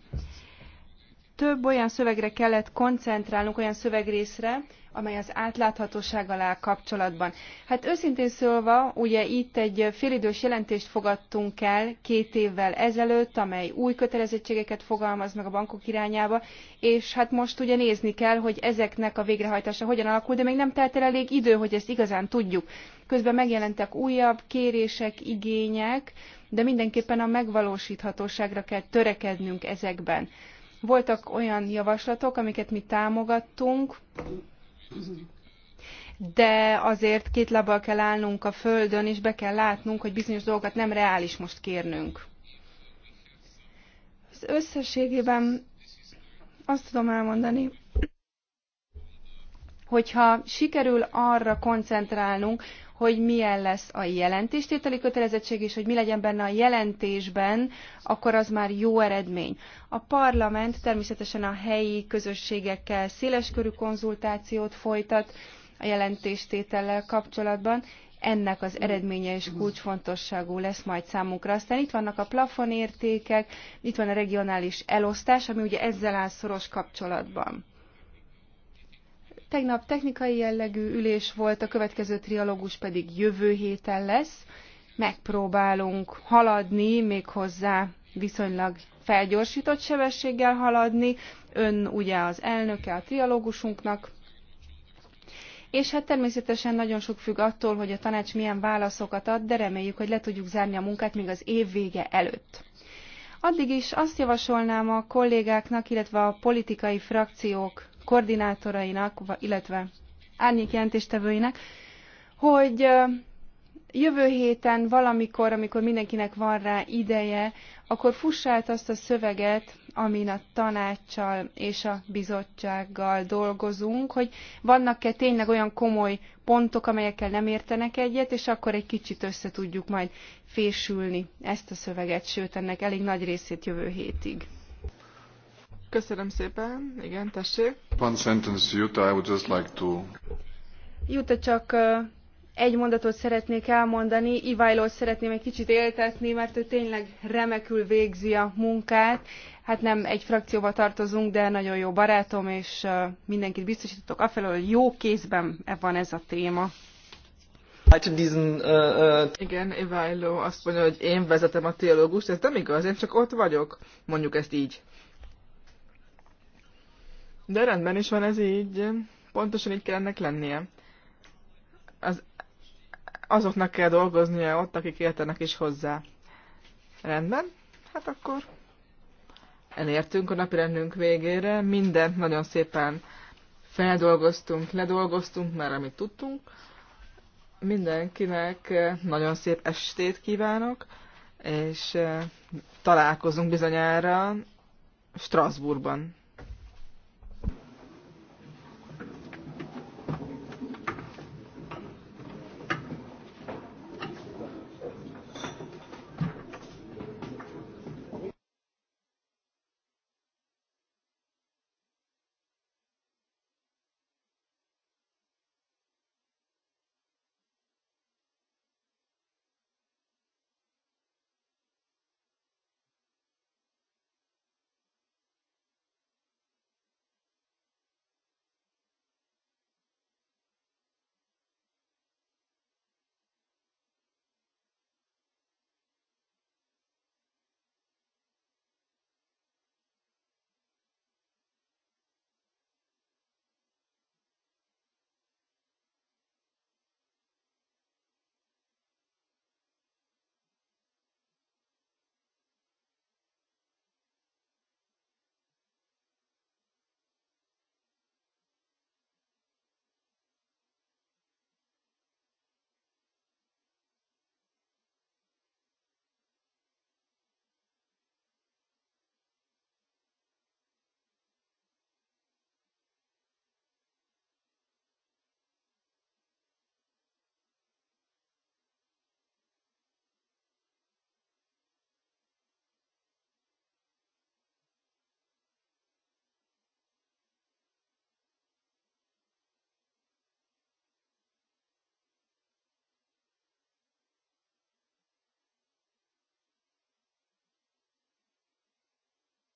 Több olyan szövegre kellett koncentrálnunk, olyan szövegrészre, amely az átláthatósággal áll kapcsolatban. Hát őszintén szólva, ugye itt egy félidős jelentést fogadtunk el két évvel ezelőtt, amely új kötelezettségeket fogalmaz meg a bankok irányába, és hát most ugye nézni kell, hogy ezeknek a végrehajtása hogyan alakul, de még nem telt el elég idő, hogy ezt igazán tudjuk. Közben megjelentek újabb kérések, igények, de mindenképpen a megvalósíthatóságra kell törekednünk ezekben. Voltak olyan javaslatok, amiket mi támogattunk, de azért két lábbal kell állnunk a földön, és be kell látnunk, hogy bizonyos dolgokat nem reális most kérnünk. Az összességében azt tudom elmondani, hogyha sikerül arra koncentrálnunk, hogy milyen lesz a jelentéstételi kötelezettség, és hogy mi legyen benne a jelentésben, akkor az már jó eredmény. A parlament természetesen a helyi közösségekkel széleskörű konzultációt folytat a jelentéstétellel kapcsolatban, ennek az eredménye is kulcsfontosságú lesz majd számunkra. Aztán itt vannak a plafonértékek, itt van a regionális elosztás, ami ugye ezzel áll szoros kapcsolatban. Tegnap technikai jellegű ülés volt, a következő trialógus pedig jövő héten lesz. Megpróbálunk haladni, méghozzá viszonylag felgyorsított sebességgel haladni. Ön ugye az elnöke a trialógusunknak, és hát természetesen nagyon sok függ attól, hogy a tanács milyen válaszokat ad, de reméljük, hogy le tudjuk zárni a munkát még az év vége előtt. Addig is azt javasolnám a kollégáknak, illetve a politikai frakciók koordinátorainak, illetve árnyék jelentéstevőinek, hogy jövő héten valamikor, amikor mindenkinek van rá ideje, akkor fuss át azt a szöveget, amin a tanácssal és a bizottsággal dolgozunk, hogy vannak-e tényleg olyan komoly pontok, amelyekkel nem értenek egyet, és akkor egy kicsit össze tudjuk majd fésülni ezt a szöveget, sőt ennek elég nagy részét jövő hétig. Köszönöm szépen. Igen, tessék. One sentence, Jutta, I would just like to... Jutta, csak egy mondatot szeretnék elmondani. Iválót szeretném egy kicsit éltetni, mert ő tényleg remekül végzi a munkát. Hát nem egy frakcióba tartozunk, de nagyon jó barátom, és mindenkit biztosítok afelől, hogy jó kézben van ez a téma. Diesen, uh, Igen, Iváló azt mondja, hogy én vezetem a teológust, ez nem igaz, én csak ott vagyok, mondjuk ezt így. De rendben is van ez így, pontosan így kell ennek lennie. Az, azoknak kell dolgoznia ott, akik értenek is hozzá. Rendben, hát akkor elértünk a napi rendünk végére, mindent nagyon szépen feldolgoztunk, ledolgoztunk mert amit tudtunk. Mindenkinek eh, nagyon szép estét kívánok, és eh, találkozunk bizonyára Strasbourgban.